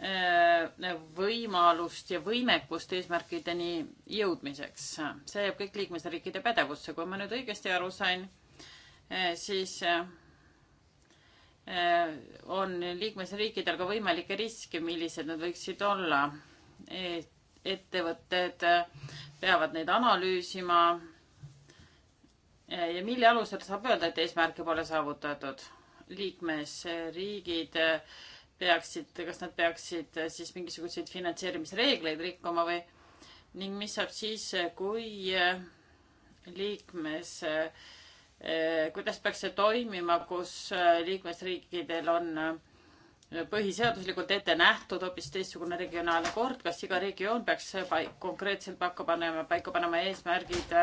äh, võimalust ja võimekust eesmärkideni jõudmiseks. see jääb kõik liikmesriikide pädevusse, kui ma nüüd õigesti aru sain, äh, siis Äh, on liikmesriikidel ka võimalikke riske, millised need võiksid olla. ettevõtted äh, peavad neid analüüsima. Äh, ja mille alusel saab öelda, et eesmärke pole saavutatud? liikmesriigid peaksid, kas nad peaksid siis mingisuguseid finantseerimisreegleid rikkuma või ning mis saab siis, kui liikmes äh, Eh, kuidas peaks see toimima, kus eh, liikmesriikidel on eh, põhiseaduslikult ette nähtud hoopis teistsugune regionaalne kord, kas iga regioon peaks paik, konkreetselt paika panema, paika panema eesmärgid,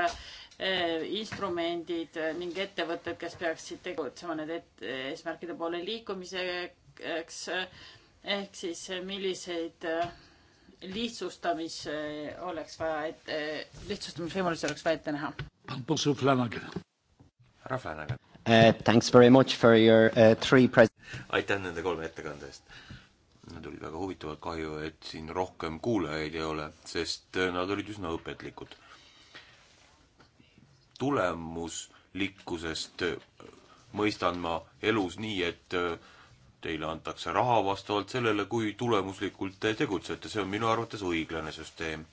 instrumendid ning ettevõtted, kes peaksid tegutsema nende et, eesmärkide poole liikumiseks. ehk siis milliseid lihtsustamis oleks vaja ette, lihtsustamisvõimalusi oleks vaja ette näha härra Flanagan uh,. Thanks very much for your uh, three pres-. aitäh nende kolme ettekande eest. Nad olid väga huvitavad, kahju, et siin rohkem kuulajaid ei ole, sest äh, nad olid üsna õpetlikud. tulemuslikkusest äh, mõistan ma elus nii, et äh, teile antakse raha vastavalt sellele, kui tulemuslikult te tegutsete, see on minu arvates õiglane süsteem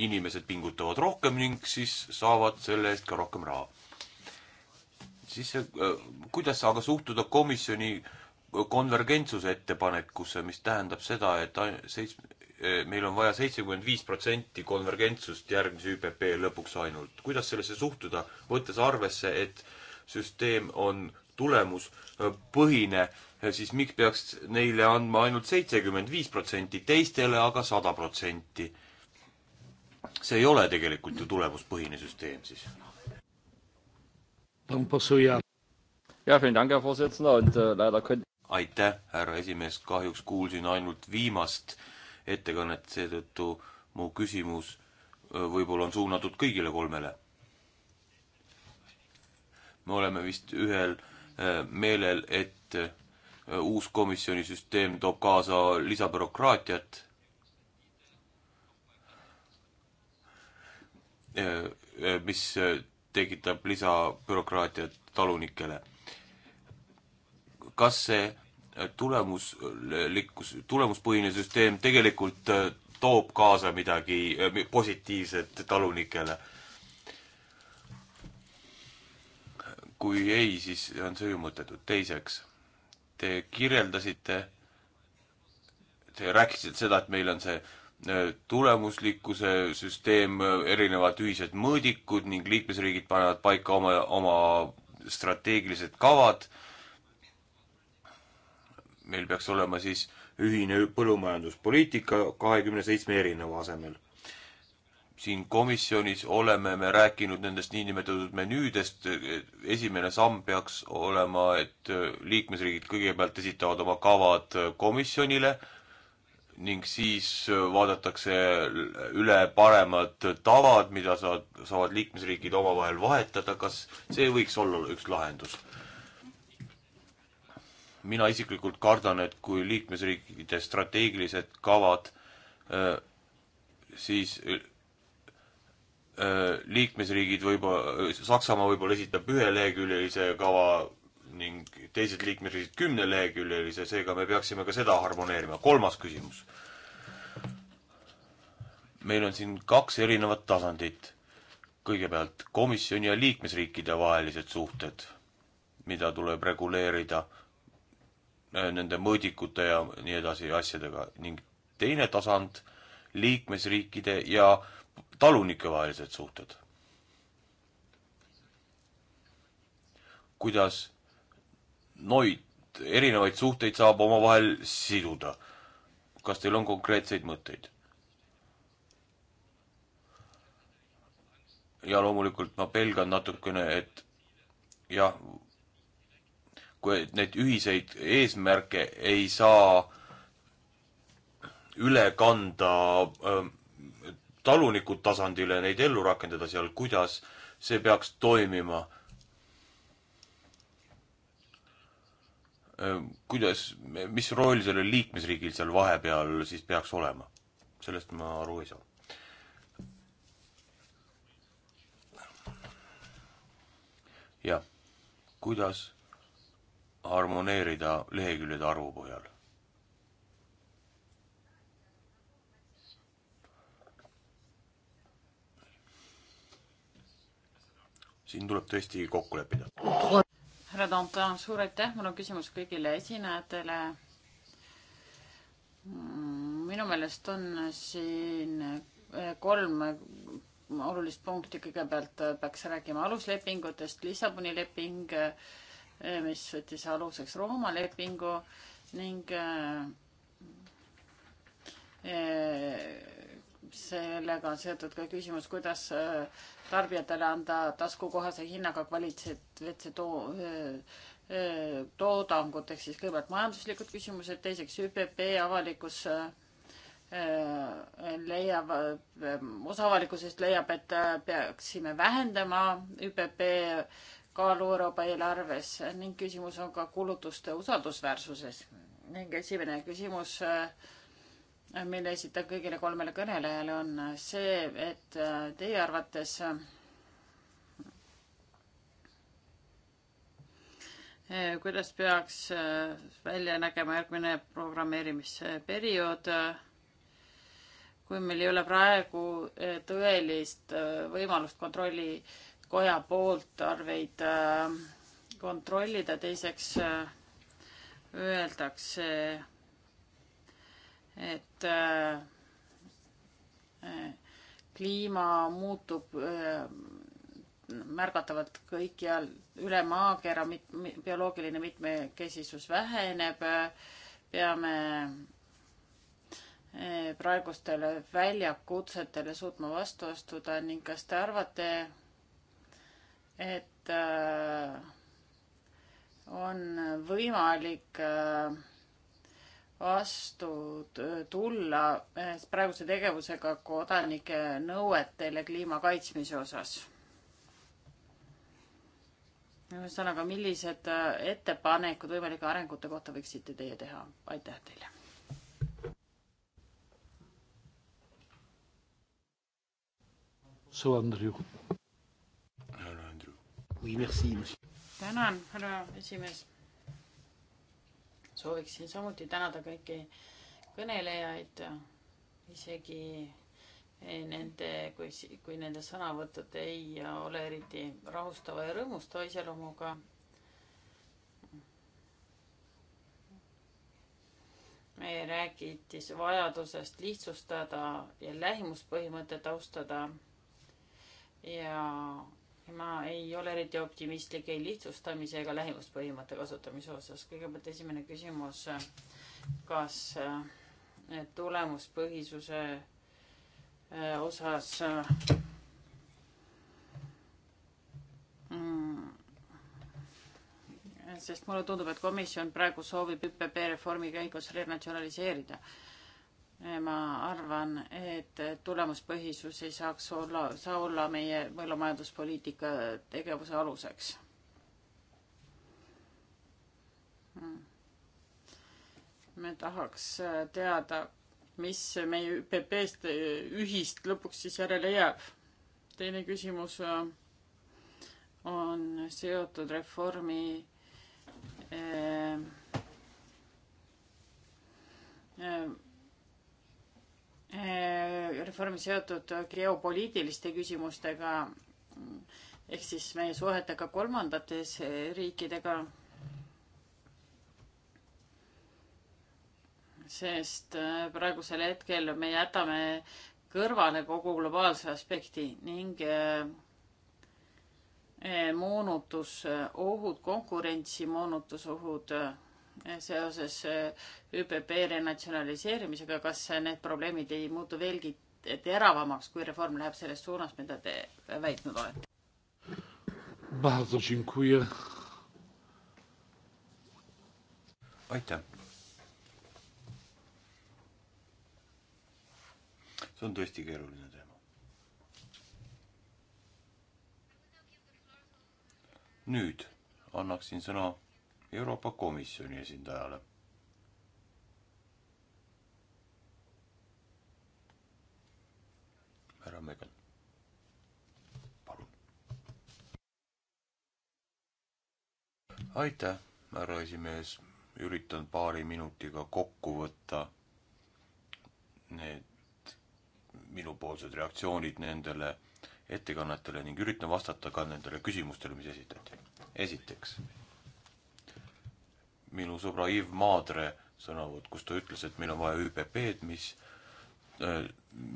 inimesed pingutavad rohkem ning siis saavad selle eest ka rohkem raha. siis see, äh, kuidas aga suhtuda komisjoni äh, konvergentsuse ettepanekusse, mis tähendab seda, et seitsme, äh, meil on vaja seitsekümmend viis protsenti konvergentsust järgmise ÜPP lõpuks ainult. kuidas sellesse suhtuda, võttes arvesse, et süsteem on tulemuspõhine, siis miks peaks neile andma ainult seitsekümmend viis protsenti, teistele aga sada protsenti? see ei ole tegelikult ju tulemuspõhine süsteem siis. Äh, aitäh, härra esimees, kahjuks kuulsin ainult viimast ettekannet, seetõttu mu küsimus äh, võib-olla on suunatud kõigile kolmele. me oleme vist ühel äh, meelel, et uus komisjoni süsteem toob kaasa lisabürokraatiat Äh, äh, mis äh, tekitab lisabürokraatiat talunikele. kas see tulemuslikkus, tulemuspõhine süsteem tegelikult toob kaasa midagi positiivset talunikele? kui ei, siis on see ju mõttetu. teiseks, te kirjeldasite, te rääkisite seda, et meil on see Äh, tulemuslikkuse süsteem, erinevad ühised mõõdikud ning liikmesriigid panevad paika oma, oma strateegilised kavad. meil peaks olema siis ühine põllumajanduspoliitika kahekümne seitsme erineva asemel. siin komisjonis oleme me rääkinud nendest niinimetatud menüüdest, esimene samm peaks olema, et liikmesriigid kõigepealt esitavad oma kavad komisjonile ning siis äh, vaadatakse üle paremad tavad, mida saavad, saavad liikmesriigid omavahel vahetada, kas see võiks olla üks lahendus? mina isiklikult kardan, et kui liikmesriikide strateegilised kavad äh, siis äh, liikmesriigid võib-olla, Saksamaa võib-olla esitab üheleheküljelise kava, ning teised liikmesriigid kümneleheküljelise, seega me peaksime ka seda harmoneerima. kolmas küsimus. meil on siin kaks erinevat tasandit. kõigepealt komisjoni ja liikmesriikide vahelised suhted, mida tuleb reguleerida äh, nende mõõdikute ja nii edasi asjadega ning teine tasand, liikmesriikide ja talunike vahelised suhted kuidas noid erinevaid suhteid saab omavahel siduda. kas teil on konkreetseid mõtteid? ja loomulikult ma pelgan natukene, et jah, kui neid ühiseid eesmärke ei saa üle kanda ähm, taluniku tasandile, neid ellu rakendada seal, kuidas see peaks toimima Äh, kuidas, mis roll sellel liikmesriigil seal vahepeal siis peaks olema? sellest ma aru ei saa. jah, kuidas harmoneerida leheküljede arvu põhjal? siin tuleb tõesti kokku leppida härra Danton, suur aitäh, mul on küsimus kõigile esinejatele. minu meelest on siin eh, kolm olulist punkti, kõigepealt eh, peaks rääkima aluslepingutest, Lissaboni leping, eh, mis võttis aluseks Rooma lepingu ning sellega on seotud ka küsimus, kuidas äh, tarbijatele anda taskukohase hinnaga kvaliteetse too, äh, äh, toodangut, ehk siis kõigepealt majanduslikud küsimused, teiseks ÜPP avalikkus leiab, osa avalikkusest leiab, et peaksime vähendama ÜPP kaalu Euroopa eelarves ning küsimus on ka kulutuste usaldusväärsuses. ning esimene küsimus äh, mille esitan kõigile kolmele kõnelejale, on see, et äh, teie arvates äh, kuidas peaks äh, välja nägema järgmine programmeerimisperiood, kui meil ei ole praegu tõelist võimalust kontrollikoja poolt arveid kontrollida, teiseks öeldakse et äh, äh, kliima muutub äh, märgatavalt kõikjal üle maakera, mit-, bioloogiline mitmekesisus väheneb, peame praegustele väljakutsetele suutma vastu astuda ning kas te arvate, et on võimalik äh, vastu tulla eh, praeguse tegevusega kodanike nõuetele kliima kaitsmise osas? ühesõnaga, millised eh, ettepanekud võimalike arengute kohta võiksite teie teha? aitäh teile. tänan, härra esimees sooviksin samuti tänada kõiki kõnelejaid, isegi nende, kui, kui nende sõnavõtud ei ole eriti rahustava ja rõõmustava iseloomuga. me räägiti vajadusest lihtsustada ja lähimuspõhimõtet austada ja ma ei ole eriti optimistlik ei lihtsustamise ega lähimuspõhimõtte kasutamise osas. kõigepealt esimene küsimus, kas eh, tulemuspõhisuse eh, osas mm, sest mulle tundub, et komisjon praegu soovib ÜPP reformi käigus renatsionaliseerida äh, ma arvan, et tulemuspõhisus ei saaks olla, saa olla meie põllumajanduspoliitika tegevuse aluseks hmm.. me tahaks teada, mis meie ÜPP-st ühist lõpuks siis järele jääb. teine küsimus äh, on seotud reformi eh, eh, Eh, reformi seotud geopoliitiliste küsimustega ehk siis meie suhetega kolmandates riikidega. sest eh, praegusel hetkel me jätame kõrvale kogu globaalse aspekti ning eh, moonutusohud, konkurentsi moonutusohud seoses eh, ÜPP renatsionaliseerimisega, kas need probleemid ei muutu veelgi eh, teravamaks, kui reform läheb selles suunas, mida te eh, väitnud olete? aitäh. see on tõesti keeruline teema. nüüd annaksin sõna Euroopa Komisjoni esindajale. härra Megel, palun. aitäh, härra esimees, üritan paari minutiga kokku võtta need minupoolsed reaktsioonid nendele ettekannetele ning üritan vastata ka nendele küsimustele, mis esitati. esiteks minu sõbra Yves Madre sõnavõtt, kus ta ütles, et meil on vaja ÜPP-d, mis, äh,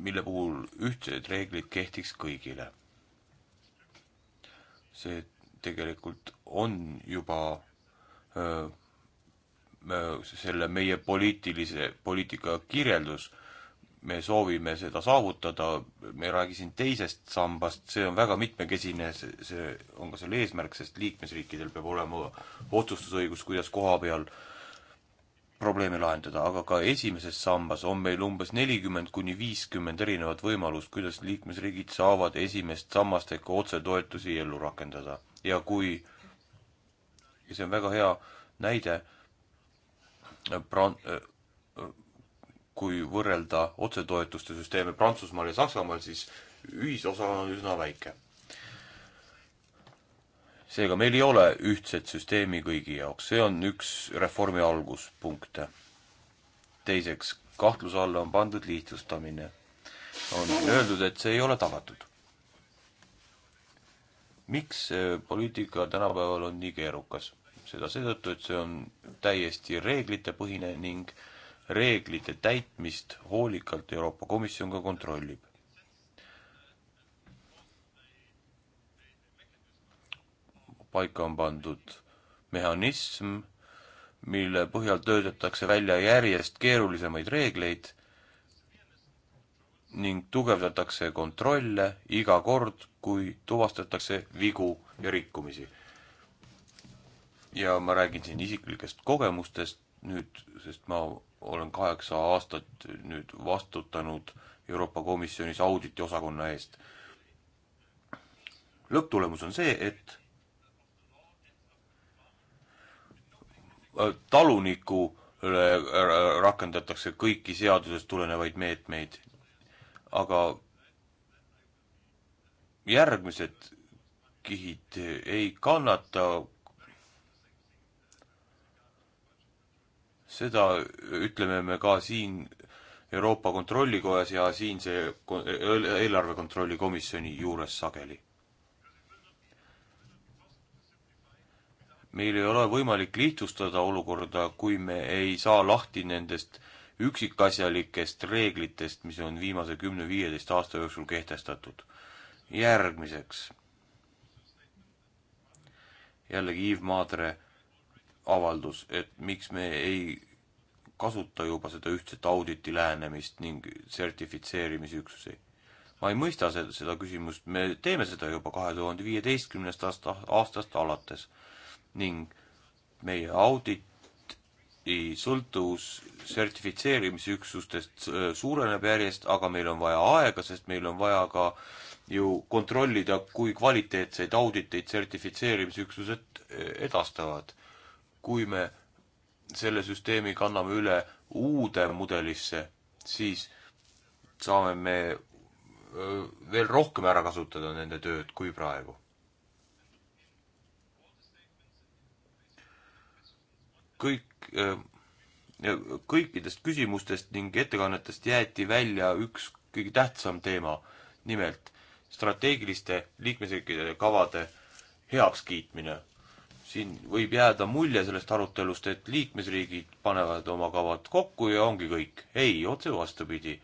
mille puhul ühtsed reeglid kehtiks kõigile. see tegelikult on juba öö, äh, äh, selle meie poliitilise, poliitika kirjeldus, me soovime seda saavutada, me ei räägi siin teisest sambast, see on väga mitmekesine, see, see on ka selle eesmärk, sest liikmesriikidel peab olema otsustusõigus, kuidas koha peal probleemi lahendada, aga ka esimeses sambas on meil umbes nelikümmend kuni viiskümmend erinevat võimalust, kuidas liikmesriigid saavad esimest sammast ehk otsetoetusi ellu rakendada. ja kui, ja see on väga hea näide, Pran-, kui võrrelda otsetoetuste süsteeme Prantsusmaal ja Saksamaal, siis ühisosa on üsna väike. seega meil ei ole ühtset süsteemi kõigi jaoks, see on üks reformi alguspunkte. teiseks, kahtluse alla on pandud lihtsustamine. on öeldud, et see ei ole tagatud. miks see poliitika tänapäeval on nii keerukas? seda seetõttu, et see on täiesti reeglitepõhine ning äh, reeglite täitmist hoolikalt Euroopa Komisjon ka kontrollib. paika on pandud mehhanism, mille põhjal töötatakse välja järjest keerulisemaid reegleid ning tugevdatakse kontrolle iga kord, kui tuvastatakse vigu ja rikkumisi. ja ma räägin siin isiklikest kogemustest nüüd, sest ma olen kaheksa aastat nüüd vastutanud Euroopa Komisjonis auditiosakonna eest. lõpptulemus on see, et äh, talunikule rakendatakse kõiki seadusest tulenevaid meetmeid, aga järgmised kihid ei kannata seda ütleme me ka siin Euroopa Kontrollikojas ja siinse eelarve kontrolli komisjoni juures sageli. meil ei ole võimalik lihtsustada olukorda, kui me ei saa lahti nendest üksikasjalikest reeglitest, mis on viimase kümne-viieteist aasta jooksul kehtestatud. järgmiseks. jällegi Yves Madre avaldus, et miks me ei kasuta juba seda ühtset auditi lähenemist ning sertifitseerimisüksusi. ma ei mõista seda, seda küsimust, me teeme seda juba kahe tuhande viieteistkümnest aasta, aastast alates ning meie auditi sõltuvus sertifitseerimisüksustest äh, suureneb järjest, aga meil on vaja aega, sest meil on vaja ka ju kontrollida, kui kvaliteetseid auditeid sertifitseerimisüksused äh, edastavad kui me selle süsteemi kanname üle uude mudelisse, siis saame me veel rohkem ära kasutada nende tööd kui praegu. kõik, kõikidest küsimustest ning ettekannetest jäeti välja üks kõige tähtsam teema, nimelt strateegiliste liikmesriikide kavade heakskiitmine siin võib jääda mulje sellest arutelust, et liikmesriigid panevad oma kavad kokku ja ongi kõik. ei, otse vastupidi.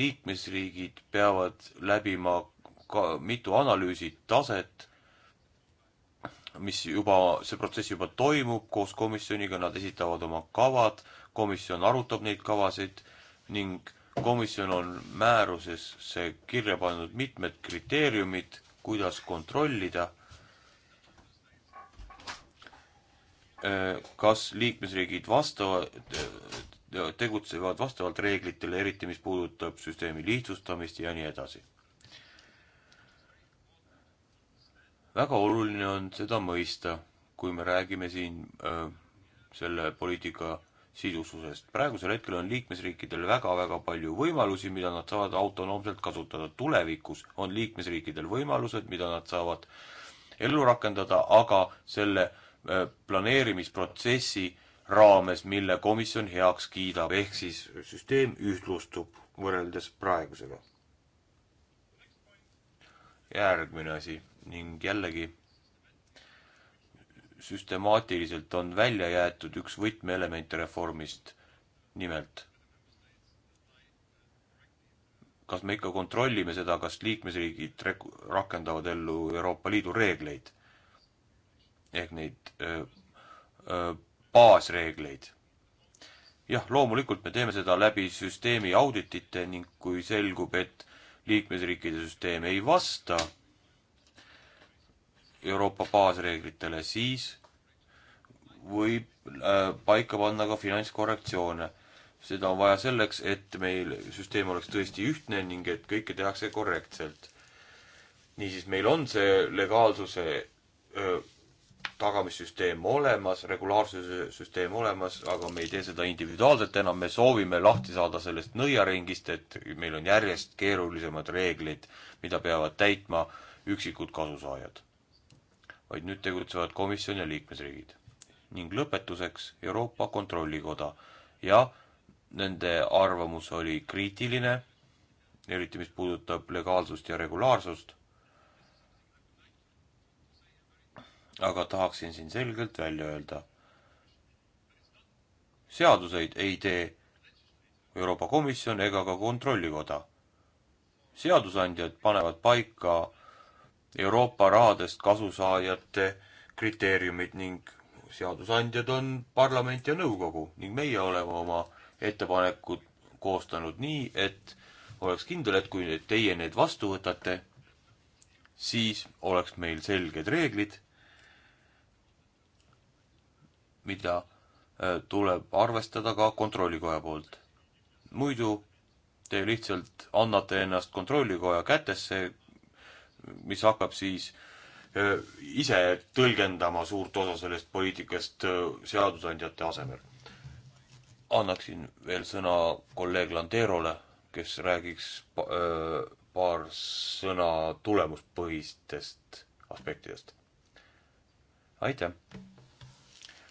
liikmesriigid peavad läbima ka mitu analüüsi taset, mis juba, see protsess juba toimub koos komisjoniga, nad esitavad oma kavad, komisjon arutab neid kavasid ning komisjon on määrusesse kirja pannud mitmed kriteeriumid, kuidas kontrollida Äh, kas liikmesriigid vastava, äh, tegutsevad vastavalt reeglitele, eriti mis puudutab süsteemi lihtsustamist ja nii edasi. väga oluline on seda mõista, kui me räägime siin öö, äh, selle poliitika sidususest. praegusel hetkel on liikmesriikidel väga-väga palju võimalusi, mida nad saavad autonoomselt kasutada. tulevikus on liikmesriikidel võimalused, mida nad saavad ellu rakendada, aga selle öö, Äh, planeerimisprotsessi raames, mille komisjon heaks kiidab, ehk siis süsteem ühtlustub võrreldes praegusega. järgmine asi ning jällegi süstemaatiliselt on välja jäetud üks võtmeelemente reformist, nimelt kas me ikka kontrollime seda, kas liikmesriigid rakendavad ellu Euroopa Liidu reegleid ehk neid öö, öö, baasreegleid. jah, loomulikult me teeme seda läbi süsteemi auditite ning kui selgub, et liikmesriikide süsteem ei vasta Euroopa baasreeglitele, siis võib äh, paika panna ka finantskorrektsioone. seda on vaja selleks, et meil süsteem oleks tõesti ühtne ning et kõike tehakse korrektselt. niisiis, meil on see legaalsuse öö, tagamissüsteem olemas, regulaarsuse süsteem olemas, aga me ei tee seda individuaalselt enam, me soovime lahti saada sellest nõiaringist, et meil on järjest keerulisemad reeglid, mida peavad täitma üksikud kasusaajad. vaid nüüd tegutsevad komisjon ja liikmesriigid. ning lõpetuseks Euroopa Kontrollikoda. jah, nende arvamus oli kriitiline, eriti mis puudutab legaalsust ja regulaarsust aga tahaksin siin selgelt välja öelda. seaduseid ei tee Euroopa Komisjon ega ka Kontrollikoda. seadusandjad panevad paika Euroopa rahadest kasusaajate kriteeriumid ning seadusandjad on parlament ja nõukogu ning meie oleme oma ettepanekud koostanud nii, et oleks kindel, et kui teie need vastu võtate, siis oleks meil selged reeglid mida äh, tuleb arvestada ka kontrollikoja poolt. muidu te lihtsalt annate ennast kontrollikoja kätesse, mis hakkab siis äh, ise tõlgendama suurt osa sellest poliitikast äh, seadusandjate asemel. annaksin veel sõna kolleeg Landerole, kes räägiks paar sõna tulemuspõhistest aspektidest. aitäh!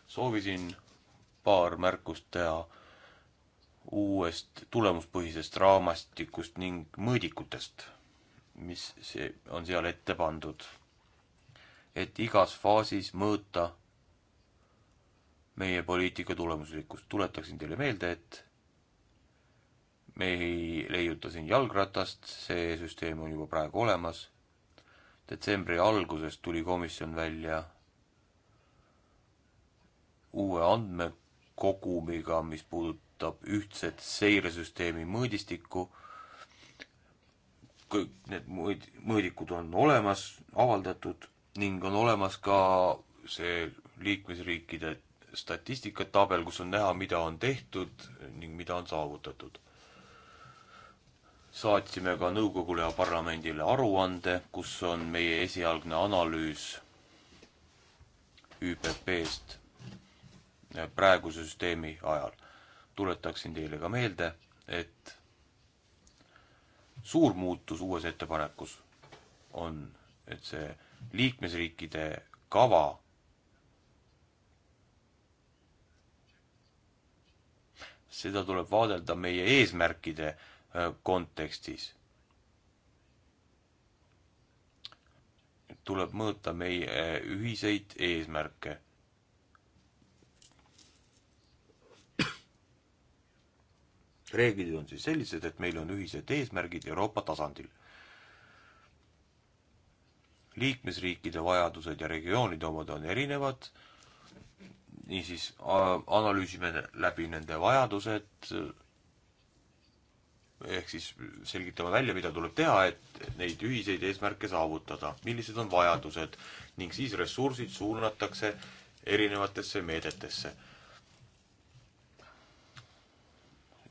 soovisin paar märkust teha uuest tulemuspõhisest raamistikust ning mõõdikutest, mis see on seal ette pandud. et igas faasis mõõta meie poliitika tulemuslikkust. tuletaksin teile meelde, et me ei leiuta siin jalgratast, see süsteem on juba praegu olemas. detsembri alguses tuli komisjon välja uue andmekogumiga, mis puudutab ühtset seiresüsteemi mõõdistikku. kõik need mõõd-, mõõdikud on olemas, avaldatud ning on olemas ka see liikmesriikide statistikatabel, kus on näha, mida on tehtud ning mida on saavutatud saatsime ka nõukogule ja parlamendile aruande, kus on meie esialgne analüüs ÜPP-st praeguse süsteemi ajal. tuletaksin teile ka meelde, et suur muutus uues ettepanekus on, et see liikmesriikide kava seda tuleb vaadelda meie eesmärkide äh, kontekstis. tuleb mõõta meie äh, ühiseid eesmärke reeglid on siis sellised, et meil on ühised eesmärgid Euroopa tasandil. liikmesriikide vajadused ja regioonide omad on erinevad, niisiis analüüsime läbi nende vajadused, ehk siis selgitame välja, mida tuleb teha, et neid ühiseid eesmärke saavutada, millised on vajadused ning siis ressursid suunatakse erinevatesse meedetesse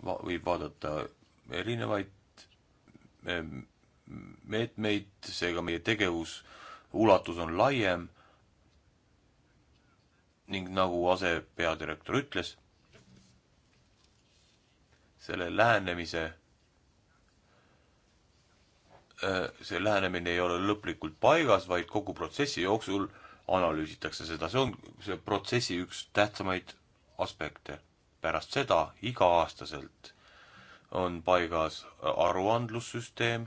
va-, võib vaadata erinevaid meetmeid, seega meie tegevus, ulatus on laiem ning nagu asepeadirektor ütles, selle lähenemise, see lähenemine ei ole lõplikult paigas, vaid kogu protsessi jooksul analüüsitakse seda, see on see protsessi üks tähtsamaid aspekte pärast seda iga-aastaselt on paigas aruandlussüsteem,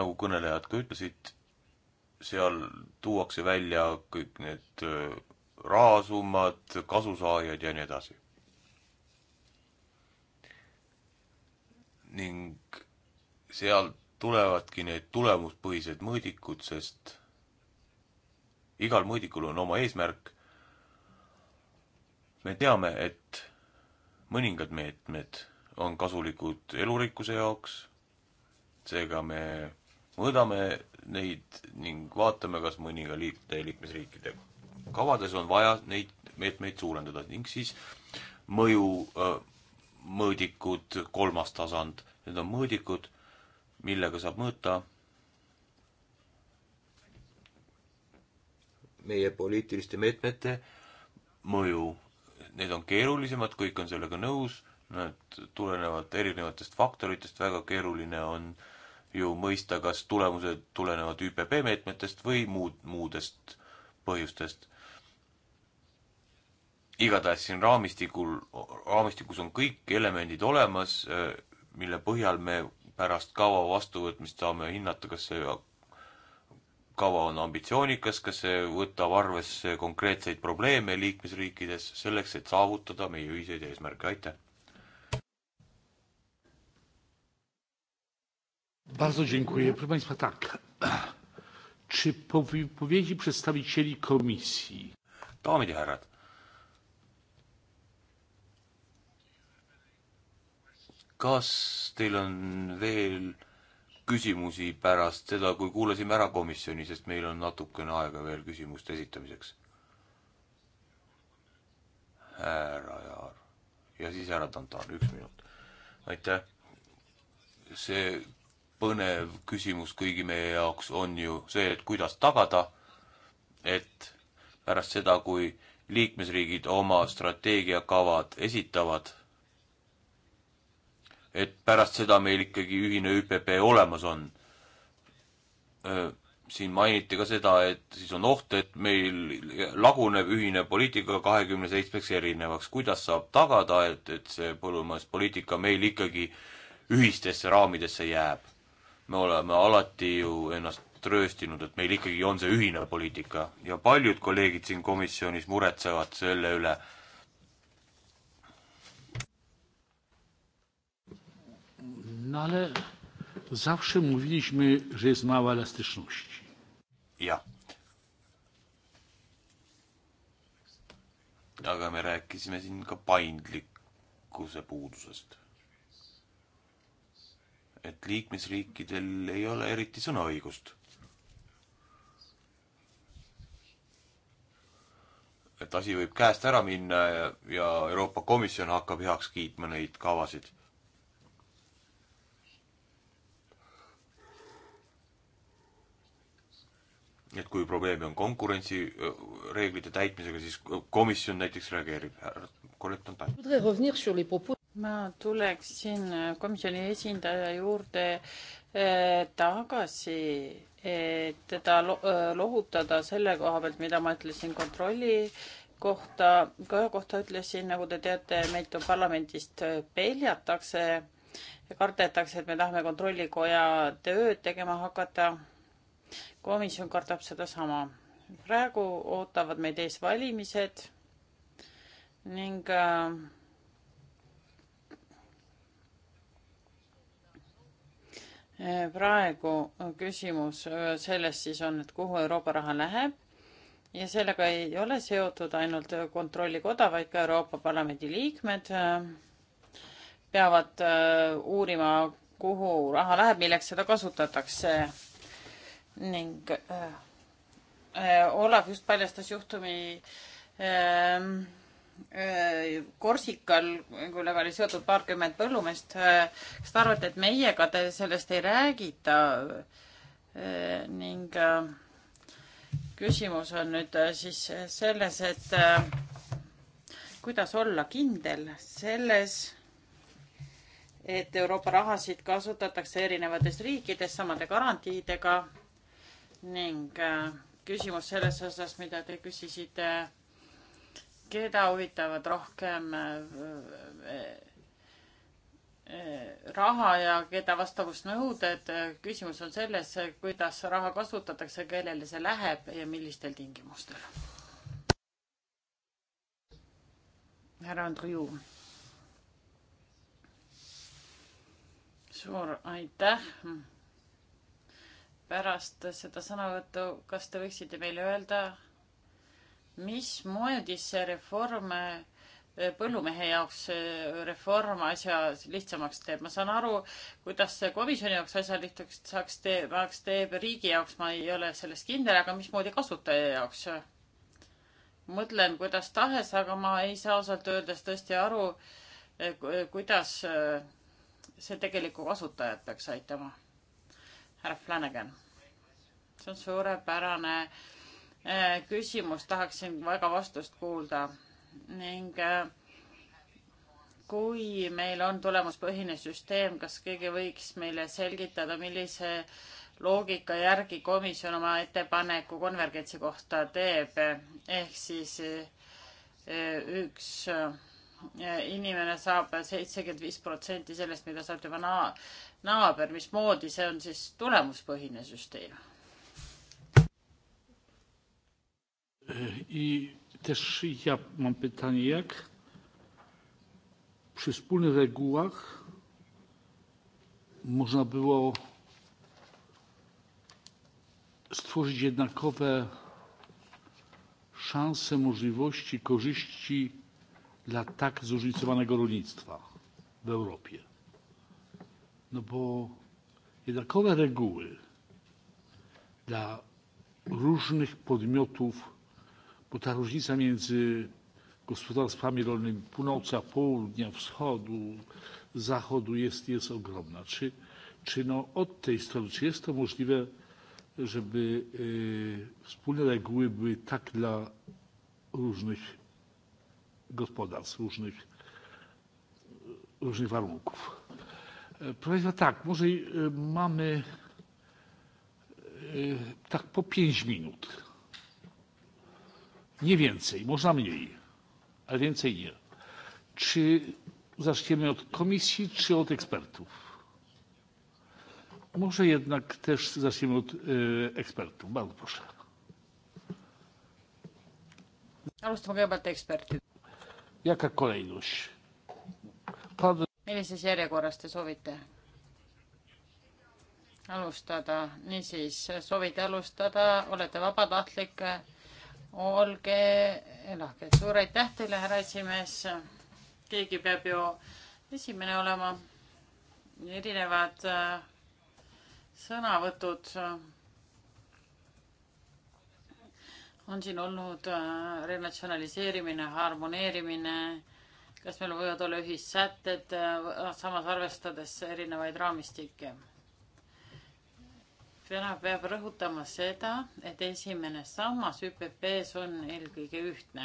nagu kõnelejad ka ütlesid, seal tuuakse välja kõik need äh, rahasummad, kasusaajad ja nii edasi. ning sealt tulevadki need tulemuspõhised mõõdikud, sest igal mõõdikul on oma eesmärk me teame, et mõningad meetmed on kasulikud elurikkuse jaoks, seega me mõõdame neid ning vaatame, kas mõninga liikme, liikmesriikide kavades on vaja neid meetmeid suurendada ning siis mõju äh, mõõdikud, kolmas tasand, need on mõõdikud, millega saab mõõta meie poliitiliste meetmete mõju need on keerulisemad, kõik on sellega nõus, nad tulenevad erinevatest faktoritest, väga keeruline on ju mõista, kas tulemused tulenevad ÜPP meetmetest või muud, muudest põhjustest. igatahes siin raamistikul, raamistikus on kõik elemendid olemas, äh, mille põhjal me pärast kava vastuvõtmist saame hinnata, kas see kava on ambitsioonikas, kas see võtab arvesse konkreetseid probleeme liikmesriikides selleks, et saavutada meie ühiseid eesmärke, aitäh! Bardzo dziękuję. Proszę Państwa, tak. Czy po wypowiedzi przedstawicieli komisji... Daamid ja härrad. Kas teil on veel küsimusi pärast seda, kui kuulasime ära komisjoni, sest meil on natukene aega veel küsimuste esitamiseks. härra Jaar ja siis härra Tantan, üks minut. aitäh. see põnev küsimus kõigi meie jaoks on ju see, et kuidas tagada, et pärast seda, kui liikmesriigid oma strateegiakavad esitavad et pärast seda meil ikkagi ühine ÜPP olemas on. siin mainiti ka seda, et siis on oht, et meil laguneb ühine poliitika kahekümne seitsmeks erinevaks. kuidas saab tagada, et, et see põllumajanduspoliitika meil ikkagi ühistesse raamidesse jääb? me oleme alati ju ennast trööstinud, et meil ikkagi on see ühine poliitika ja paljud kolleegid siin komisjonis muretsevad selle üle No ale zawsze mówiliśmy, że jest mała elastyczności. jah. aga me rääkisime siin ka paindlikkuse puudusest. et liikmesriikidel ei ole eriti sõnaõigust. et asi võib käest ära minna ja, ja Euroopa Komisjon hakkab heaks kiitma neid kavasid et kui probleeme on konkurentsireeglite täitmisega, siis komisjon näiteks reageerib. Colette Antal. ma tuleksin komisjoni esindaja juurde tagasi, et teda lohutada selle koha pealt, mida ma ütlesin kontrolli kohta, koja kohta ütlesin, nagu te teate, meid parlamendist peljatakse, kardetakse, et me tahame kontrollikoja tööd tegema hakata komisjon kardab sedasama. praegu ootavad meid ees valimised ning äh, praegu küsimus äh, selles siis on, et kuhu Euroopa raha läheb ja sellega ei ole seotud ainult Kontrollikoda, vaid ka Euroopa Parlamendi liikmed äh, peavad äh, uurima, kuhu raha läheb, milleks seda kasutatakse ning äh, äh, Olav just paljastas juhtumi äh, äh, Korsikal, millega oli seotud paarkümmend põllumeest äh,. kas te arvate, et meiega te sellest ei räägita äh, ning äh, küsimus on nüüd äh, siis selles, et äh, kuidas olla kindel selles, et Euroopa rahasid kasutatakse erinevates riikides samade garantiidega ning äh, küsimus selles osas, mida te küsisite, keda huvitavad rohkem äh, äh, raha ja keda vastavusnõuded, küsimus on selles, kuidas raha kasutatakse, kellele see läheb ja millistel tingimustel. härra Andrejuu. suur aitäh pärast seda sõnavõttu, kas te võiksite meile öelda, mismoodi see reform eh, põllumehe jaoks eh, reform asja lihtsamaks teeb, ma saan aru, kuidas see komisjoni jaoks asja lihtsaks saaks teeb, saaks teeb riigi jaoks, ma ei ole selles kindel, aga mismoodi kasutaja jaoks? mõtlen kuidas tahes, aga ma ei saa ausalt öeldes tõesti aru, eh, kuidas see tegelikku kasutajat peaks aitama härra Flanagan. see on suurepärane eh, küsimus, tahaksin väga vastust kuulda ning eh, kui meil on tulemuspõhine süsteem, kas keegi võiks meile selgitada, millise loogika järgi komisjon oma ettepaneku konvergentsi kohta teeb, ehk siis eh, üks inimene saab seitsekümmend viis protsenti sellest, mida saab tema naa-, naaber, mismoodi see on siis tulemuspõhine süsteem? I też ja mam pytanie, jak przy wspólnych regułach można było stworzyć jednakowe szanse, możliwości, korzyści dla tak zróżnicowanego rolnictwa w Europie. No bo jednakowe reguły dla różnych podmiotów, bo ta różnica między gospodarstwami rolnymi północa, południa, wschodu, zachodu jest, jest ogromna. Czy, czy no od tej strony, czy jest to możliwe, żeby y, wspólne reguły były tak dla różnych gospodarstw różnych, różnych warunków. E, proszę Państwa, tak, może e, mamy e, tak po pięć minut. Nie więcej, można mniej, ale więcej nie. Czy zaczniemy od komisji, czy od ekspertów? Może jednak też zaczniemy od y, ekspertów. Bardzo proszę. alustame kõigepealt ekspertidest. Jaka kolejność? Pan... Millises järjekorras te soovite alustada? niisiis, soovite alustada, olete vabatahtlik, olge lahked. suur aitäh teile, härra esimees. keegi peab ju esimene olema. erinevad äh, sõnavõtud on siin olnud äh, renatsionaliseerimine, harmoneerimine, kas meil võivad olla ühissätted, äh, samas arvestades erinevaid raamistikke? täna peab rõhutama seda, et esimene sammas ÜPP-s on eelkõige ühtne.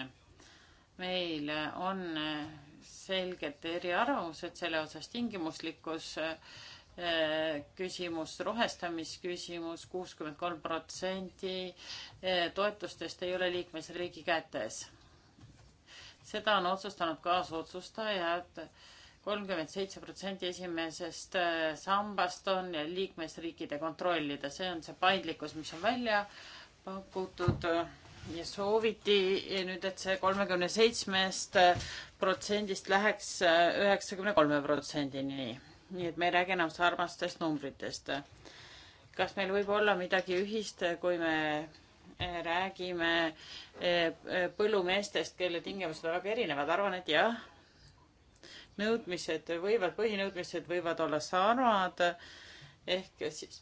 meil on selgelt eriarvamused selle osas tingimuslikkus äh, Äh, küsimus, rohestamisküsimus, kuuskümmend kolm protsenti äh, toetustest ei ole liikmesriigi kätes. seda on otsustanud kaasotsustajad, kolmkümmend seitse protsenti esimesest äh, sambast on liikmesriikide kontrollida, see on see paindlikkus, mis on välja pakutud ja sooviti nüüd, et see kolmekümne seitsmest protsendist läheks üheksakümne kolme protsendini nii et me ei räägi enam sarnastest numbritest. kas meil võib olla midagi ühist, kui me eh, räägime eh, eh, põllumeestest, kelle tingimused on väga erinevad, arvan, et jah. nõudmised võivad, põhinõudmised võivad olla sarnad ehk siis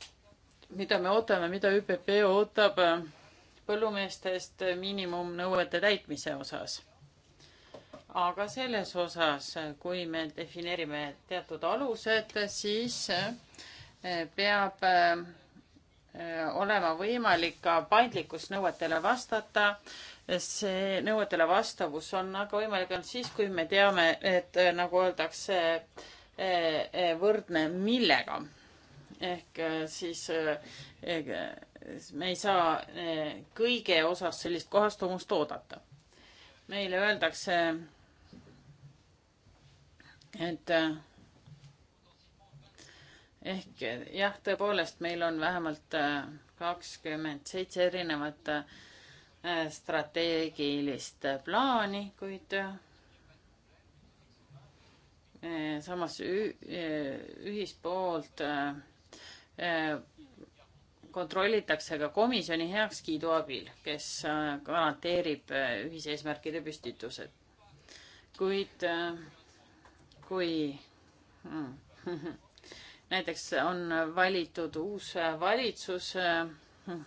mida me ootame, mida ÜPP ootab põllumeestest miinimumnõuete täitmise osas aga selles osas, kui me defineerime teatud alused, siis eh, peab eh, olema võimalik ka paindlikkusnõuetele vastata. see nõuetele vastavus on aga võimalik ainult siis, kui me teame, et eh, nagu öeldakse, võrdne millega. ehk siis me ei saa kõige osas sellist kohastumust oodata. meile öeldakse et äh, ehk jah, tõepoolest, meil on vähemalt äh, kakskümmend seitse erinevat äh, strateegilist plaani, kuid samas ühispoolt kontrollitakse ka komisjoni heakskiidu abil, kes garanteerib ühiseesmärkide püstitused. kuid äh, kui mm, näiteks on valitud uus valitsus mm,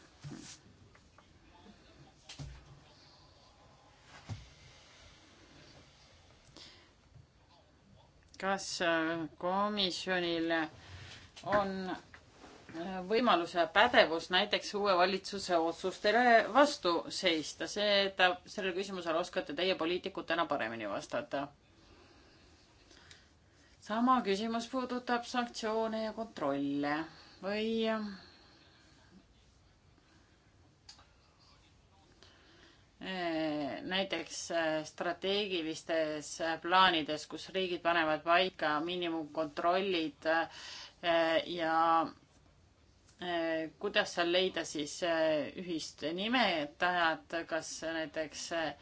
kas komisjonil on võimaluse pädevus näiteks uue valitsuse otsustele vastu seista, seda, sellele küsimusele oskate teie poliitikutena paremini vastata sama küsimus puudutab sanktsioone ja kontrolle või eh, näiteks eh, strateegilistes eh, plaanides, kus riigid panevad paika miinimumkontrollid ja kuidas seal leida siis ühist nimetajat, kas näiteks äh,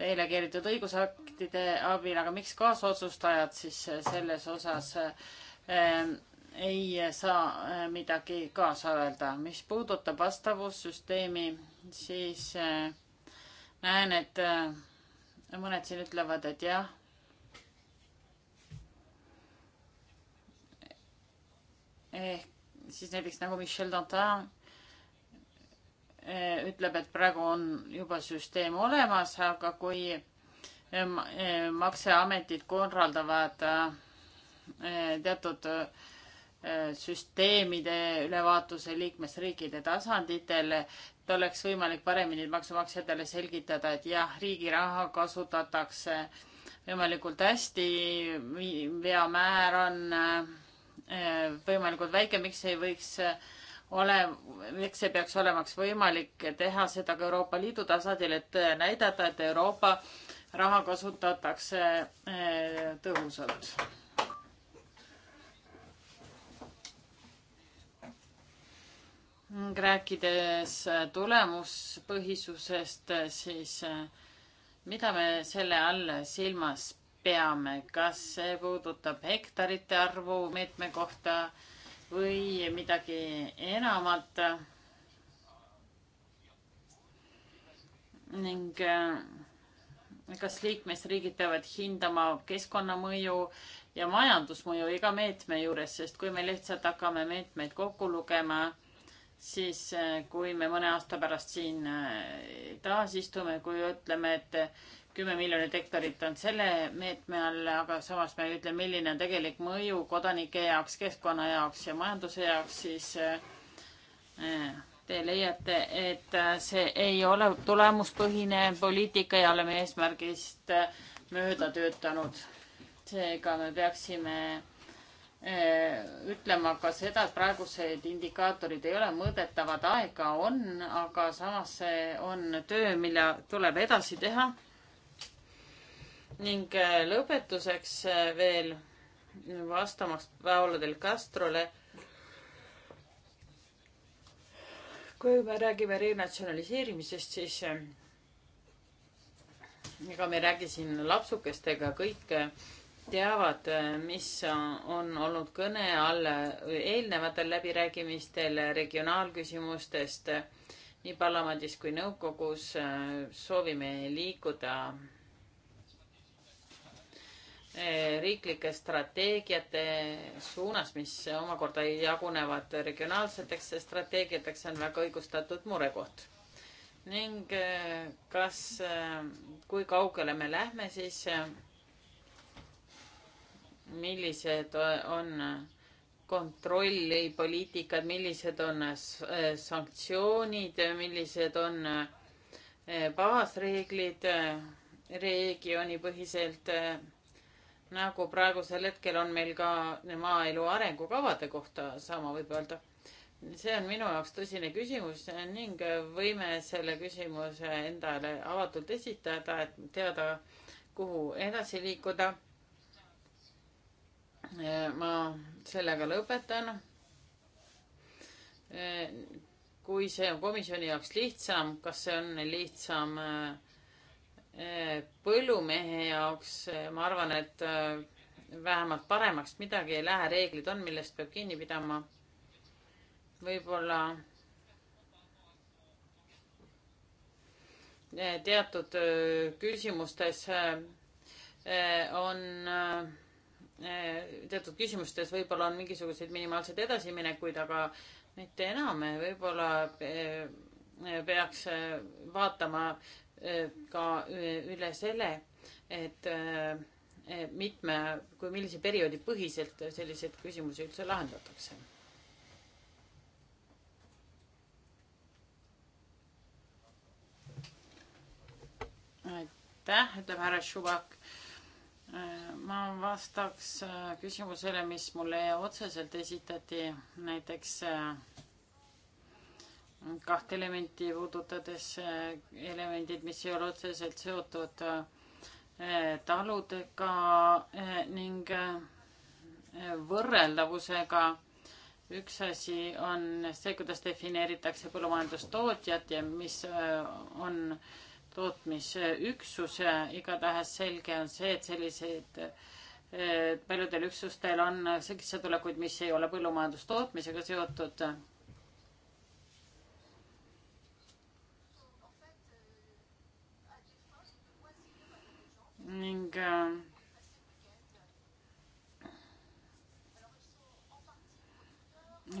delegeeritud õigusaktide abil, aga miks kaasotsustajad siis selles osas ähm, ei saa äh, midagi kaasa öelda. mis puudutab vastavussüsteemi, siis äh, näen, et äh, mõned siin ütlevad, et jah, ehk siis näiteks nagu Michel Dantin Eh, ütleb, et praegu on juba süsteem olemas, aga kui eh, eh, makseametid korraldavad teatud süsteemide ülevaatuse liikmesriikide tasanditel, et oleks võimalik paremini maksumaksjatele selgitada, et jah, riigi raha kasutatakse võimalikult hästi, veamäär on võimalikult väike, miks ei võiks äh, olev, miks see peaks olema võimalik teha seda ka Euroopa Liidu tasandil, et näidata, et Euroopa raha kasutatakse eh, tõhusalt. rääkides tulemuspõhisusest, siis eh, mida me selle all silmas peame, kas see puudutab hektarite arvu meetme kohta äh, või midagi enamat. ning äh, kas liikmesriigid peavad hindama keskkonnamõju ja majandusmõju iga meetme juures, sest kui me lihtsalt hakkame meetmeid kokku lugema, siis äh, kui me mõne aasta pärast siin äh, taas istume, kui ütleme, et kümme miljonit hektarit on selle meetme all, aga samas me ei ütle, milline on tegelik mõju kodanike jaoks, keskkonna jaoks ja majanduse jaoks, siis eh, te leiate, et eh, see ei ole tulemuspõhine poliitika ja oleme eesmärgist eh, mööda töötanud. seega me peaksime ütlema ka seda, et praegused indikaatorid ei ole mõõdetavad, aega on, aga samas see on töö, mille tuleb edasi teha ning äh, lõpetuseks äh, veel vastamaks Paolo del Castrole. kui me räägime renatsionaliseerimisest, siis äh, ega me ei räägi siin lapsukestega, kõik teavad, mis on olnud kõne all eelnevatel läbirääkimistel regionaalküsimustest nii parlamendis kui nõukogus. soovime liikuda Eh, riiklike strateegiate suunas, mis omakorda jagunevad regionaalseteks strateegiateks, on väga õigustatud murekoht. ning eh, kas, eh, kui kaugele me lähme, siis millised on kontrolli poliitikad, millised on sanktsioonid, millised on baasreeglid regioonipõhiselt nagu praegusel hetkel on meil ka maaelu arengukavade kohta sama võib öelda. see on minu jaoks tõsine küsimus ning võime selle küsimuse endale avatult esitada, et teada, kuhu edasi liikuda. ma sellega lõpetan. kui see on komisjoni jaoks lihtsam, kas see on lihtsam äh, põllumehe jaoks ma arvan, et äh, vähemalt paremaks midagi ei lähe, reeglid on, millest peab kinni pidama. võib-olla äh, teatud äh, küsimustes on, teatud küsimustes võib-olla on mingisuguseid minimaalseid edasiminekuid, aga mitte enam, võib-olla peaks vaatama ka üle selle, et eh, mitme, kui millise perioodi põhiselt selliseid küsimusi üldse lahendatakse. aitäh, ütleb härra Šubak. ma vastaks eh, küsimusele, mis mulle otseselt esitati, näiteks äh, kahte elementi puudutades, eh, elemendid, mis ei ole otseselt seotud eh, taludega eh, ning võrreldavusega. üks asi on see, kuidas defineeritakse põllumajandustootjat ja mis on tootmisüksus ja igatahes selge on see, et selliseid paljudel üksustel on sissetulekuid, mis ei ole põllumajandustootmisega seotud ning äh,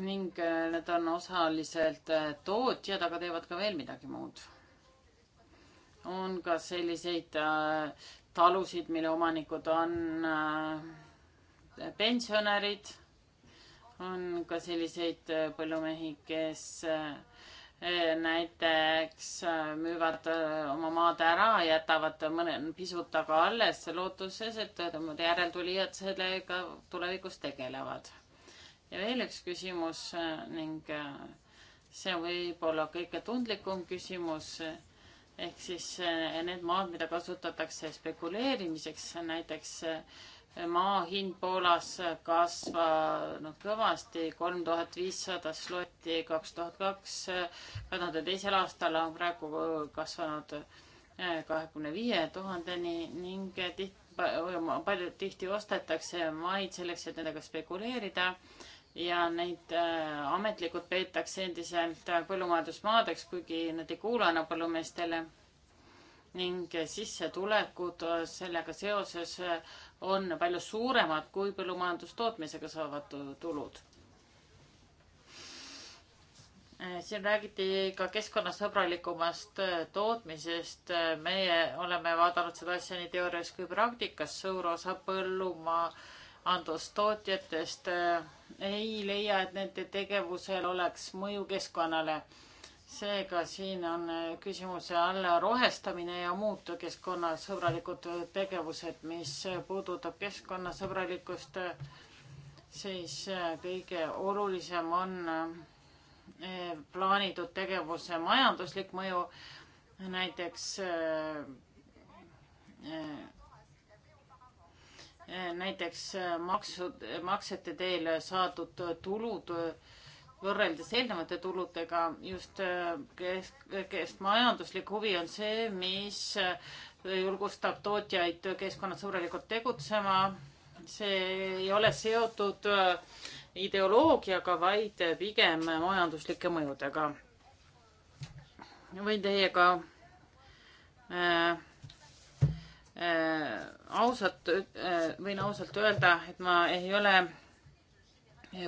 ning äh, need on osaliselt äh, tootjad, aga teevad ka veel midagi muud. on ka selliseid talusid, mille omanikud on pensionärid. on ka selliseid põllumehi, kes näiteks äh, müüvad äh, oma maad ära, jätavad mõne pisut aga alles lootuses, et äh, järeltulijad sellega tulevikus tegelevad. ja veel üks küsimus ning see on võib-olla kõige tundlikum küsimus ehk siis need maad, mida kasutatakse spekuleerimiseks, näiteks maa hind Poolas kasvanud noh, kõvasti, kolm tuhat viissada slotti kaks tuhat kaks, kahe tuhande teisel aastal on praegu kasvanud eh, kahekümne viie tuhandeni ning tiht-, palju tihti ostetakse maid selleks, et nendega spekuleerida ja neid eh, ametlikult peetakse endiselt põllumajandusmaadeks, kuigi nad ei kuulu enam põllumeestele ning sissetulekud eh, sellega seoses on palju suuremad kui põllumajandustootmisega saavad tulud. siin räägiti ka keskkonnasõbralikumast äh, tootmisest. meie oleme vaadanud seda asja nii teoorias kui praktikas. suur osa põllumajandustootjatest äh, ei leia, et nende tegevusel oleks mõju keskkonnale seega siin on äh, küsimuse all rohestamine ja muud keskkonnasõbralikud äh, tegevused, mis äh, puudutab keskkonnasõbralikkust, siis kõige olulisem on plaanitud tegevuse majanduslik mõju, näiteks näiteks maksud, maksete teel saadud tulud võrreldes eelnevate tuludega just kesk, äh, keskmajanduslik huvi on see, mis äh, julgustab tootjaid äh, keskkonnasõbralikult tegutsema. see ei ole seotud ideoloogiaga, vaid pigem majanduslike mõjudega. võin teiega äh, äh, ausalt äh,, võin ausalt öelda, et ma ei ole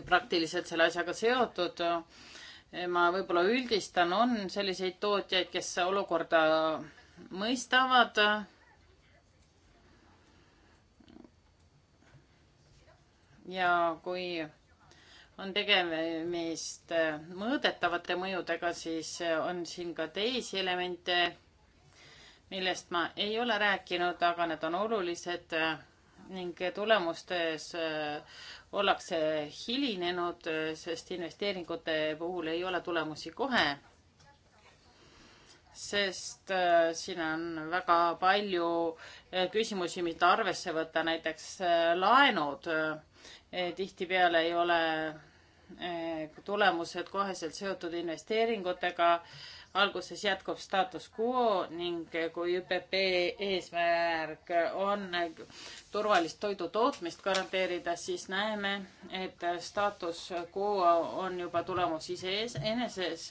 praktiliselt selle asjaga seotud. ma võib-olla üldistan, on selliseid tootjaid, kes olukorda mõistavad. ja kui on tegemist mõõdetavate mõjudega, siis on siin ka teisi elemente, millest ma ei ole rääkinud, aga need on olulised ning tulemustes äh, ollakse hilinenud, äh, sest investeeringute puhul ei ole tulemusi kohe. sest äh, siin on väga palju küsimusi, mida arvesse võtta, näiteks laenud. tihtipeale ei ole tulemused koheselt seotud investeeringutega alguses jätkub status quo ning kui ÜPP eesmärk on turvalist toidu tootmist garanteerida, siis näeme, et status quo on juba tulemus iseeneses.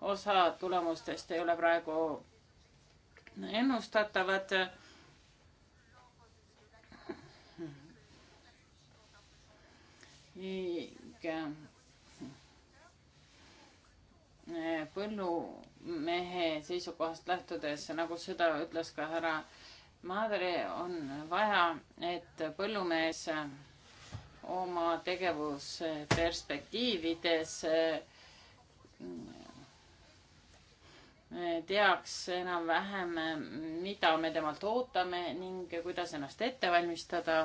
osa tulemustest ei ole praegu ennustatavad ning põllumehe seisukohast lähtudes, nagu seda ütles ka härra Madre, on vaja, et põllumees oma tegevusperspektiivides mm, teaks enam-vähem, mida me temalt ootame ning kuidas ennast ette valmistada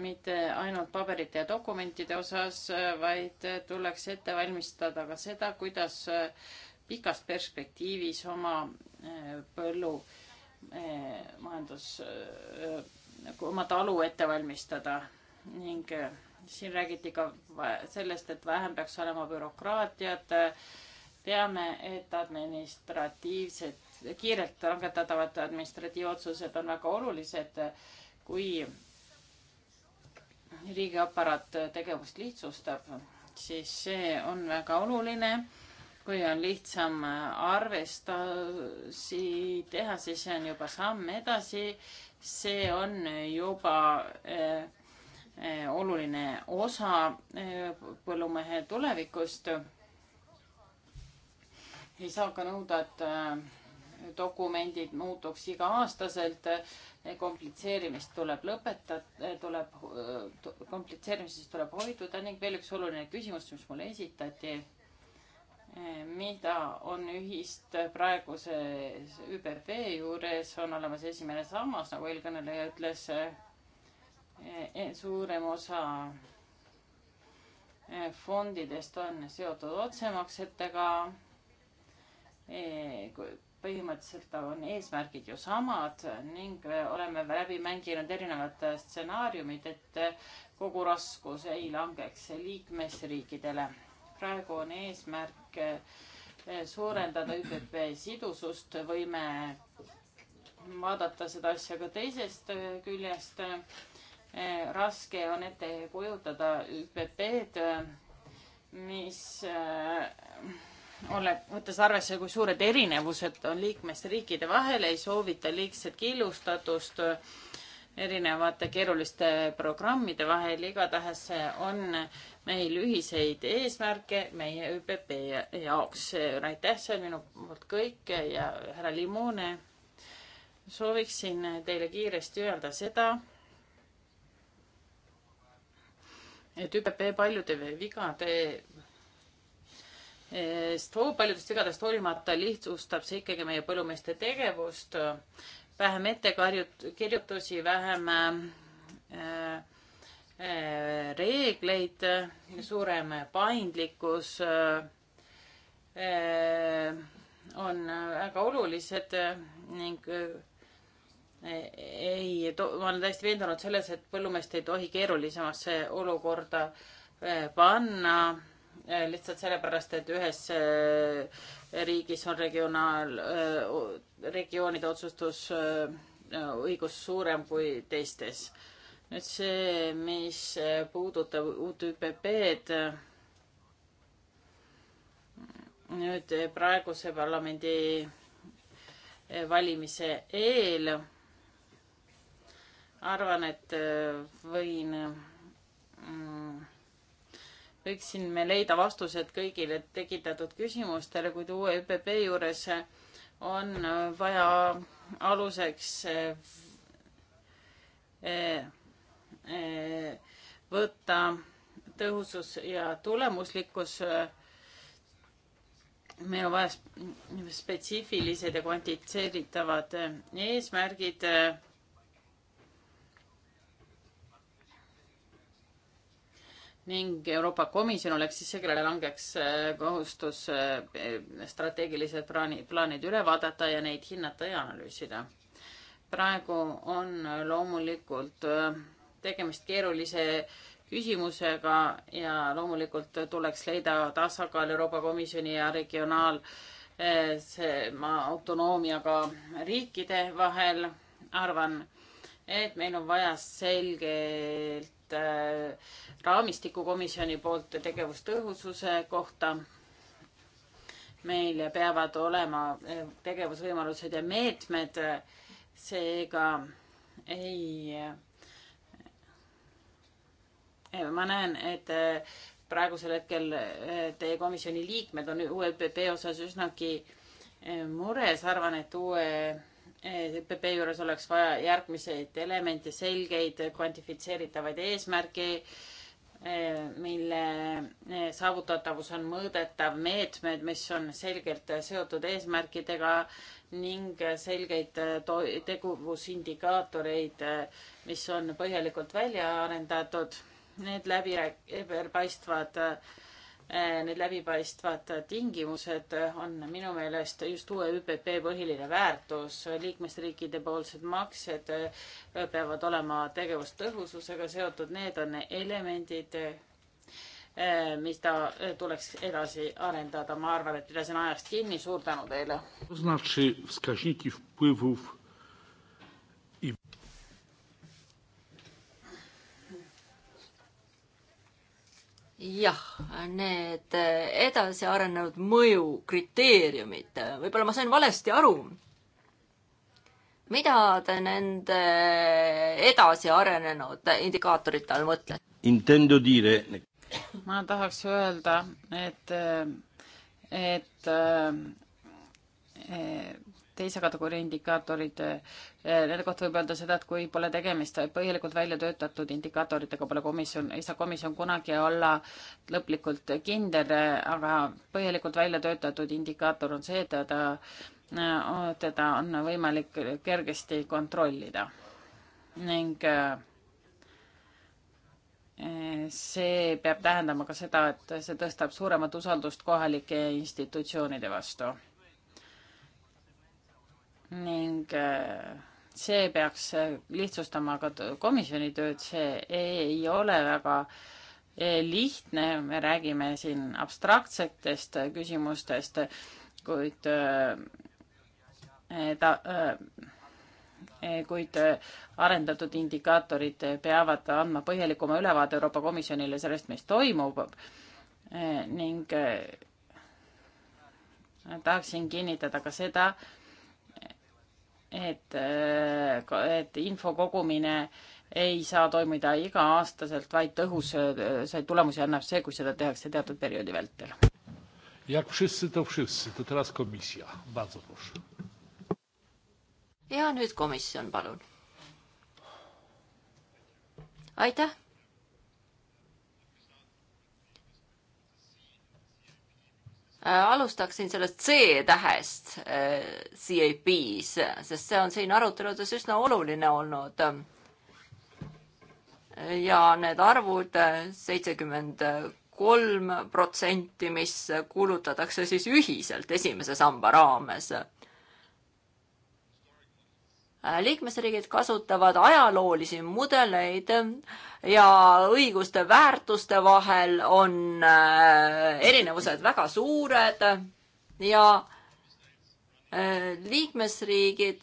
mitte ainult paberite ja dokumentide osas, vaid tuleks ette valmistada ka seda, kuidas äh, pikas perspektiivis oma äh, põllu äh, majandus, oma talu ette valmistada ning siin räägiti ka sellest, et vähem peaks olema bürokraatiat. teame, et administratiivsed, kiirelt langetatavad administratiivotsused on väga olulised, kui riigiaparaat äh, tegevust lihtsustab, siis see on väga oluline. kui on lihtsam äh, arvestusi teha, siis see on juba samm edasi. see on juba eh, eh, oluline osa eh, põllumehe tulevikust. ei saa ka nõuda, et dokumendid muutuks iga-aastaselt, komplitseerimist tuleb lõpetada, tuleb, komplitseerimisest tuleb hoiduda ning veel üks oluline küsimus, mis mulle esitati. mida on ühist praeguse ÜBB juures, on olemas esimene sammas, nagu eelkõneleja ütles, e-, suurem osa e, fondidest on seotud otsemaksetega e, põhimõtteliselt on eesmärgid ju samad ning äh, oleme läbi mänginud erinevad äh, stsenaariumid, et äh, kogu raskus ei langeks liikmesriikidele. praegu on eesmärk suurendada ÜPP sidusust, võime vaadata seda asja ka teisest küljest. raske on ette kujutada ÜPP-d, mis olle, võttes arvesse, kui suured erinevused on liikmesriikide vahel, ei soovita liigset killustatust äh, erinevate keeruliste programmide vahel, igatahes on meil ühiseid eesmärke meie ÜPP jaoks. aitäh, see on minu poolt kõik ja härra Limone, sooviksin teile kiiresti öelda seda, et ÜPP paljude vigade paljudest vigadest hoolimata lihtsustab see ikkagi meie põllumeeste tegevust, vähem ettekarjut-, kirjutusi, vähem äh, äh reegleid, suurem paindlikkus äh, on väga olulised ning äh, ei, ma olen täiesti veendunud selles, et põllumeest ei tohi keerulisemasse olukorda panna Eh, lihtsalt sellepärast, et ühes eh, riigis on regionaal, eh, regioonide otsustusõigus suurem kui teistes. nüüd see, mis puudutab uut ÜPP-d, nüüd praeguse parlamendi valimise eel arvan, et võin mm, võiksime leida vastused kõigile tekitatud küsimustele, kuid uue ÜPP juures on vaja aluseks eh, eh, võtta tõhusus ja tulemuslikkus. meil on vaja spetsiifilised ja kvantitseeritavad eesmärgid eh, ning Euroopa Komisjon oleks siis see, kellele langeks äh, kohustus äh, strateegilised plaanid, plaanid üle vaadata ja neid hinnata ja analüüsida. praegu on loomulikult äh, tegemist keerulise küsimusega ja loomulikult tuleks leida tasakaal Euroopa Komisjoni ja regionaal see ma autonoomiaga riikide vahel. arvan, et meil on vaja selgelt poolt, äh, raamistikukomisjoni poolt tegevustõhususe kohta. meil peavad olema äh, tegevusvõimalused ja meetmed, äh, seega ei, ma näen, et praegusel hetkel teie komisjoni liikmed on ÜPP osas üsnagi mures, arvan, et uue ÜPP e juures oleks vaja järgmiseid elemente, selgeid kvantifitseeritavaid eesmärke, e, mille e, saavutatavus on mõõdetav, meetmed, mis on selgelt seotud eesmärkidega ning selgeid tegevusindikaatoreid, mis on põhjalikult välja arendatud. Need läbi paistvad äh, Eh, need läbipaistvad tingimused on minu meelest just uue ÜPP põhiline väärtus. liikmesriikide poolsed maksed eh, peavad olema tegevustõhususega seotud, need on elemendid, eh, mida tuleks edasi arendada. ma arvan, et pidasin ajast kinni. suur tänu teile. jah, need äh, edasiarenenud mõjukriteeriumid, võib-olla ma sain valesti aru. mida te nende äh, edasiarenenud indikaatorite all mõtlete? Intendo dire. ma tahaks öelda, et, äh, et, et teise kategooria indikaatorid, eh, nende kohta võib öelda seda, et kui pole tegemist põhjalikult välja töötatud indikaatoritega, pole komisjon, ei saa komisjon kunagi olla lõplikult kindel, aga põhjalikult välja töötatud indikaator on see, et ta, eh, teda on võimalik kergesti kontrollida. ning eh, see peab tähendama ka seda, et see tõstab suuremat usaldust kohalike institutsioonide vastu ning äh, see peaks äh, lihtsustama ka komisjoni tööd, see ei ole väga äh, lihtne, me räägime siin abstraktsetest küsimustest, kuid ta, kuid arendatud indikaatorid peavad andma põhjalikuma ülevaade Euroopa Komisjonile sellest, mis toimub ning tahaksin kinnitada ka seda, et, äh, et info kogumine ei saa toimida iga-aastaselt, vaid tõhus, äh, see tulemusi annab see, kui seda tehakse teatud perioodi vältel. Jak wszyscy to wszyscy, to teraz komisja, bardzo proszę. ja nüüd komisjon, palun. aitäh Äh, alustaksin sellest C-tähest äh, CAP-s, sest see on siin aruteludes üsna oluline olnud. ja need arvud äh, seitsekümmend kolm protsenti, mis kulutatakse siis ühiselt esimese samba raames. Äh, liikmesriigid kasutavad ajaloolisi mudeleid äh, ja õiguste väärtuste vahel on äh, erinevused väga suured ja liikmesriigid,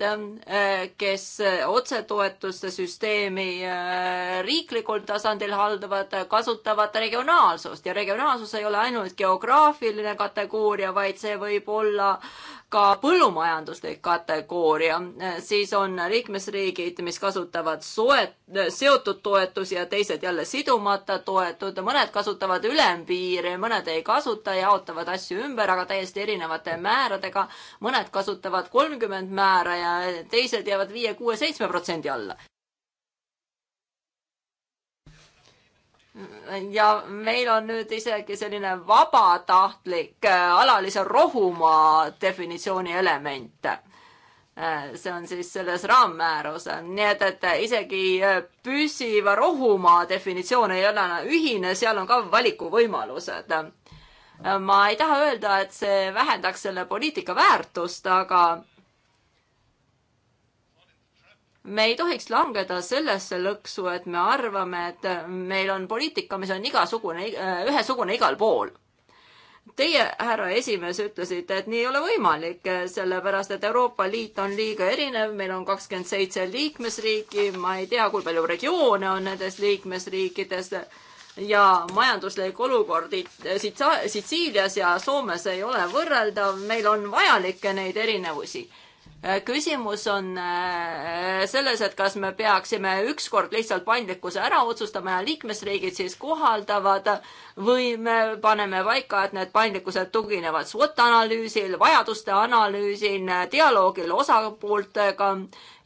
kes otsetoetuste süsteemi riiklikul tasandil haldavad, kasutavad regionaalsust ja regionaalsus ei ole ainult geograafiline kategooria, vaid see võib olla ka põllumajanduslik kategooria, siis on liikmesriigid, mis kasutavad soet-, seotud toetusi ja teised jälle sidumata toetud, mõned kasutavad ülempiiri, mõned ei kasuta, jaotavad asju ümber, aga täiesti erinevate määradega. mõned kasutavad kolmkümmend määra ja teised jäävad viie, kuue, seitsme protsendi alla ja meil on nüüd isegi selline vabatahtlik äh, alalise rohumaa definitsiooni element. Äh, see on siis selles raammääruses, nii et, et isegi äh, püsiva rohumaa definitsioon ei ole ühine, seal on ka valikuvõimalused. ma ei taha öelda, et see vähendaks selle poliitika väärtust, aga me ei tohiks langeda sellesse lõksu, et me arvame, et meil on poliitika, mis on igasugune, ühesugune igal pool Teie, härra esimees, ütlesite, et nii ei ole võimalik, sellepärast et Euroopa Liit on liiga erinev, meil on kakskümmend seitse liikmesriiki, ma ei tea, kui palju regioone on nendes liikmesriikides ja majanduslik olukord Sitsiilias ja Soomes ei ole võrreldav, meil on vajalikke neid erinevusi küsimus on äh, selles, et kas me peaksime ükskord lihtsalt paindlikkuse ära otsustama ja liikmesriigid siis kohaldavad või me paneme paika, et need paindlikkused tuginevad SWOT analüüsil, vajaduste analüüsil, dialoogil osapooltega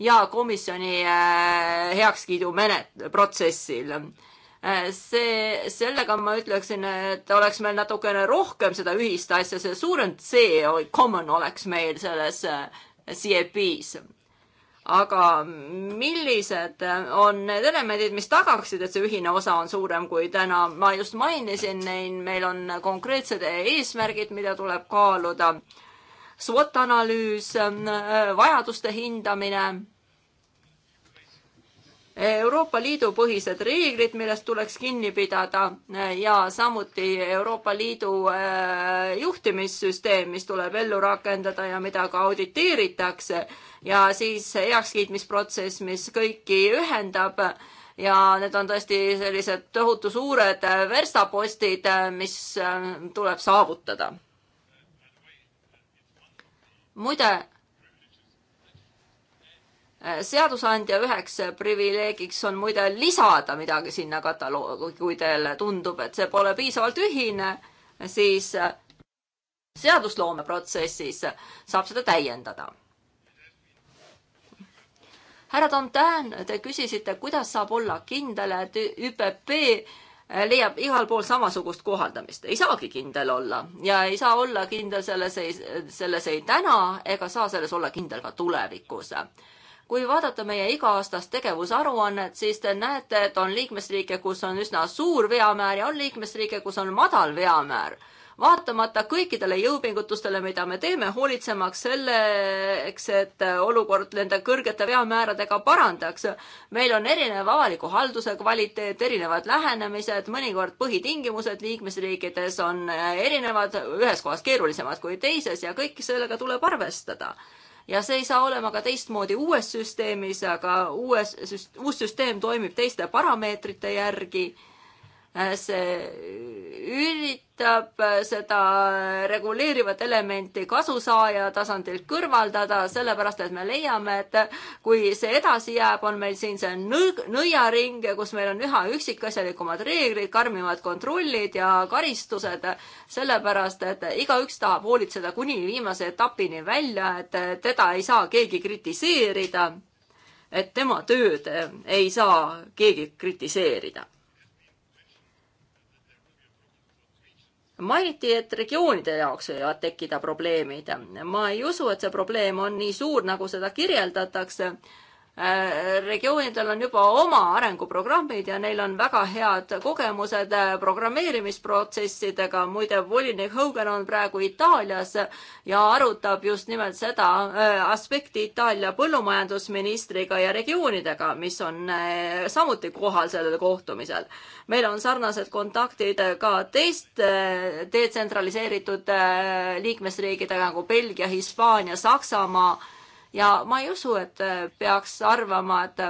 ja komisjoni äh, heakskiidu menet-, protsessil äh, see, sellega ma ütleksin, et oleks meil natukene rohkem seda ühist asja, see suurem C, common oleks meil selles CIP-s. aga millised on need elemendid, mis tagaksid, et see ühine osa on suurem kui täna? ma just mainisin neid, meil on konkreetsed eesmärgid, mida tuleb kaaluda. SWOT analüüs, vajaduste hindamine Euroopa Liidu põhised reeglid, millest tuleks kinni pidada äh, ja samuti Euroopa Liidu äh, juhtimissüsteem, mis tuleb ellu rakendada ja mida ka auditeeritakse ja siis heakskiitmisprotsess, mis kõiki ühendab ja need on tõesti sellised tohutu suured äh, verstapostid, mis tuleb saavutada. muide Äh, seadusandja üheks privileegiks on muide lisada midagi sinna kataloogi, kui teile tundub, et see pole piisavalt ühine, siis äh, seadusloome protsessis saab seda täiendada. härra Dantin, te küsisite, kuidas saab olla kindel, et ÜPP leiab igal pool samasugust kohaldamist. ei saagi kindel olla ja ei saa olla kindel selles ei, selles ei täna ega saa selles olla kindel ka tulevikus kui vaadata meie iga-aastast tegevusaruannet, siis te näete, et on liikmesriike, kus on üsna suur veamäär ja on liikmesriike, kus on madal veamäär. vaatamata kõikidele jõupingutustele, mida me teeme, hoolitsemaks selleks, et olukord nende kõrgete veamääradega parandaks. meil on erinev avaliku halduse kvaliteet, erinevad lähenemised, mõnikord põhitingimused liikmesriikides on erinevad, ühes kohas keerulisemad kui teises ja kõike sellega tuleb arvestada ja see ei saa olema ka teistmoodi uues süsteemis, aga uues, uus süsteem toimib teiste parameetrite järgi Äh, see üritab äh, seda reguleerivat elementi kasusaaja tasandilt kõrvaldada, sellepärast et me leiame, et kui see edasi jääb, on meil siin see nõg-, nõiaring, kus meil on üha üksikasjalikumad reeglid, karmimad kontrollid ja karistused, sellepärast et igaüks tahab hoolitseda kuni viimase etapini välja, et teda ei saa keegi kritiseerida, et tema tööd ei saa keegi kritiseerida mainiti, et regioonide jaoks võivad tekkida probleemid. ma ei usu, et see probleem on nii suur, nagu seda kirjeldatakse Äh, regioonidel on juba oma arenguprogrammid ja neil on väga head kogemused äh, programmeerimisprotsessidega. muide, volinik Hogan on praegu Itaalias ja arutab just nimelt seda äh, aspekti Itaalia põllumajandusministriga ja regioonidega, mis on samuti kohal sellel kohtumisel. meil on sarnased kontaktid ka teiste detsentraliseeritud liikmesriikidega nagu Belgia, Hispaania, Saksamaa ja ma ei usu, et äh, peaks arvama, et äh,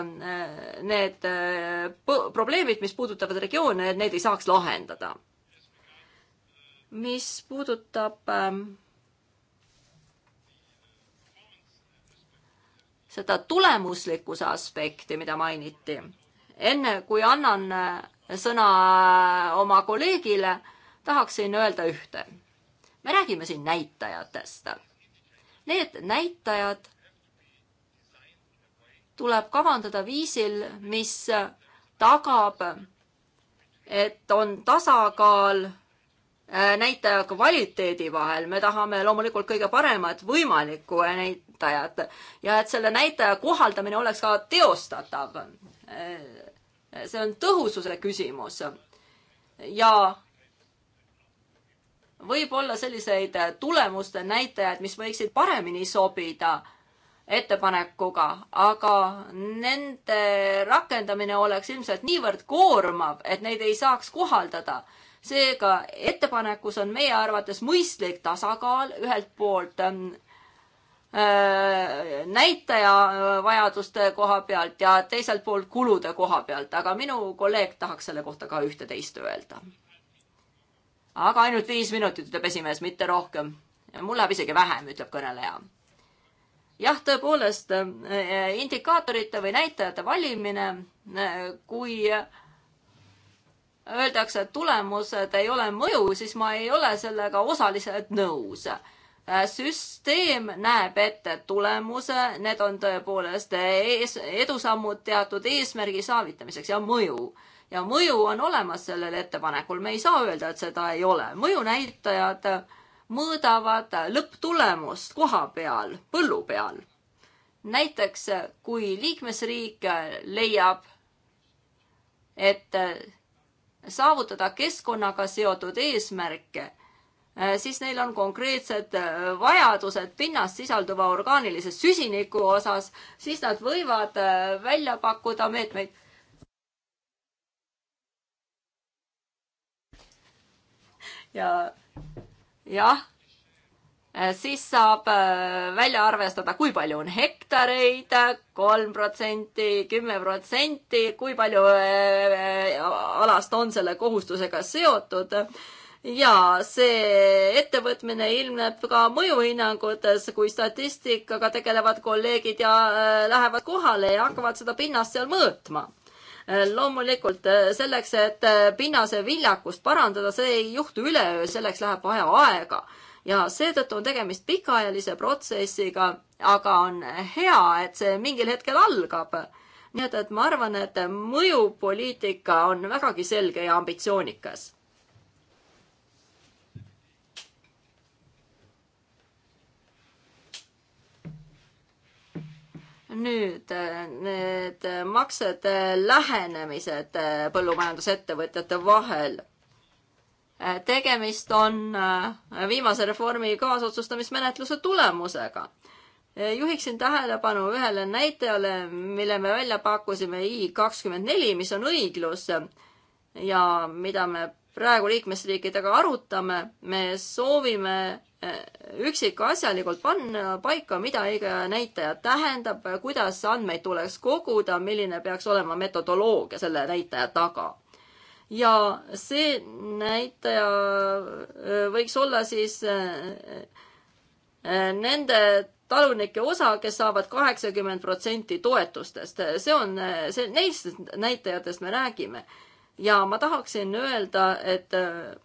need äh, probleemid, mis puudutavad regioone, et neid ei saaks lahendada. mis puudutab ähm, seda tulemuslikkuse aspekti, mida mainiti, enne kui annan sõna oma kolleegile, tahaksin öelda ühte. me räägime siin näitajatest. Need näitajad tuleb kavandada viisil, mis tagab, et on tasakaal äh, näitaja kvaliteedi vahel, me tahame loomulikult kõige paremat võimalikku äh, näitajat ja et selle näitaja kohaldamine oleks ka teostatav. Äh, see on tõhususe küsimus. ja võib olla selliseid tulemuste näitajaid, mis võiksid paremini sobida ettepanekuga, aga nende rakendamine oleks ilmselt niivõrd koormav, et neid ei saaks kohaldada. seega ettepanekus on meie arvates mõistlik tasakaal ühelt poolt ähm, äh, näitaja äh, vajaduste koha pealt ja teiselt poolt kulude koha pealt, aga minu kolleeg tahaks selle kohta ka ühte-teist öelda. aga ainult viis minutit, ütleb esimees, mitte rohkem. mul läheb isegi vähem, ütleb kõneleja jah, tõepoolest eh, indikaatorite või näitajate valimine, eh, kui öeldakse, et tulemused ei ole mõju, siis ma ei ole sellega osaliselt nõus eh, süsteem näeb ette tulemuse, need on tõepoolest ees, edusammud teatud eesmärgi saavutamiseks ja mõju. ja mõju on olemas sellel ettepanekul, me ei saa öelda, et seda ei ole. mõjunäitajad äh, mõõdavad lõpptulemust koha peal, põllu peal. näiteks kui liikmesriik leiab, et saavutada keskkonnaga seotud eesmärke, siis neil on konkreetsed vajadused pinnas sisalduva orgaanilise süsiniku osas, siis nad võivad välja pakkuda meetmeid ja jah, äh, siis saab äh, välja arvestada, kui palju on hektareid, kolm protsenti, kümme protsenti, kui palju äh, alast on selle kohustusega seotud ja see ettevõtmine ilmneb ka mõjuhinnangutes, kui statistikaga tegelevad kolleegid ja lähevad kohale ja hakkavad seda pinnast seal mõõtma Eh, loomulikult eh, selleks, et eh, pinnase viljakust parandada, see ei juhtu üleöö, selleks läheb vaja aega ja seetõttu on tegemist pikaajalise protsessiga, aga on hea, et see mingil hetkel algab. nii et, et ma arvan, et mõjupoliitika on vägagi selge ja ambitsioonikas nüüd äh, need äh, maksete äh, lähenemised põllumajandusettevõtjate vahel. tegemist on viimase reformi kaasotsustamismenetluse tulemusega. juhiksin tähelepanu ühele näitajale, mille me välja pakkusime I kakskümmend neli, mis on õiglus ja mida me praegu liikmesriikidega arutame. me soovime üksikasjalikult panna paika, mida iga näitaja tähendab, kuidas andmeid tuleks koguda, milline peaks olema metodoloogia selle näitaja taga. ja see näitaja äh, võiks olla siis äh, nende talunike osa, kes saavad kaheksakümmend protsenti toetustest, see on, see, neist näitajatest me räägime. ja ma tahaksin öelda, et äh,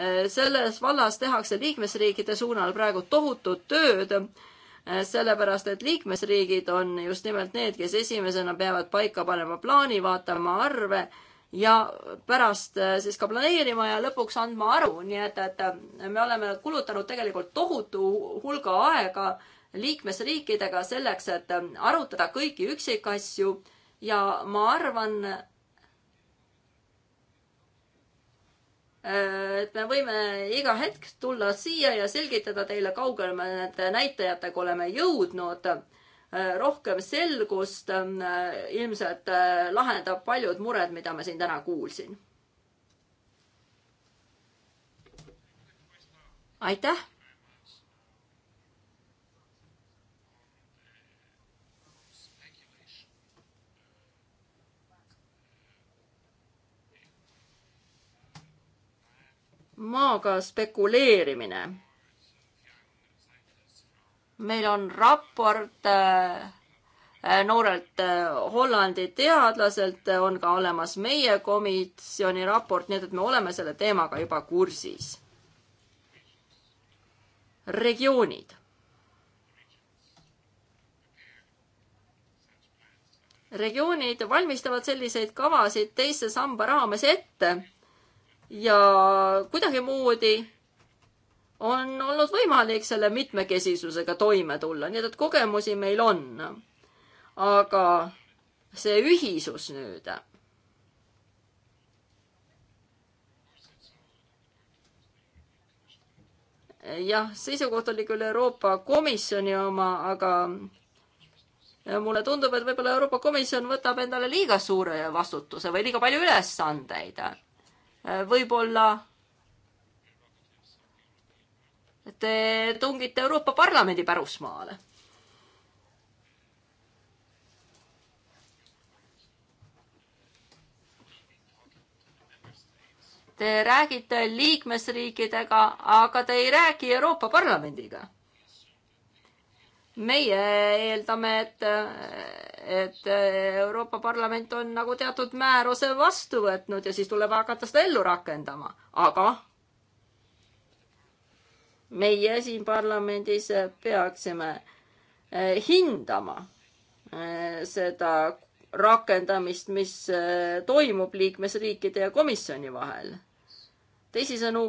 Eh, selles vallas tehakse liikmesriikide suunal praegu tohutut tööd, eh, sellepärast et liikmesriigid on just nimelt need, kes esimesena peavad paika panema plaani, vaatama arve ja pärast eh, siis ka planeerima ja lõpuks andma aru, nii et, et me oleme kulutanud tegelikult tohutu hulga aega liikmesriikidega selleks, et arutada kõiki üksikasju ja ma arvan, Äh, et me võime iga hetk tulla siia ja selgitada teile, kaugele me nende näitajatega oleme jõudnud. Äh, rohkem selgust äh, ilmselt lahendab paljud mured, mida ma siin täna kuulsin. aitäh maaga spekuleerimine. meil on raport äh, äh, noorelt äh, Hollandi teadlaselt, on ka olemas meie komisjoni raport, nii et me oleme selle teemaga juba kursis. regioonid. regioonid valmistavad selliseid kavasid teise samba raames ette ja kuidagimoodi on olnud võimalik selle mitmekesisusega toime tulla, nii et kogemusi meil on. aga see ühisus nüüd. jah, seisukoht oli küll Euroopa Komisjoni oma, aga mulle tundub, et võib-olla Euroopa Komisjon võtab endale liiga suure vastutuse või liiga palju ülesandeid Äh, võib-olla te tungite Euroopa Parlamendi pärusmaale. Te räägite liikmesriikidega, aga te ei räägi Euroopa Parlamendiga meie eeldame, et, et Euroopa Parlament on nagu teatud määruse vastu võtnud ja siis tuleb hakata seda ellu rakendama, aga meie siin parlamendis peaksime eh, hindama eh, seda rakendamist, mis eh, toimub liikmesriikide ja komisjoni vahel. teisisõnu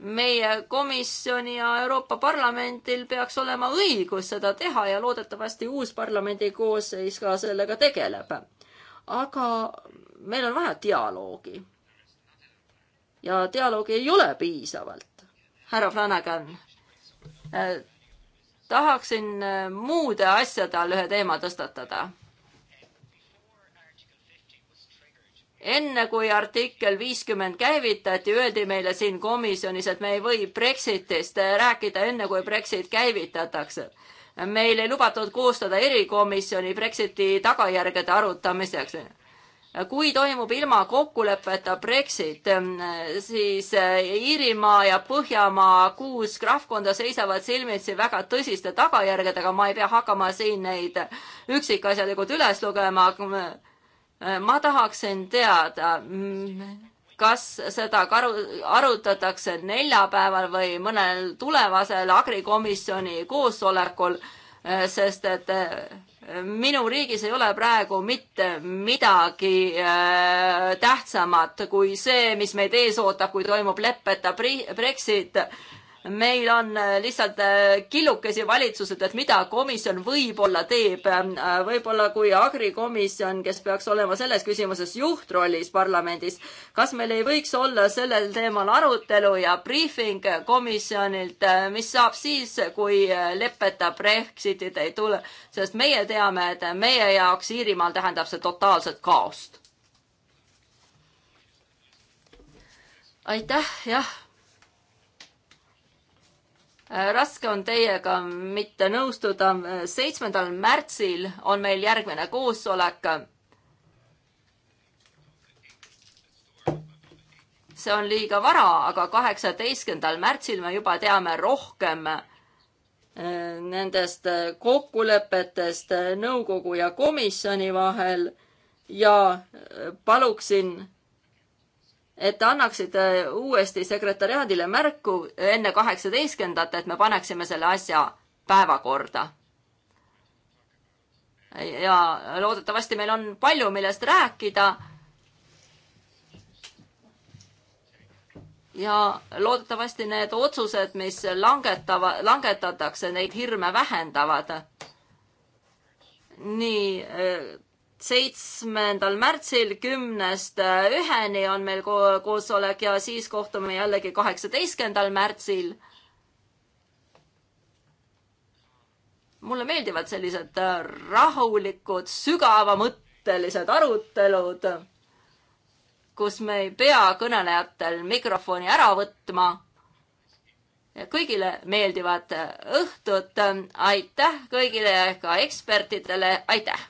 meie komisjoni ja Euroopa Parlamendil peaks olema õigus seda teha ja loodetavasti uus parlamendi koosseis ka sellega tegeleb. aga meil on vaja dialoogi. ja dialoogi ei ole piisavalt. härra Flanagan eh,, tahaksin eh, muude asjade all ühe teema tõstatada enne kui artikkel viiskümmend käivitati, öeldi meile siin komisjonis, et me ei või Brexitist rääkida enne, kui Brexit käivitatakse. meil ei lubatud koostada erikomisjoni Brexiti tagajärgede arutamiseks. kui toimub ilma kokkuleppeta Brexit, siis Iirimaa ja Põhjamaa kuus krahvkonda seisavad silmitsi väga tõsiste tagajärgedega, ma ei pea hakkama siin neid üksikasjalikult üles lugema Äh, ma tahaksin teada, kas seda karu, arutatakse neljapäeval või mõnel tulevasel agrikomisjoni koosolekul, äh, sest et äh, minu riigis ei ole praegu mitte midagi tähtsamat kui see, mis meid ees ootab, kui toimub leppeta Brexit meil on äh, lihtsalt äh, killukesi valitsused, et mida komisjon võib-olla teeb. Äh, võib-olla kui agrikomisjon, kes peaks olema selles küsimuses juhtrollis parlamendis, kas meil ei võiks olla sellel teemal arutelu ja briefing komisjonilt, mis saab siis, kui leppeta Brexitit ei tule, sest meie teame, et meie jaoks Iirimaal tähendab see totaalset kaost. aitäh, jah Äh, raske on teiega mitte nõustuda. Äh, seitsmendal märtsil on meil järgmine koosolek. see on liiga vara, aga kaheksateistkümnendal märtsil me juba teame rohkem äh, nendest kokkulepetest nõukogu ja komisjoni vahel ja paluksin et annaksid äh, uuesti sekretäriaadile märku enne kaheksateistkümnendat, et me paneksime selle asja päevakorda. ja loodetavasti meil on palju, millest rääkida. ja loodetavasti need otsused, mis langetavad, langetatakse, neid hirme vähendavad. nii äh, seitsmendal märtsil kümnest äh, üheni on meil ko koosolek ja siis kohtume jällegi kaheksateistkümnendal märtsil. mulle meeldivad sellised äh, rahulikud, sügavamõttelised arutelud, kus me ei pea kõnelejatel mikrofoni ära võtma kõigile meeldivat äh, õhtut, aitäh kõigile, ka ekspertidele, aitäh!